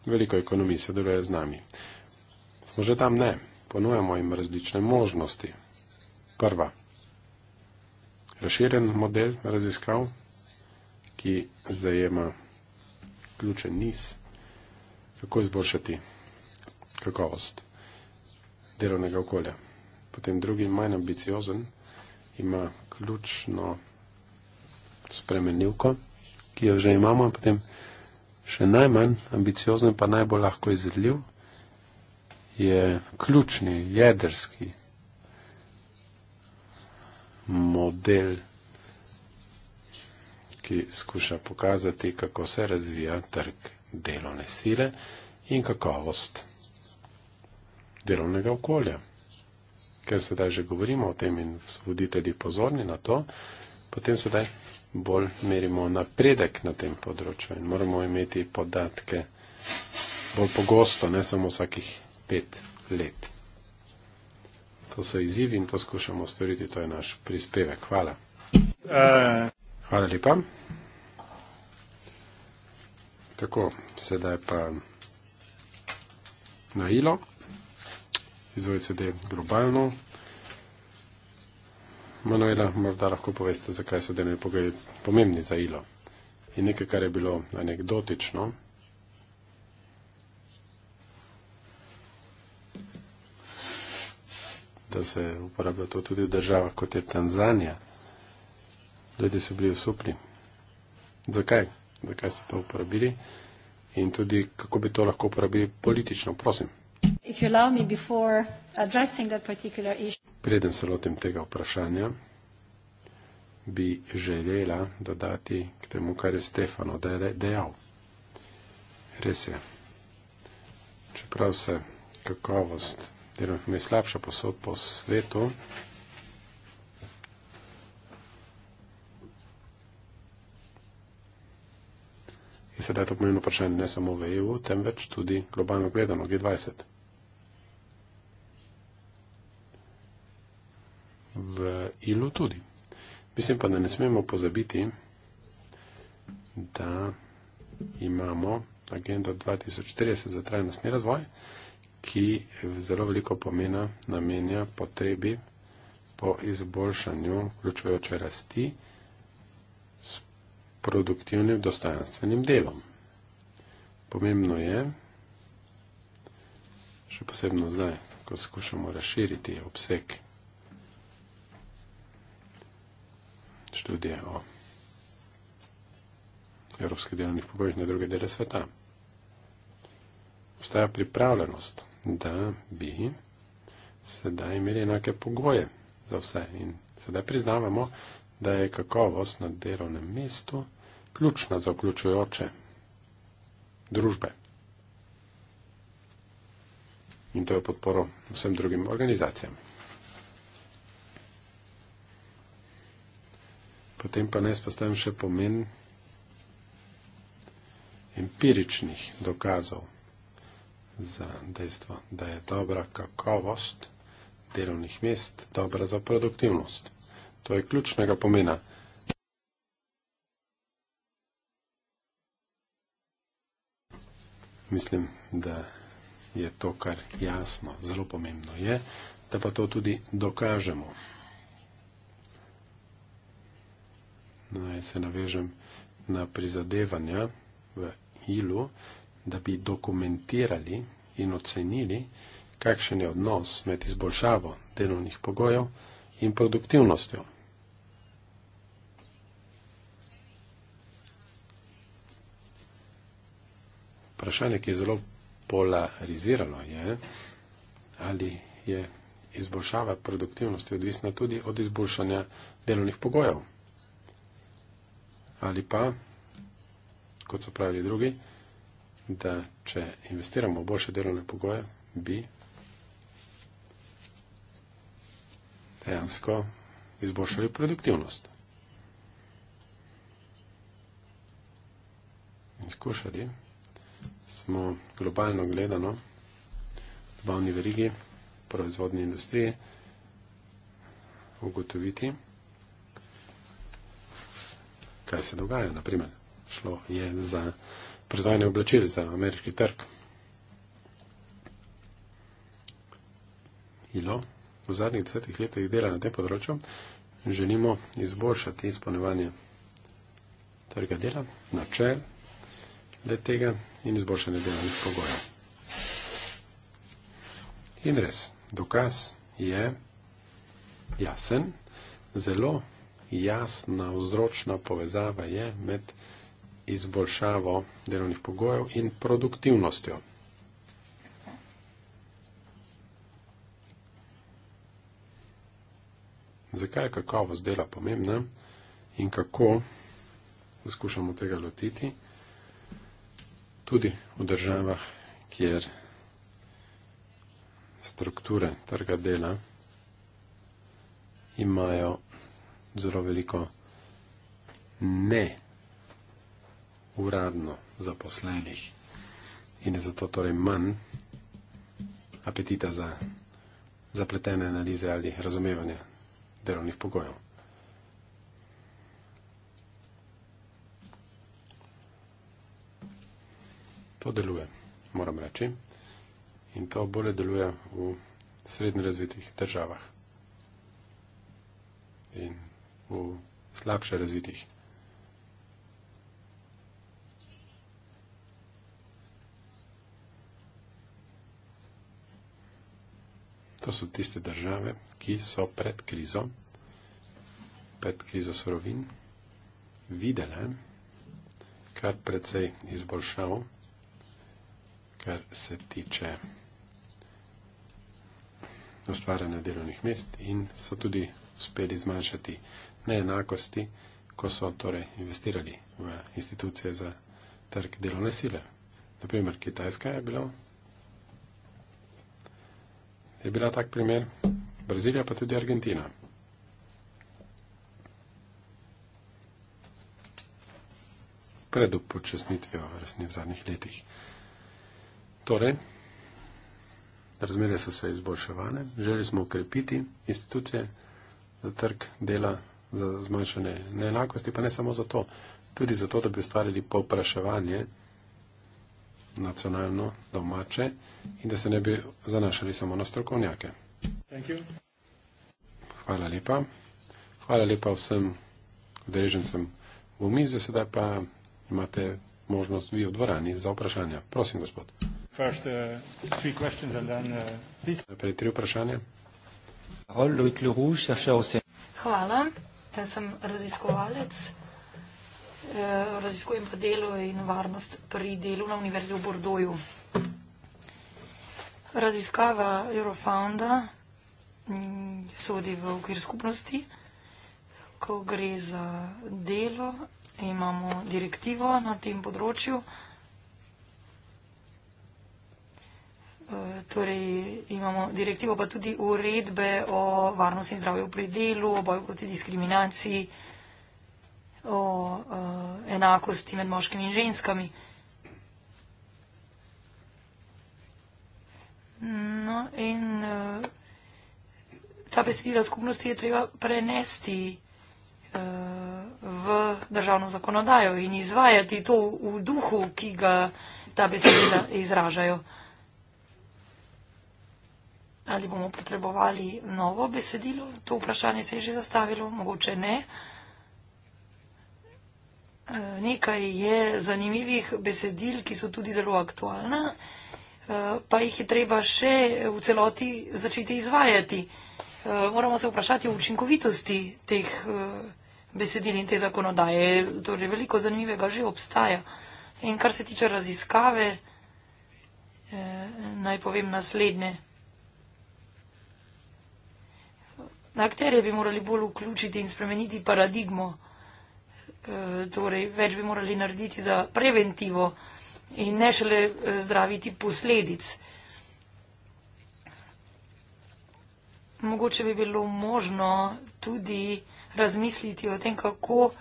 veliko ekonomij sodeluje z nami. Smo že tam ne, ponujamo jim različne možnosti. Prva, razširjen model raziskav, ki zajema ključen niz, kako izboljšati kakovost delovnega okolja. Potem drugi, manj ambiciozen, ima ključno spremenilko, ki jo že imamo, potem še najmanj ambiciozno, pa najbolj lahko izvedljiv, je ključni, jedrski model, ki skuša pokazati, kako se razvija trg delovne sile in kakovost delovnega okolja ker sedaj že govorimo o tem in voditelji pozorni na to, potem sedaj bolj merimo napredek na tem področju in moramo imeti podatke bolj pogosto, ne samo vsakih pet let. To so izzivi in to skušamo storiti, to je naš prispevek. Hvala. Eh. Hvala lepa. Tako, sedaj pa na ilo iz OECD globalno. Manuela, morda lahko poveste, zakaj so delovni pogoji pomembni za ILO in nekaj, kar je bilo anekdotično. da se uporablja to tudi v državah, kot je Tanzanija. Ljudje so bili osupni. Zakaj? Zakaj ste to uporabili? In tudi, kako bi to lahko uporabili politično? Prosim. Preden se lotim tega vprašanja, bi želela dodati k temu, kar je Stefano dejal. Res je. Čeprav se kakovost delovnih mest slabša posod po svetu, je to pomembno vprašanje ne samo v EU, temveč tudi globalno gledano G20. V ILU e tudi. Mislim pa, da ne smemo pozabiti, da imamo agendo 2030 za trajnostni razvoj, ki zelo veliko pomena namenja potrebi po izboljšanju vključujoče rasti produktivnim, dostojanstvenim delom. Pomembno je, še posebno zdaj, ko skušamo razširiti obseg študije o evropskih delovnih pogojih na druge dele sveta. Obstaja pripravljenost, da bi sedaj imeli enake pogoje za vse. In sedaj priznavamo, da je kakovost na delovnem mestu ključna za vključujoče družbe. In to je podporo vsem drugim organizacijam. Potem pa naj spostavim še pomen empiričnih dokazov za dejstvo, da je dobra kakovost delovnih mest dobra za produktivnost. To je ključnega pomena. Mislim, da je to, kar jasno, zelo pomembno je, da pa to tudi dokažemo. Naj se navežem na prizadevanja v ILU, da bi dokumentirali in ocenili, kakšen je odnos med izboljšavo delovnih pogojev in produktivnostjo. Vprašanje, ki je zelo polarizirano, je, ali je izboljšava produktivnosti odvisna tudi od izboljšanja delovnih pogojev. Ali pa, kot so pravili drugi, da če investiramo v boljše delovne pogoje, bi dejansko izboljšali produktivnost. In skušali smo globalno gledano v bavni verigi proizvodne industrije ugotoviti, kaj se dogaja. Naprimer, šlo je za proizvajanje oblačil za ameriški trg. Ilo, v zadnjih desetih letih dela na tem področju, želimo izboljšati izpolnevanje trga dela, načel tega in izboljšanje delovnih pogojev. In res, dokaz je jasen, zelo jasna vzročna povezava je med izboljšavo delovnih pogojev in produktivnostjo. zakaj je kakovost dela pomembna in kako se skušamo tega lotiti tudi v državah, kjer strukture trga dela imajo zelo veliko ne uradno zaposlenih in je zato torej manj apetita za zapletene analize ali razumevanja delovnih pogojev. To deluje, moram reči, in to bolje deluje v srednje razvitih državah in v slabše razvitih državah. To so tiste države, ki so pred krizo, pred krizo sorovin, videle kar precej izboljšav, kar se tiče ustvarjanja delovnih mest in so tudi uspeli zmanjšati neenakosti, ko so torej investirali v institucije za trg delovne sile. Naprimer, Kitajska je bila je bila tak primer, Brazilija pa tudi Argentina. Pred upočasnitvijo resni v zadnjih letih. Torej, razmere so se izboljševane, želeli smo ukrepiti institucije za trg dela, za zmanjšanje neenakosti, pa ne samo zato, tudi zato, da bi ustvarili povpraševanje nacionalno, domače in da se ne bi zanašali samo na strokovnjake. Hvala lepa. Hvala lepa vsem udeležencem v mizu, sedaj pa imate možnost vi v dvorani za vprašanja. Prosim, gospod. Uh, uh, Najprej uh, uh, tri vprašanja. Hvala, sem raziskovalec. Eh, raziskujem pa delo in varnost pri delu na Univerzi v Bordoju. Raziskava Eurofounda mm, sodi v okvir skupnosti. Ko gre za delo, imamo direktivo na tem področju. Eh, torej imamo direktivo pa tudi uredbe o varnosti in zdravju pri delu, o boju proti diskriminaciji, o uh, enakosti med moškimi in ženskami. No, in uh, ta besedila skupnosti je treba prenesti uh, v državno zakonodajo in izvajati to v duhu, ki ga ta besedila izražajo. Ali bomo potrebovali novo besedilo? To vprašanje se je že zastavilo, mogoče ne. Uh, Eh, nekaj je zanimivih besedil, ki so tudi zelo aktualna, eh, pa jih je treba še v celoti začeti izvajati. Eh, moramo se vprašati o učinkovitosti teh besedil in te zakonodaje. Torej, veliko zanimivega že obstaja. In kar se tiče raziskave, naj povem naslednje. Na akterje bi morali bolj vključiti in spremeniti paradigmo. Eh, torej več bi morali narediti za preventivo in ne šele eh, zdraviti posledic. Mogoče bi bilo možno tudi razmisliti o tem, kako uh,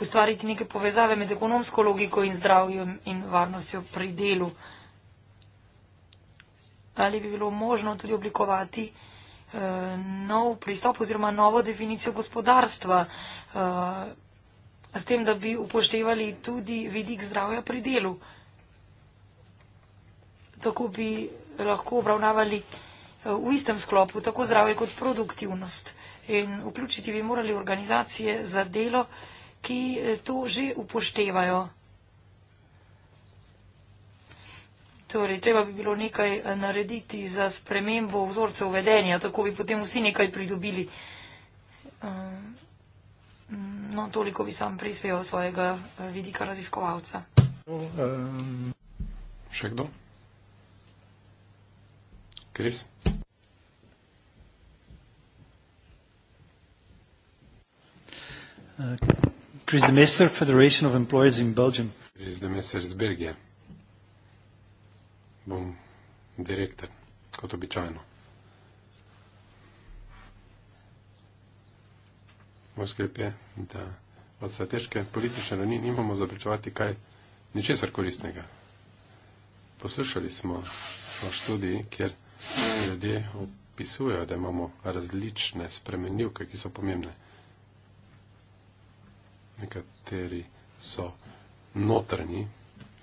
ustvariti neke povezave med ekonomsko logiko in zdravjem in varnostjo pri delu. Ali bi bilo možno tudi oblikovati uh, nov pristop oziroma novo definicijo gospodarstva, Eh, s tem, da bi upoštevali tudi vidik zdravja pri delu. Tako bi lahko obravnavali eh, v istem sklopu tako zdravje kot produktivnost. In vključiti bi morali organizacije za delo, ki eh, to že upoštevajo. Torej, treba bi bilo nekaj narediti za spremembo vzorcev vedenja, tako bi potem vsi nekaj pridobili. Um, No, toliko bi sam prispeval svojega eh, vidika raziskovalca. Um, še kdo? Kris? Kris uh, Demeser, Federation of Employees in Belgium. Kris Demeser iz Belgije. Bom direktor, kot običajno. sklepe, da od strateške politične ravni nimamo zapričovati kaj ničesar koristnega. Poslušali smo o študiji, kjer ljudje opisujejo, da imamo različne spremenljivke, ki so pomembne. Nekateri so notrni,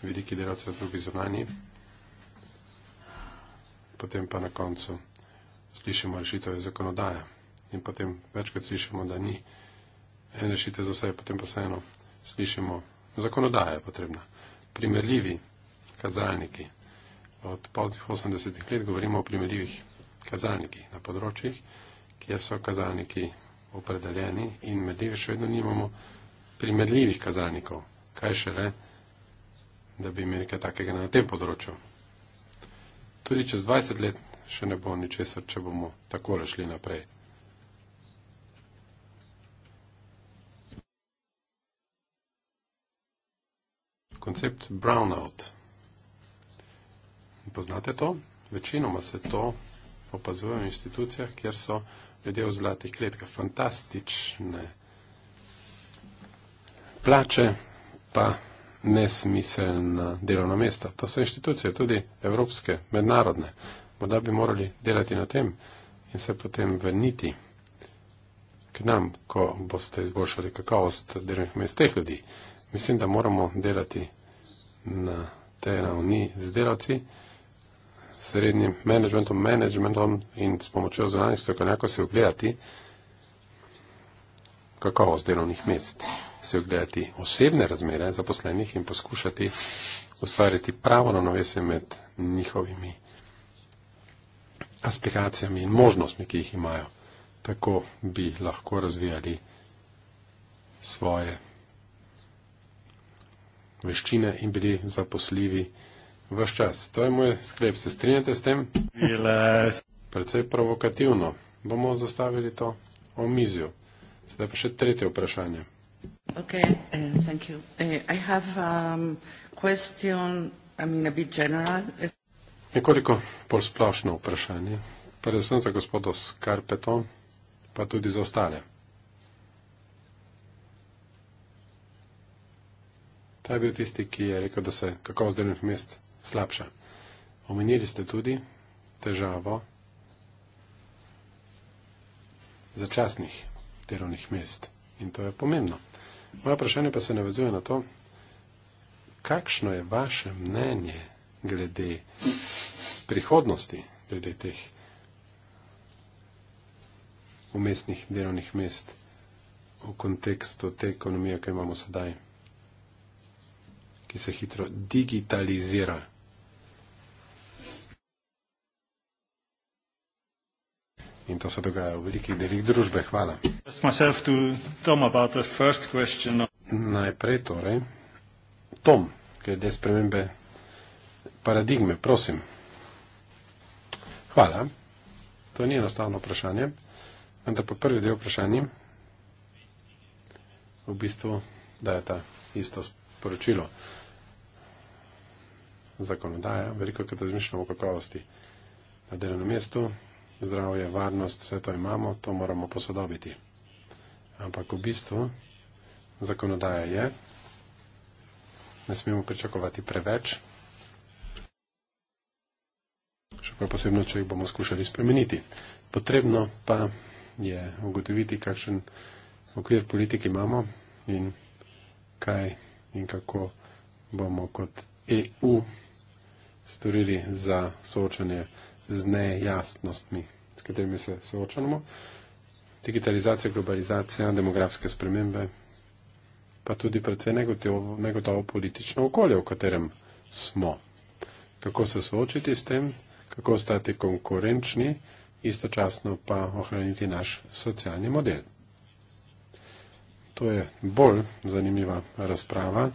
vidiki delavcev, drugi zunani. Potem pa na koncu slišimo rešitev je zakonodaja. In potem večkrat slišimo, da ni rešitev za vse, potem pa vseeno slišimo, zakonodaja je potrebna. Primerljivi kazalniki. Od poznih 80-ih let govorimo o primerljivih kazalnikih na področjih, kjer so kazalniki opredeljeni in medljivi še vedno nimamo primerljivih kazalnikov. Kaj šele, da bi imeli kaj takega na tem področju. Tudi čez 20 let še ne bo ničesar, če bomo tako šli naprej. koncept brownout. Poznate to? Večinoma se to opazuje v institucijah, kjer so ljudje v zlatih kletkah. Fantastične plače, pa nesmiselna delovna mesta. To so inštitucije, tudi evropske, mednarodne. Morda bi morali delati na tem in se potem vrniti k nam, ko boste izboljšali kakovost delovnih mest teh ljudi. Mislim, da moramo delati na tej ravni z delavci, srednjim managementom, managementom in s pomočjo zunanjih strokovnjakov se ogledati kakovost delovnih mest, se ogledati osebne razmere zaposlenih in poskušati ustvariti pravo ravnovesje med njihovimi aspiracijami in možnostmi, ki jih imajo. Tako bi lahko razvijali svoje veščine in bili zaposljivi vse čas. To je moj sklep. Se strinjate s tem? Predvsej provokativno bomo zastavili to o mizju. Sedaj pa še tretje vprašanje. Okay, uh, thank you. Uh, I have a um, question, I mean a bit general. Nekoliko bolj splošno vprašanje, predvsem za gospodo Skarpeto, pa tudi za ostale. Ta je bil tisti, ki je rekel, da se kakovost delovnih mest slabša. Omenili ste tudi težavo začasnih delovnih mest in to je pomembno. Moje vprašanje pa se navezuje na to, kakšno je vaše mnenje glede prihodnosti, glede teh umestnih delovnih mest v kontekstu te ekonomije, ki jo imamo sedaj ki se hitro digitalizira. In to se dogaja v velikih delih družbe. Hvala. Najprej torej, Tom, glede spremembe paradigme, prosim. Hvala. To ni enostavno vprašanje. Vendar pa prvi del vprašanja v bistvu daje ta isto sporočilo zakonodaja, veliko krat razmišljamo o kakovosti na delovnem mestu, zdravje, varnost, vse to imamo, to moramo posodobiti. Ampak v bistvu zakonodaja je, ne smemo pričakovati preveč, še prav posebno, če jih bomo skušali spremeniti. Potrebno pa je ugotoviti, kakšen okvir politiki imamo in kaj in kako bomo kot EU storili za soočanje z nejasnostmi, s katerimi se soočamo. Digitalizacija, globalizacija, demografske spremembe, pa tudi predvsej negotovo, negotovo politično okolje, v katerem smo. Kako se soočiti s tem, kako ostati konkurenčni, istočasno pa ohraniti naš socialni model. To je bolj zanimiva razprava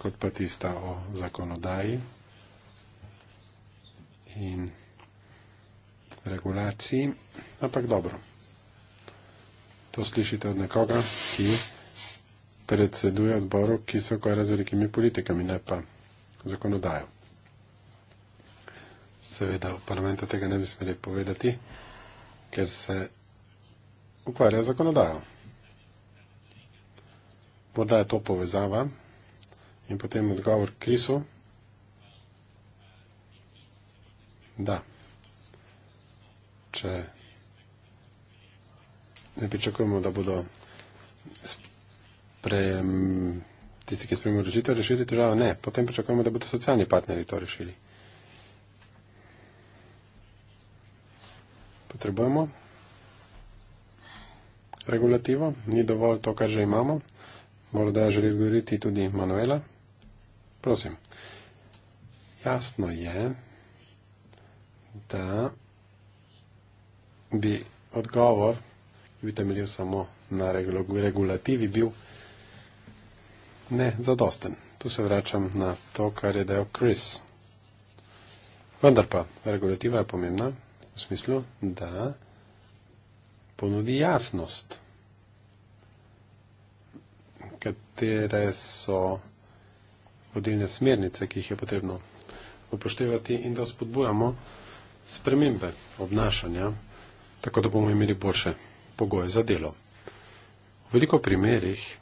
kot pa tista o zakonodaji in regulaciji. Ampak dobro, to slišite od nekoga, ki predseduje odboru, ki se ukvarja z velikimi politikami, ne pa zakonodajo. Seveda v parlamentu tega ne bi smeli povedati, ker se ukvarja zakonodajo. Morda je to povezava, In potem odgovor Krisu. Da. Če ne pričakujemo, da bodo sprem, tisti, ki sprejemajo rešitev, rešili težavo, ne. Potem pričakujemo, da bodo socialni partnerji to rešili. Potrebujemo regulativo, ni dovolj to, kar že imamo. Morda želi govoriti tudi Manuela. Prosim. Jasno je, da bi odgovor, ki bi temeljil samo na regulativi, bil nezadosten. Tu se vračam na to, kar je dejal Chris. Vendar pa regulativa je pomembna v smislu, da ponudi jasnost, katere so vodilne smernice, ki jih je potrebno upoštevati in da spodbujamo spremembe obnašanja, tako da bomo imeli boljše pogoje za delo. V veliko primerjih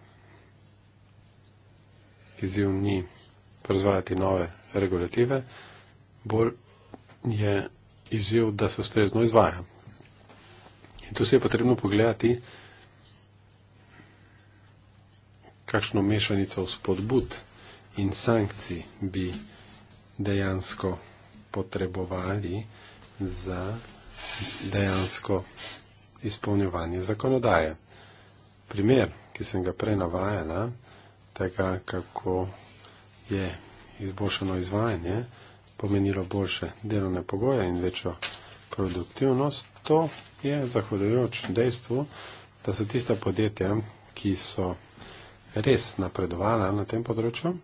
izjiv ni proizvajati nove regulative, bolj je izjiv, da se ustrezno izvaja. In tu se je potrebno pogledati, kakšno mešanico spodbud in sankcij bi dejansko potrebovali za dejansko izpolnjevanje zakonodaje. Primer, ki sem ga prej navajala, tega, kako je izboljšano izvajanje, pomenilo boljše delovne pogoje in večjo produktivnost, to je zahvaljujoč dejstvu, da so tista podjetja, ki so res napredovala na tem področju,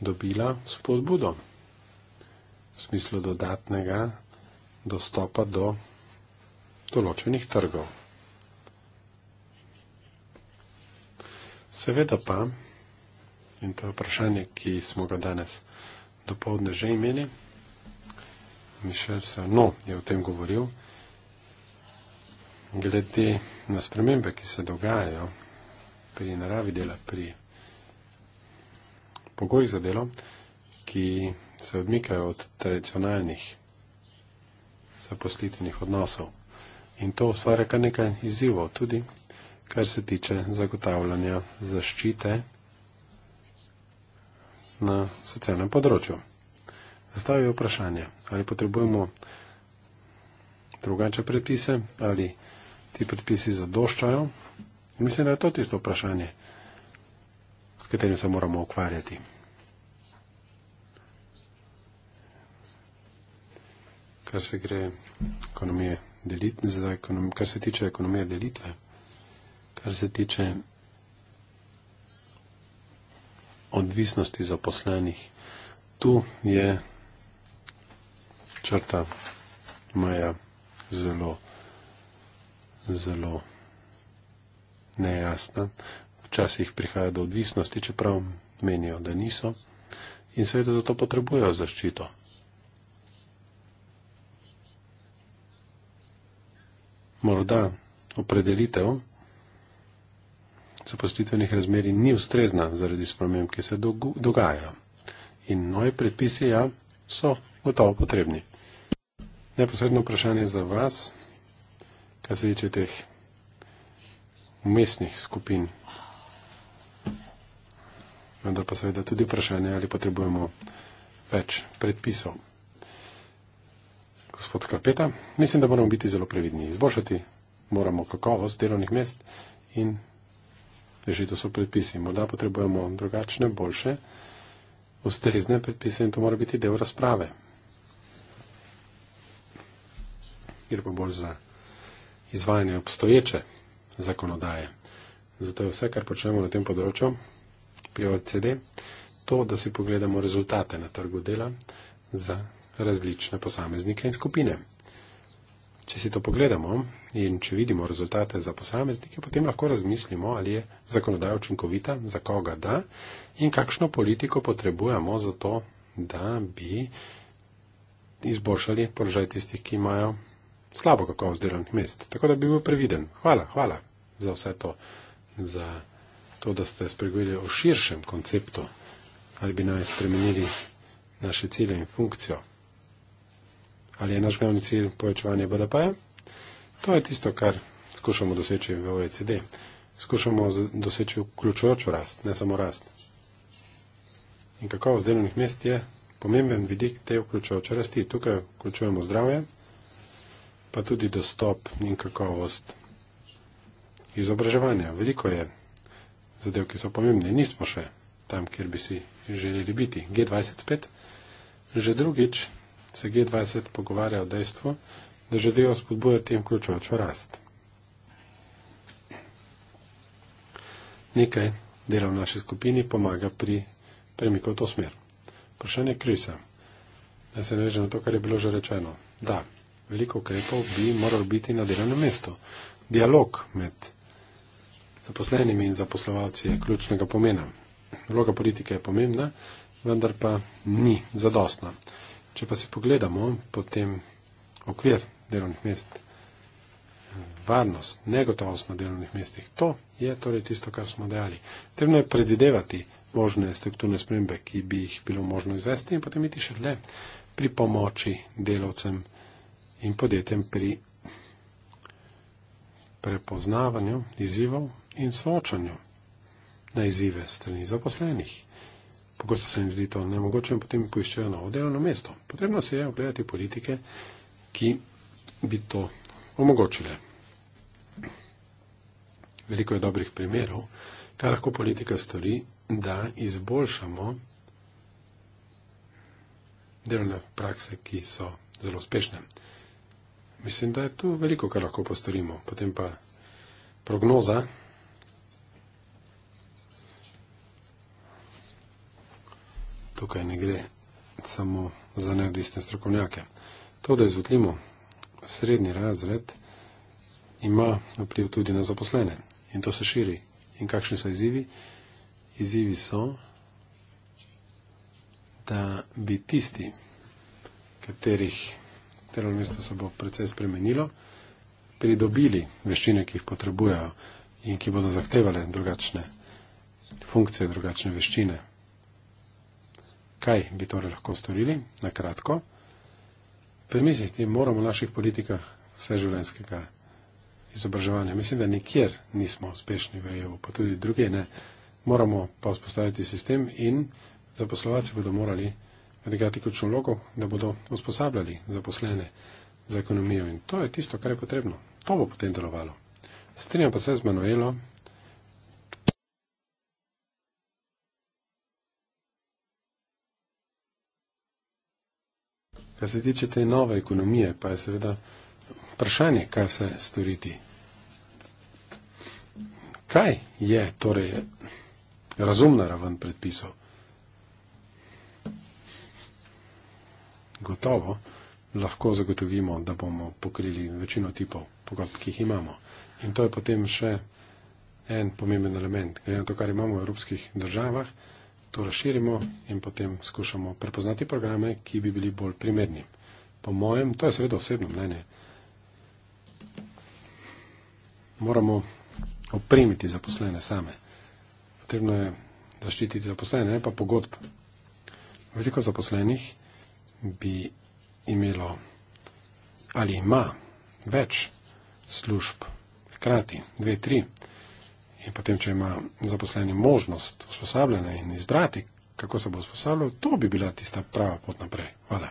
dobila spodbudo v smislu dodatnega dostopa do določenih trgov. Seveda pa, in to je vprašanje, ki smo ga danes dopoledne že imeli, Mišel Sano je o tem govoril, glede na spremembe, ki se dogajajo pri naravi dela, pri pogoji za delo, ki se odmikajo od tradicionalnih zaposlitvenih odnosov. In to ustvarja kar nekaj izzivov tudi, kar se tiče zagotavljanja zaščite na socialnem področju. Zastavijo vprašanje, ali potrebujemo drugače predpise, ali ti predpisi zadoščajo. In mislim, da je to tisto vprašanje, s katerim se moramo ukvarjati. Kar se gre ekonomije delitve, kar se tiče ekonomije delitve, kar se tiče odvisnosti zaposlenih, tu je črta maja zelo, zelo nejasna včasih prihaja do odvisnosti, čeprav menijo, da niso. In seveda zato potrebujejo zaščito. Morda opredelitev zapustitvenih razmerij ni ustrezna zaradi sprememb, ki se dogajajo. In novi predpisi ja, so gotovo potrebni. Neposredno vprašanje za vas, kar se tiče teh umestnih skupin vendar pa seveda tudi vprašanje, ali potrebujemo več predpisov. Gospod Karpeta, mislim, da moramo biti zelo previdni. Izboljšati moramo kakovost delovnih mest in rešiti so predpisi. Morda potrebujemo drugačne, boljše, ustrezne predpise in to mora biti del razprave. Gre pa bolj za izvajanje obstoječe zakonodaje. Zato je vse, kar počnemo na tem področju, pri OECD, to, da si pogledamo rezultate na trgu dela za različne posameznike in skupine. Če si to pogledamo in če vidimo rezultate za posameznike, potem lahko razmislimo, ali je zakonodaja učinkovita, za koga da in kakšno politiko potrebujemo za to, da bi izboljšali položaj tistih, ki imajo slabo kakovost delovnih mest. Tako da bi bil previden. Hvala, hvala za vse to, za to, da ste spregovorili o širšem konceptu, ali bi naj spremenili naše cilje in funkcijo. Ali je naš glavni cilj povečevanje BDP-ja? To je tisto, kar skušamo doseči v OECD. Skušamo doseči vključujočo rast, ne samo rast. In kakovost delovnih mest je pomemben vidik te vključujoče rasti. Tukaj vključujemo zdravje, pa tudi dostop in kakovost izobraževanja. Veliko je zadev, ki so pomembne. Nismo še tam, kjer bi si želeli biti. G20 spet. Že drugič se G20 pogovarja o dejstvu, da želijo spodbujati in vključujočo rast. Nekaj dela v naši skupini pomaga pri premiku v to smer. Vprašanje Krisa. Da se ne veže na to, kar je bilo že rečeno. Da, veliko ukrepov bi moralo biti na delovnem mestu. Dialog med zaposlenimi in zaposlovalci je ključnega pomena. Vloga politike je pomembna, vendar pa ni zadostna. Če pa si pogledamo potem okvir delovnih mest, varnost, negotovost na delovnih mestih, to je torej tisto, kar smo dejali. Trebno je predvidevati možne strukturne spremembe, ki bi jih bilo možno izvesti in potem iti še le pri pomoči delovcem in podjetjem pri prepoznavanju izzivov, in soočanju na izzive strani zaposlenih. Pogosto se jim zdi to nemogoče in potem poiščejo novo delovno mesto. Potrebno se je ogledati politike, ki bi to omogočile. Veliko je dobrih primerov, kaj lahko politika stori, da izboljšamo delovne prakse, ki so zelo uspešne. Mislim, da je tu veliko, kar lahko postorimo. Potem pa prognoza. tukaj ne gre samo za neodvisne strokovnjake. To, da izvotlimo srednji razred, ima vpliv tudi na zaposlene in to se širi. In kakšni so izzivi? Izzivi so, da bi tisti, katerih delovno mesto se bo precej spremenilo, pridobili veščine, ki jih potrebujejo in ki bodo zahtevali drugačne funkcije, drugačne veščine, kaj bi torej lahko storili, na kratko. Premisliti moramo v naših politikah vseživljenjskega izobraževanja. Mislim, da nikjer nismo uspešni v EU, pa tudi druge ne. Moramo pa vzpostaviti sistem in zaposlovalci bodo morali odigrati ključno vlogo, da bodo usposabljali zaposlene za ekonomijo. In to je tisto, kar je potrebno. To bo potem delovalo. Strinjam pa se z Manuelom, Kar se tiče te nove ekonomije, pa je seveda vprašanje, kaj se storiti. Kaj je torej razumna raven predpisov? Gotovo lahko zagotovimo, da bomo pokrili večino tipov pogodb, ki jih imamo. In to je potem še en pomemben element. Glede na to, kar imamo v evropskih državah, to razširimo in potem skušamo prepoznati programe, ki bi bili bolj primerni. Po mojem, to je seveda osebno mnenje, moramo opremiti zaposlene same. Potrebno je zaščititi zaposlene, ne pa pogodb. Veliko zaposlenih bi imelo ali ima več služb, hkrati dve, tri. In potem, če ima zaposleni možnost usposabljanja in izbrati, kako se bo usposabljal, to bi bila tista prava pot naprej. Hvala.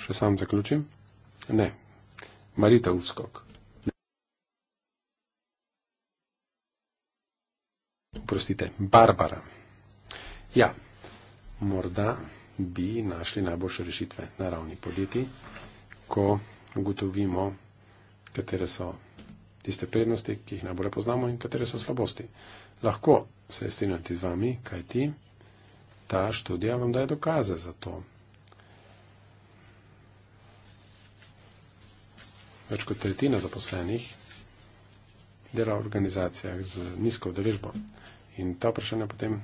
Še sam zaključim? Ne. Marita Uskok. Prostite, Barbara. Ja, morda bi našli najboljše rešitve na ravni podjetij, ko ugotovimo, katere so tiste prednosti, ki jih najbolje poznamo in katere so slabosti. Lahko se strinjati z vami, kaj ti, ta študija vam daje dokaze za to. Več kot tretjina zaposlenih dela v organizacijah z nizko udeležbo in ta vprašanja potem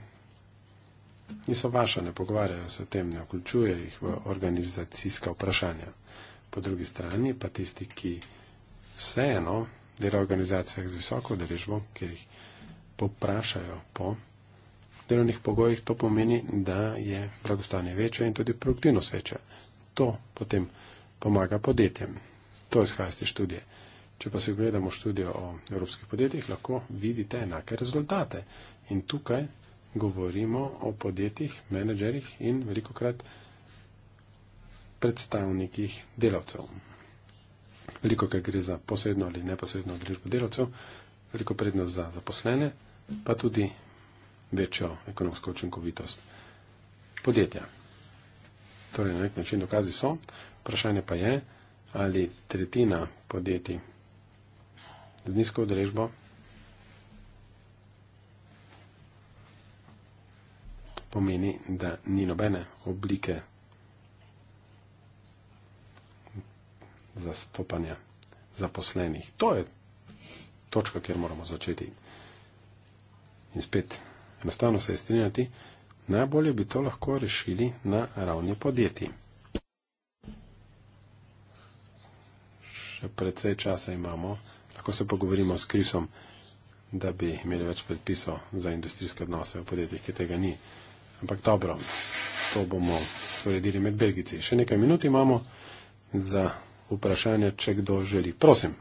niso vaša, ne pogovarjajo se o tem, ne vključuje jih v organizacijska vprašanja. Po drugi strani pa tisti, ki vseeno dela v organizacijah z visoko udeležbo, kjer jih poprašajo po delovnih pogojih, to pomeni, da je blagostanje večje in tudi produktivnost večja. To potem pomaga podjetjem. To izhaja iz te študije. Če pa se gledamo študijo o evropskih podjetjih, lahko vidite enake rezultate. In tukaj govorimo o podjetjih, menedžerjih in veliko krat predstavnikih delavcev veliko, ker gre za posredno ali neposredno odrežbo delavcev, veliko prednost za zaposlene, pa tudi večjo ekonomsko učinkovitost podjetja. Torej, na nek način dokazi so, vprašanje pa je, ali tretjina podjetij z nizko odrežbo pomeni, da ni nobene oblike zastopanja zaposlenih. To je točka, kjer moramo začeti. In spet, enostavno se je strinjati, najbolje bi to lahko rešili na ravni podjetij. Še predvsej časa imamo, lahko se pogovorimo s Krisom, da bi imeli več predpisov za industrijske odnose v podjetjih, ki tega ni. Ampak dobro, to bomo uredili med Belgici. Še nekaj minut imamo za vprašanja, če kdo želi. Prosim.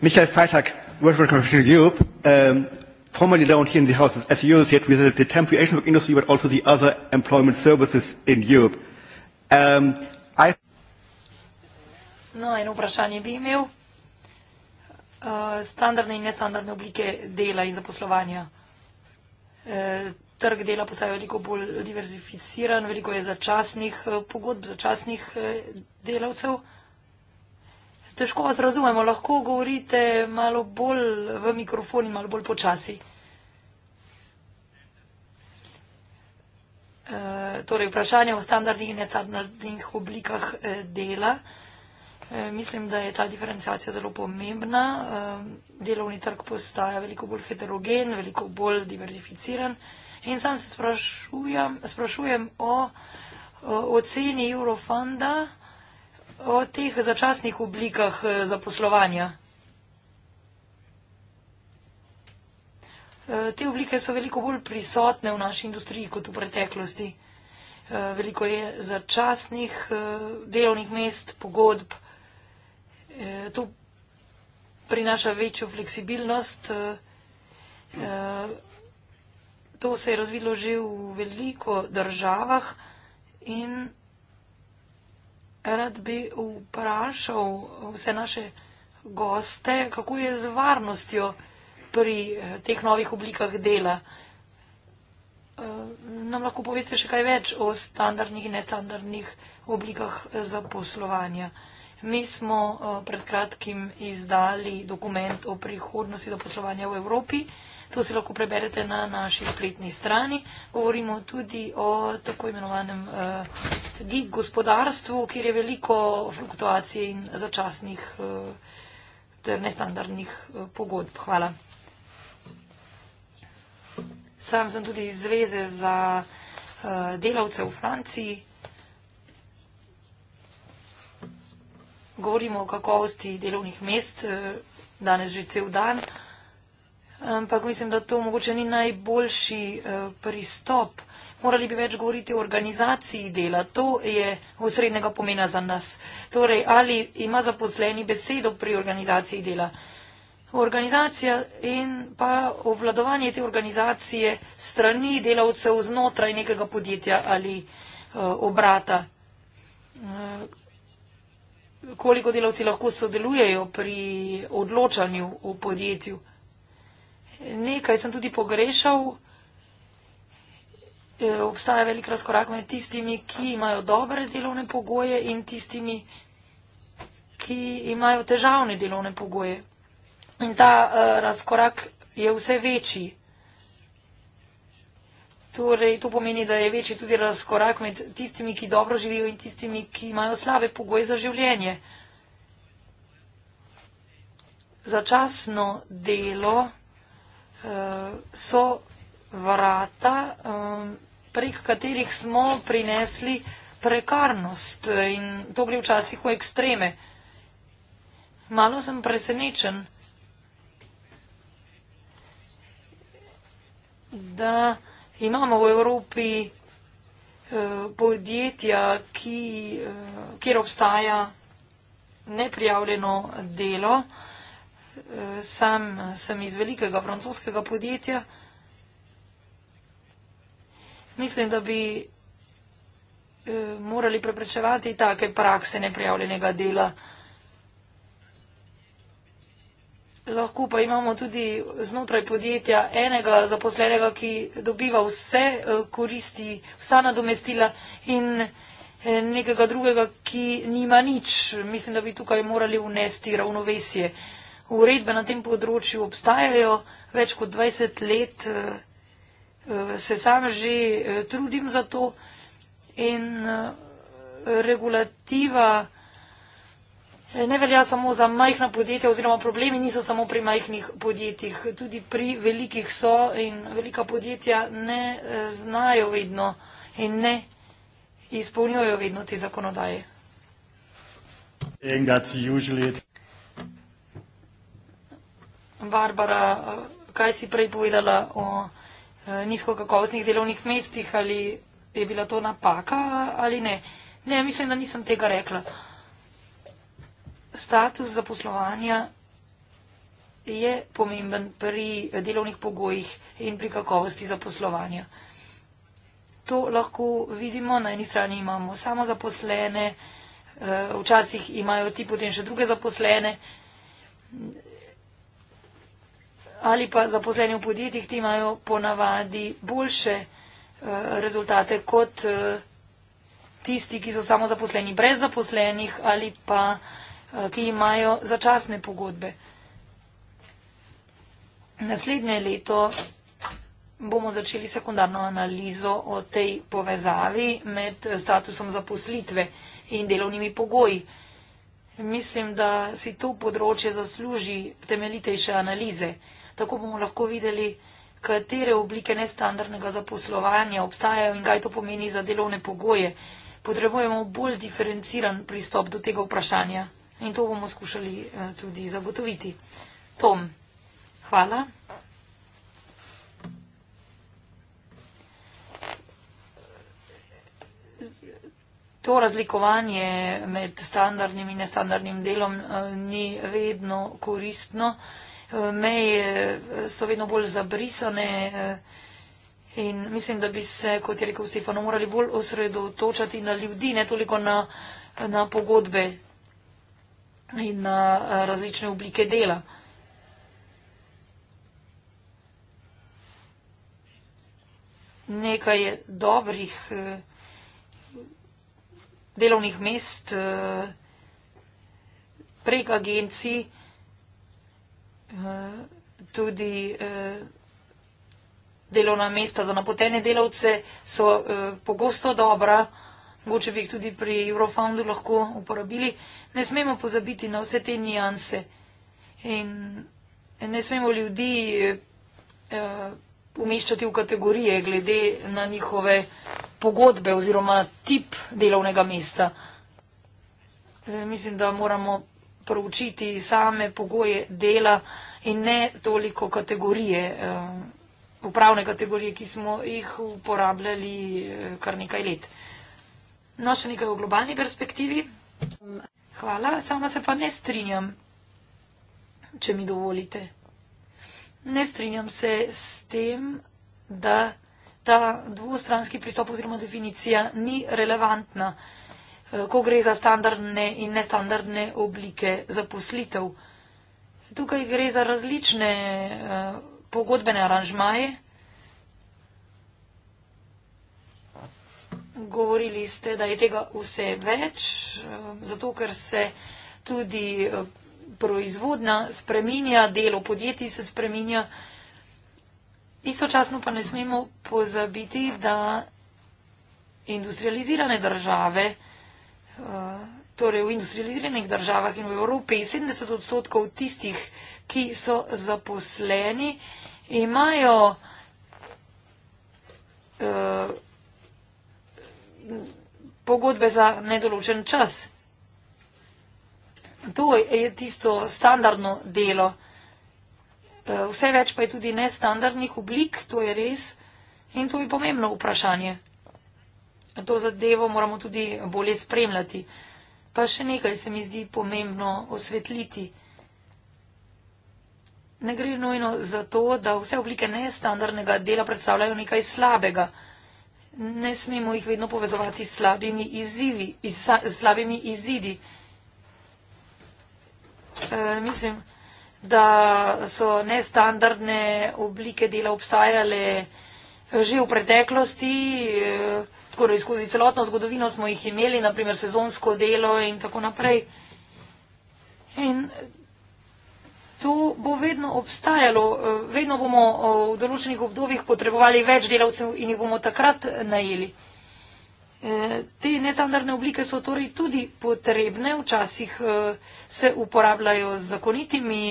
Michael Feitak, Workers' Commission Europe, um, formerly known here in the House as you said, we said the temporary work industry, but also the other employment services in Europe. Um, I... No, eno vprašanje bi imel. Uh, standardne in nestandardne oblike dela in zaposlovanja. Uh, trg dela postaja veliko bolj diverzificiran, veliko je začasnih eh, pogodb, začasnih eh, delavcev. Težko vas razumemo, lahko govorite malo bolj v mikrofon in malo bolj počasi. E, torej, vprašanje o standardnih in nestandardnih oblikah dela. E, mislim, da je ta diferencijacija zelo pomembna. E, delovni trg postaja veliko bolj heterogen, veliko bolj diverzificiran. In sam se sprašujem, sprašujem o, o oceni Eurofonda, o teh začasnih oblikah eh, zaposlovanja. Eh, te oblike so veliko bolj prisotne v naši industriji kot v preteklosti. Eh, veliko je začasnih delovnih mest, pogodb. To prinaša večjo fleksibilnost. Hm to se je razvilo že v veliko državah in rad bi vprašal vse naše goste, kako je z varnostjo pri eh, teh novih oblikah dela. Eh, nam lahko poveste še kaj več o standardnih in nestandardnih oblikah eh, zaposlovanja. Mi smo pred kratkim izdali dokument o prihodnosti zaposlovanja v Evropi. To si lahko preberete na naši spletni strani. Govorimo tudi o tako imenovanem uh, eh, gig gospodarstvu, kjer je veliko fluktuacij in začasnih uh, ter nestandardnih uh, pogodb. Hvala. Sam sem tudi iz Zveze za uh, delavce v Franciji. Govorimo o kakovosti delovnih mest, danes že cel dan, ampak mislim, da to mogoče ni najboljši eh, pristop. Morali bi več govoriti o organizaciji dela. To je osrednjega pomena za nas. Torej, ali ima zaposleni besedo pri organizaciji dela. Organizacija in pa obvladovanje te organizacije strani delavcev znotraj nekega podjetja ali eh, obrata. Eh, koliko delavci lahko sodelujejo pri odločanju v podjetju? Nekaj sem tudi pogrešal. E, obstaja velik razkorak med tistimi, ki imajo dobre delovne pogoje in tistimi, ki imajo težavne delovne pogoje. In ta uh, razkorak je vse večji. Torej, to pomeni, da je večji tudi razkorak med tistimi, ki dobro živijo in tistimi, ki imajo slabe pogoje za življenje. Začasno delo. Eh, so vrata, eh, prek katerih smo prinesli prekarnost in to gre včasih v ekstreme. Malo sem presenečen, da imamo v Evropi eh, podjetja, kjer obstaja neprijavljeno delo, sam sem iz velikega francoskega podjetja. Mislim, da bi eh, morali preprečevati take prakse neprijavljenega dela. Lahko pa imamo tudi znotraj podjetja enega zaposlenega, ki dobiva vse eh, koristi, vsa nadomestila in eh, nekega drugega, ki nima nič. Mislim, da bi tukaj morali unesti ravnovesje uredbe na tem področju obstajajo več kot 20 let, eh, eh, se sam že eh, trudim za to in regulativa ne velja samo za majhna podjetja oziroma problemi niso samo pri majhnih podjetjih, tudi pri velikih so in velika podjetja ne znajo vedno in ne izpolnjujejo vedno te zakonodaje. And that's usually it. Barbara, kaj si prej povedala o eh, nizkokakovostnih delovnih mestih, ali je bila to napaka ali ne? Ne, mislim, da nisem tega rekla. Status zaposlovanja je pomemben pri delovnih pogojih in pri kakovosti zaposlovanja. To lahko vidimo, na eni strani imamo samo zaposlene, eh, včasih imajo ti potem še druge zaposlene ali pa zaposleni v podjetjih, ti imajo ponavadi boljše eh, rezultate kot eh, tisti, ki so samo zaposleni brez zaposlenih ali pa eh, ki imajo začasne pogodbe. Naslednje leto bomo začeli sekundarno analizo o tej povezavi med statusom zaposlitve in delovnimi pogoji. Mislim, da si to področje zasluži temeljitejše analize tako bomo lahko videli, katere oblike nestandardnega zaposlovanja obstajajo in kaj to pomeni za delovne pogoje. Potrebujemo bolj diferenciran pristop do tega vprašanja in to bomo skušali eh, tudi zagotoviti. Tom, hvala. To razlikovanje med standardnim in nestandardnim delom eh, ni vedno koristno meje eh, so vedno bolj zabrisane eh, in mislim, da bi se, kot je rekel Stefano, morali bolj osredotočati na ljudi, ne toliko na, na pogodbe in na eh, različne oblike dela. Nekaj dobrih delovnih mest prek agencij tudi eh, delovna mesta za napotene delavce so eh, pogosto dobra, mogoče bi jih tudi pri Eurofoundu lahko uporabili. Ne smemo pozabiti na vse te nijanse in ne smemo ljudi eh, umeščati v kategorije glede na njihove pogodbe oziroma tip delovnega mesta. Mislim, da moramo proučiti same pogoje dela in ne toliko kategorije, eh, upravne kategorije, ki smo jih uporabljali eh, kar nekaj let. No, še nekaj v globalni perspektivi. Hvala, sama se pa ne strinjam, če mi dovolite. Ne strinjam se s tem, da ta dvostranski pristop oziroma definicija ni relevantna. Eh, ko gre za standardne in nestandardne oblike zaposlitev. Tukaj gre za različne eh, pogodbene aranžmaje. Govorili ste, da je tega vse več, eh, zato ker se tudi proizvodna spreminja, delo podjetij se spreminja. Istočasno pa ne smemo pozabiti, da industrializirane države torej v industrializiranih državah in v Evropi 70 odstotkov tistih, ki so zaposleni, imajo eh, pogodbe za nedoločen čas. To je tisto standardno delo. Eh, vse več pa je tudi nestandardnih oblik, to je res. In to je pomembno vprašanje to zadevo moramo tudi bolje spremljati. Pa še nekaj se mi zdi pomembno osvetliti. Ne gre nujno za to, da vse oblike nestandardnega dela predstavljajo nekaj slabega. Ne smemo jih vedno povezovati s slabimi, izzivi, iz, s slabimi izidi. E, mislim, da so nestandardne oblike dela obstajale že v preteklosti. E, skoraj skozi celotno zgodovino smo jih imeli, naprimer sezonsko delo in tako naprej. In to bo vedno obstajalo, eh, vedno bomo eh, v določenih obdobjih potrebovali več delavcev in jih bomo takrat najeli. Eh, te nestandardne oblike so torej tudi potrebne, včasih se uporabljajo z zakonitimi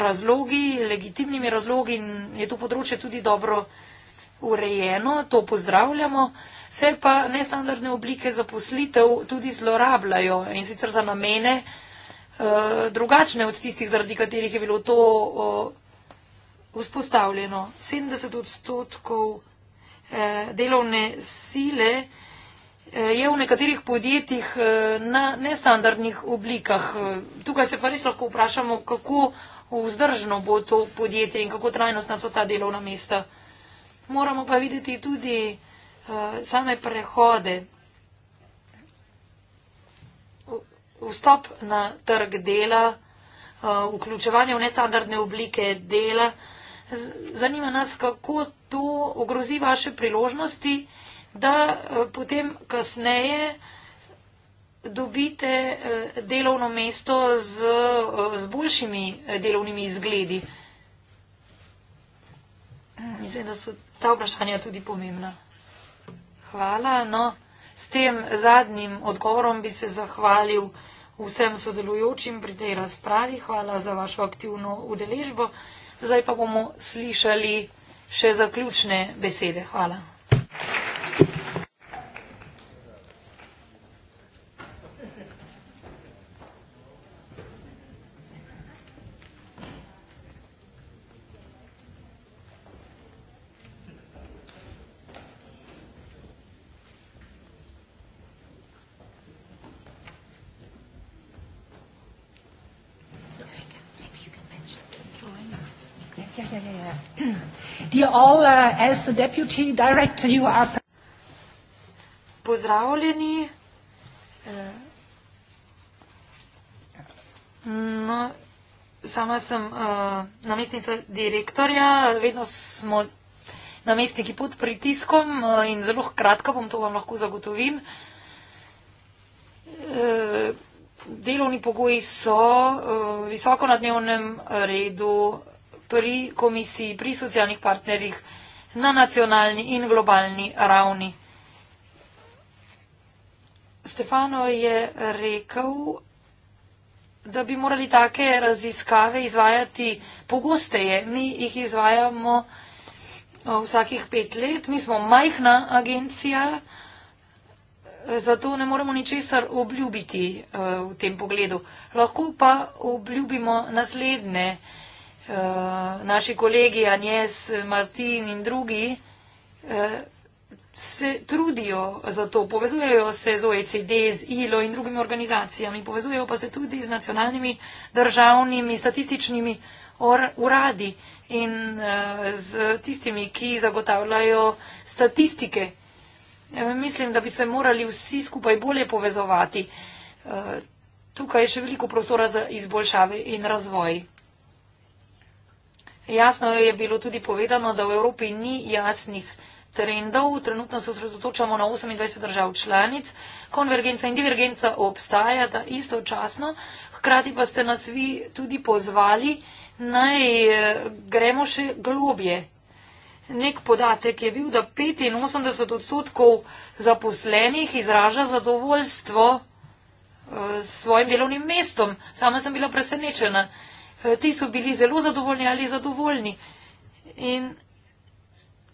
razlogi, legitimnimi razlogi in je to področje tudi dobro urejeno, to pozdravljamo, se pa nestandardne oblike zaposlitev tudi zlorabljajo in sicer za namene uh, drugačne od tistih, zaradi katerih je bilo to uh, vzpostavljeno. 70 odstotkov uh, delovne sile je v nekaterih podjetjih na nestandardnih oblikah. Tukaj se pa res lahko vprašamo, kako vzdržno bo to podjetje in kako trajnostna so ta delovna mesta. Moramo pa videti tudi uh, same prehode. Vstop na trg dela, uh, vključevanje v nestandardne oblike dela. Zanima nas, kako to ogrozi vaše priložnosti, da eh, potem kasneje dobite delovno mesto z, z boljšimi delovnimi izgledi. Mislim, da so ta vprašanja tudi pomembna. Hvala. No, s tem zadnjim odgovorom bi se zahvalil vsem sodelujočim pri tej razpravi. Hvala za vašo aktivno udeležbo. Zdaj pa bomo slišali še zaključne besede. Hvala. all uh, as the deputy director you are pozdravljeni eh, no sama sem uh, namestnica direktorja vedno smo namestniki pod pritiskom uh, in zelo kratko bom to vam lahko zagotovim uh, delovni pogoji so uh, visoko na dnevnem redu uh, pri komisiji, pri socialnih partnerjih na nacionalni in globalni ravni. Stefano je rekel, da bi morali take raziskave izvajati pogosteje. Mi jih izvajamo vsakih pet let. Mi smo majhna agencija, zato ne moremo ničesar obljubiti v tem pogledu. Lahko pa obljubimo naslednje. Eh, naši kolegi Anjes, Martin in drugi eh, se trudijo za to, povezujejo se z OECD, z ILO in drugimi organizacijami, povezujejo pa se tudi z nacionalnimi državnimi statističnimi uradi in eh, z tistimi, ki zagotavljajo statistike. Mislim, da bi se morali vsi skupaj bolje povezovati. Tukaj je še veliko prostora za izboljšave in razvoj. Jasno je bilo tudi povedano, da v Evropi ni jasnih trendov. Trenutno se osredotočamo na 28 držav članic. Konvergenca in divergenca obstajata istočasno. Hkrati pa ste nas vi tudi pozvali, naj eh, gremo še globje. Nek podatek je bil, da 85 odstotkov zaposlenih izraža zadovoljstvo eh, s svojim delovnim mestom. Sama sem bila presenečena. Eh, ti so bili zelo zadovoljni ali zadovoljni. In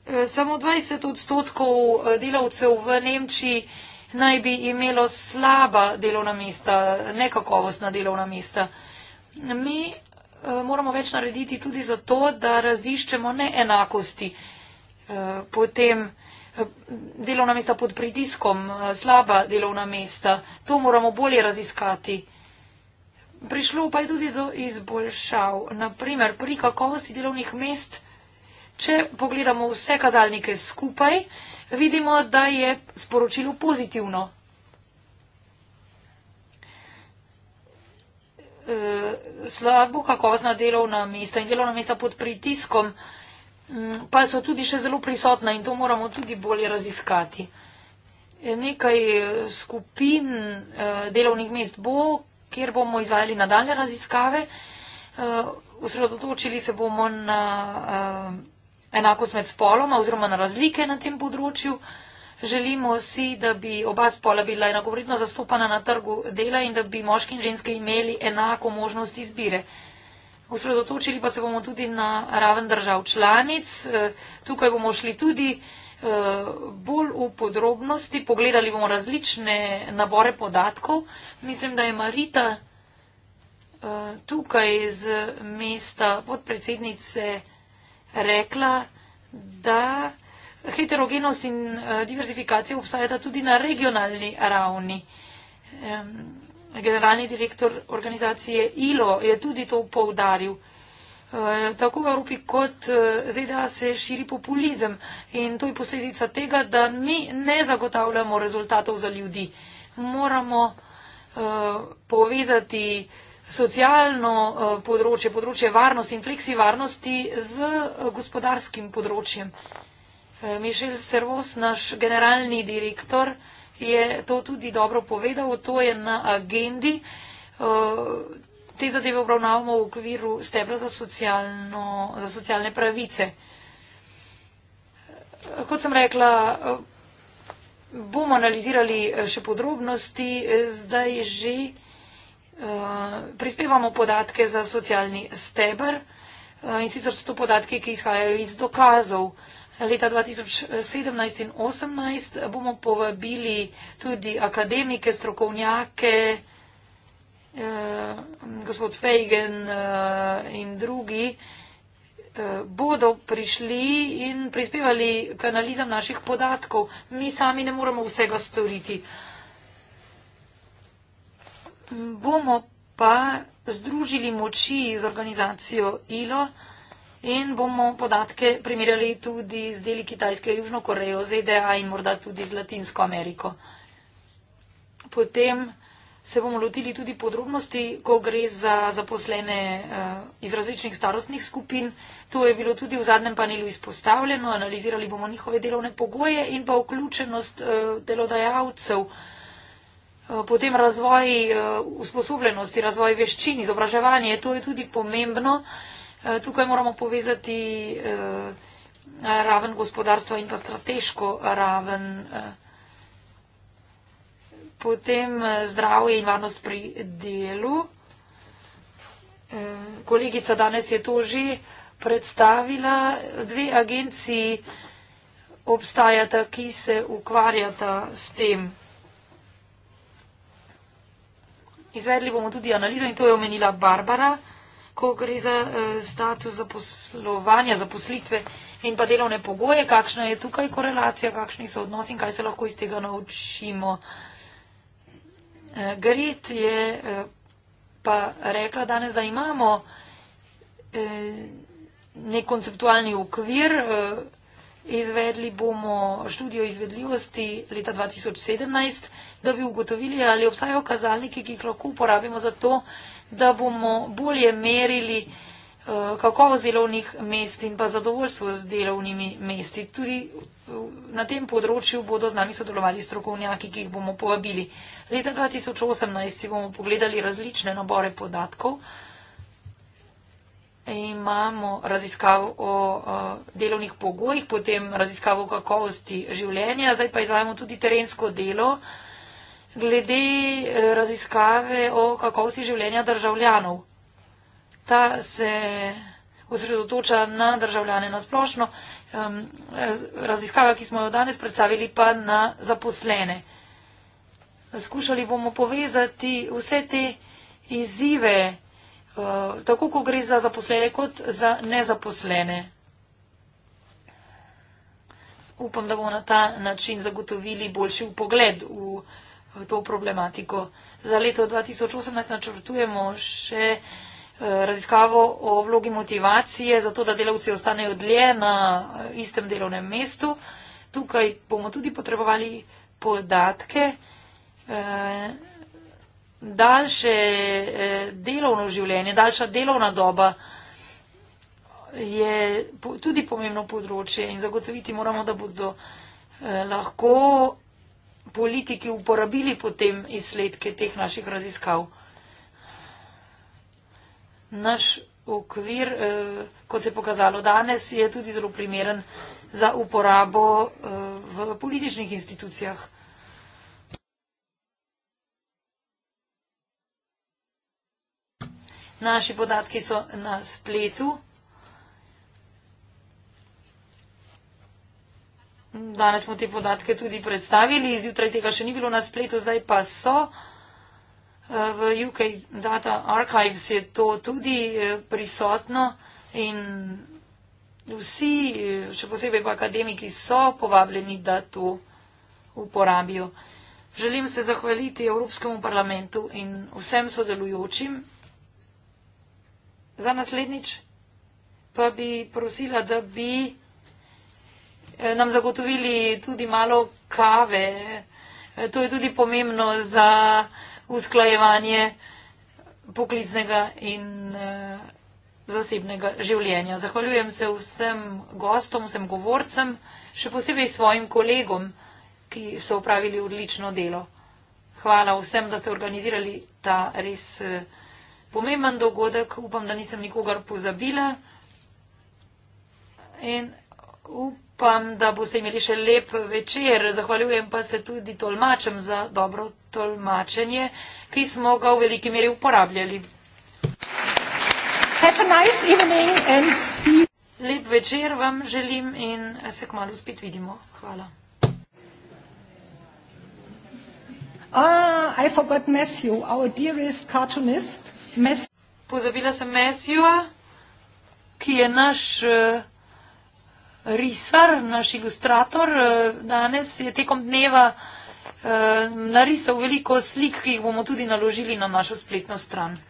eh, samo 20 odstotkov eh, delavcev v Nemčiji naj bi imelo slaba delovna mesta, nekakovostna delovna mesta. Mi moramo več narediti tudi zato, da raziščemo neenakosti. Potem delovna mesta pod pritiskom, slaba delovna mesta. To moramo bolje raziskati. Prišlo pa je tudi do izboljšav, naprimer pri kakovosti delovnih mest. Če pogledamo vse kazalnike skupaj, vidimo, da je sporočilo pozitivno. E, slabo kakovostna delovna mesta in delovna mesta pod pritiskom pa so tudi še zelo prisotna in to moramo tudi bolje raziskati. E, nekaj e, skupin delovnih mest bo, kjer bomo izvajali nadaljne raziskave. Usredotočili eh, se bomo na eh, enakost med spoloma oziroma na razlike na tem področju. Želimo si, da bi oba spola bila enakovredno zastopana na trgu dela in da bi moški in ženske imeli enako možnost izbire. Usredotočili pa se bomo tudi na raven držav članic. Eh, tukaj bomo šli tudi Eh, bolj v podrobnosti, pogledali bomo različne nabore podatkov. Mislim, da je Marita eh, tukaj z mesta podpredsednice rekla, da heterogenost in eh, diversifikacija obstajata tudi na regionalni ravni. Generalni direktor organizacije ILO je tudi to poudaril. Eh, tako v Evropi kot eh, ZDA se širi populizem in to je posledica tega, da mi ne zagotavljamo rezultatov za ljudi. Moramo eh, povezati socialno področje, področje varnosti in fleksi varnosti z gospodarskim področjem. Mišel Servos, naš generalni direktor, je to tudi dobro povedal, to je na agendi te zadeve obravnavamo v okviru stebra za, socialno, za socialne pravice. Kot sem rekla, bomo analizirali eh, še podrobnosti, eh, zdaj že eh, prispevamo podatke za socialni stebr in sicer so to podatke, ki izhajajo iz dokazov. Leta 2017 in 2018 bomo povabili tudi akademike, strokovnjake, Eh, gospod Fejgen eh, in drugi, eh, bodo prišli in prispevali k analizam naših podatkov. Mi sami ne moramo vsega storiti. Bomo pa združili moči z organizacijo ILO in bomo podatke primerjali tudi z deli Kitajske, Južno Korejo, ZDA in morda tudi z Latinsko Ameriko. Potem se bomo lotili tudi podrobnosti, ko gre za zaposlene eh, iz različnih starostnih skupin. To je bilo tudi v zadnjem panelu izpostavljeno. Analizirali bomo njihove delovne pogoje in pa vključenost eh, delodajalcev, eh, potem razvoj usposobljenosti, razvoj veščin, izobraževanje. To je tudi pomembno. Tukaj moramo povezati raven gospodarstva in pa strateško raven. Potem eh, zdravje in varnost pri delu. Eh, kolegica danes je to že predstavila. Dve agenciji obstajata, ki se ukvarjata s tem. Izvedli bomo tudi analizo in to je omenila Barbara, ko gre za eh, status zaposlovanja, zaposlitve in pa delovne pogoje, kakšna je tukaj korelacija, kakšni so odnosi in kaj se lahko iz tega naučimo. Eh, Garit je eh, pa rekla danes, da imamo eh, nek konceptualni okvir. Izvedli bomo študijo izvedljivosti leta 2017, da bi ugotovili, ali obstajajo kazalniki, ki jih lahko uporabimo za to, da bomo bolje merili Eh, kakovost delovnih mest in pa zadovoljstvo z delovnimi mesti. Tudi na tem področju bodo z nami sodelovali strokovnjaki, ki jih bomo povabili. Leta 2018 si bomo pogledali različne nabore podatkov. Imamo raziskavo o eh, delovnih pogojih, potem raziskavo o kakovosti življenja, zdaj pa izvajamo tudi terensko delo. Glede eh, raziskave o kakovosti življenja državljanov ta se osredotoča na državljane na splošno, um, raziskava, ki smo jo danes predstavili, pa na zaposlene. Skušali bomo povezati vse te izzive, uh, tako ko gre za zaposlene, kot za nezaposlene. Upam, da bomo na ta način zagotovili boljši upogled v eh, to problematiko. Za leto 2018 načrtujemo še Eh, raziskavo o vlogi motivacije za to, da delavci ostanejo dlje na eh, istem delovnem mestu. Tukaj bomo tudi potrebovali podatke. Eh, daljše delovno življenje, daljša delovna doba je tudi pomembno področje in zagotoviti moramo, da bodo lahko politiki uporabili potem izsledke teh naših raziskav naš okvir, eh, kot se je pokazalo danes, je tudi zelo primeren za uporabo eh, v političnih institucijah. Naši podatki so na spletu. Danes smo te podatke tudi predstavili, zjutraj tega še ni bilo na spletu, zdaj pa so. V UK Data Archives je to tudi eh, prisotno in vsi, eh, še posebej pa akademiki, so povabljeni, da to uporabijo. Želim se zahvaliti Evropskemu parlamentu in vsem sodelujočim. Za naslednjič pa bi prosila, da bi eh, nam zagotovili tudi malo kave. To je tudi pomembno za usklajevanje poklicnega in eh, zasebnega življenja. Zahvaljujem se vsem gostom, vsem govorcem, še posebej svojim kolegom, ki so upravili odlično delo. Hvala vsem, da ste organizirali ta res eh, pomemben dogodek. Upam, da nisem nikogar pozabila. In upam, Upam, da boste imeli še lep večer. Zahvaljujem pa se tudi tolmačem za dobro tolmačenje, ki smo ga v veliki meri uporabljali. Nice lep večer vam želim in se kmalo spet vidimo. Hvala. Ah, I forgot Matthew, our dearest cartoonist. Matthew. Pozabila sem Matthewa, ki je naš uh, risar, naš ilustrator. Eh, danes je tekom dneva eh, narisal veliko slik, ki jih bomo tudi naložili na našo spletno stran.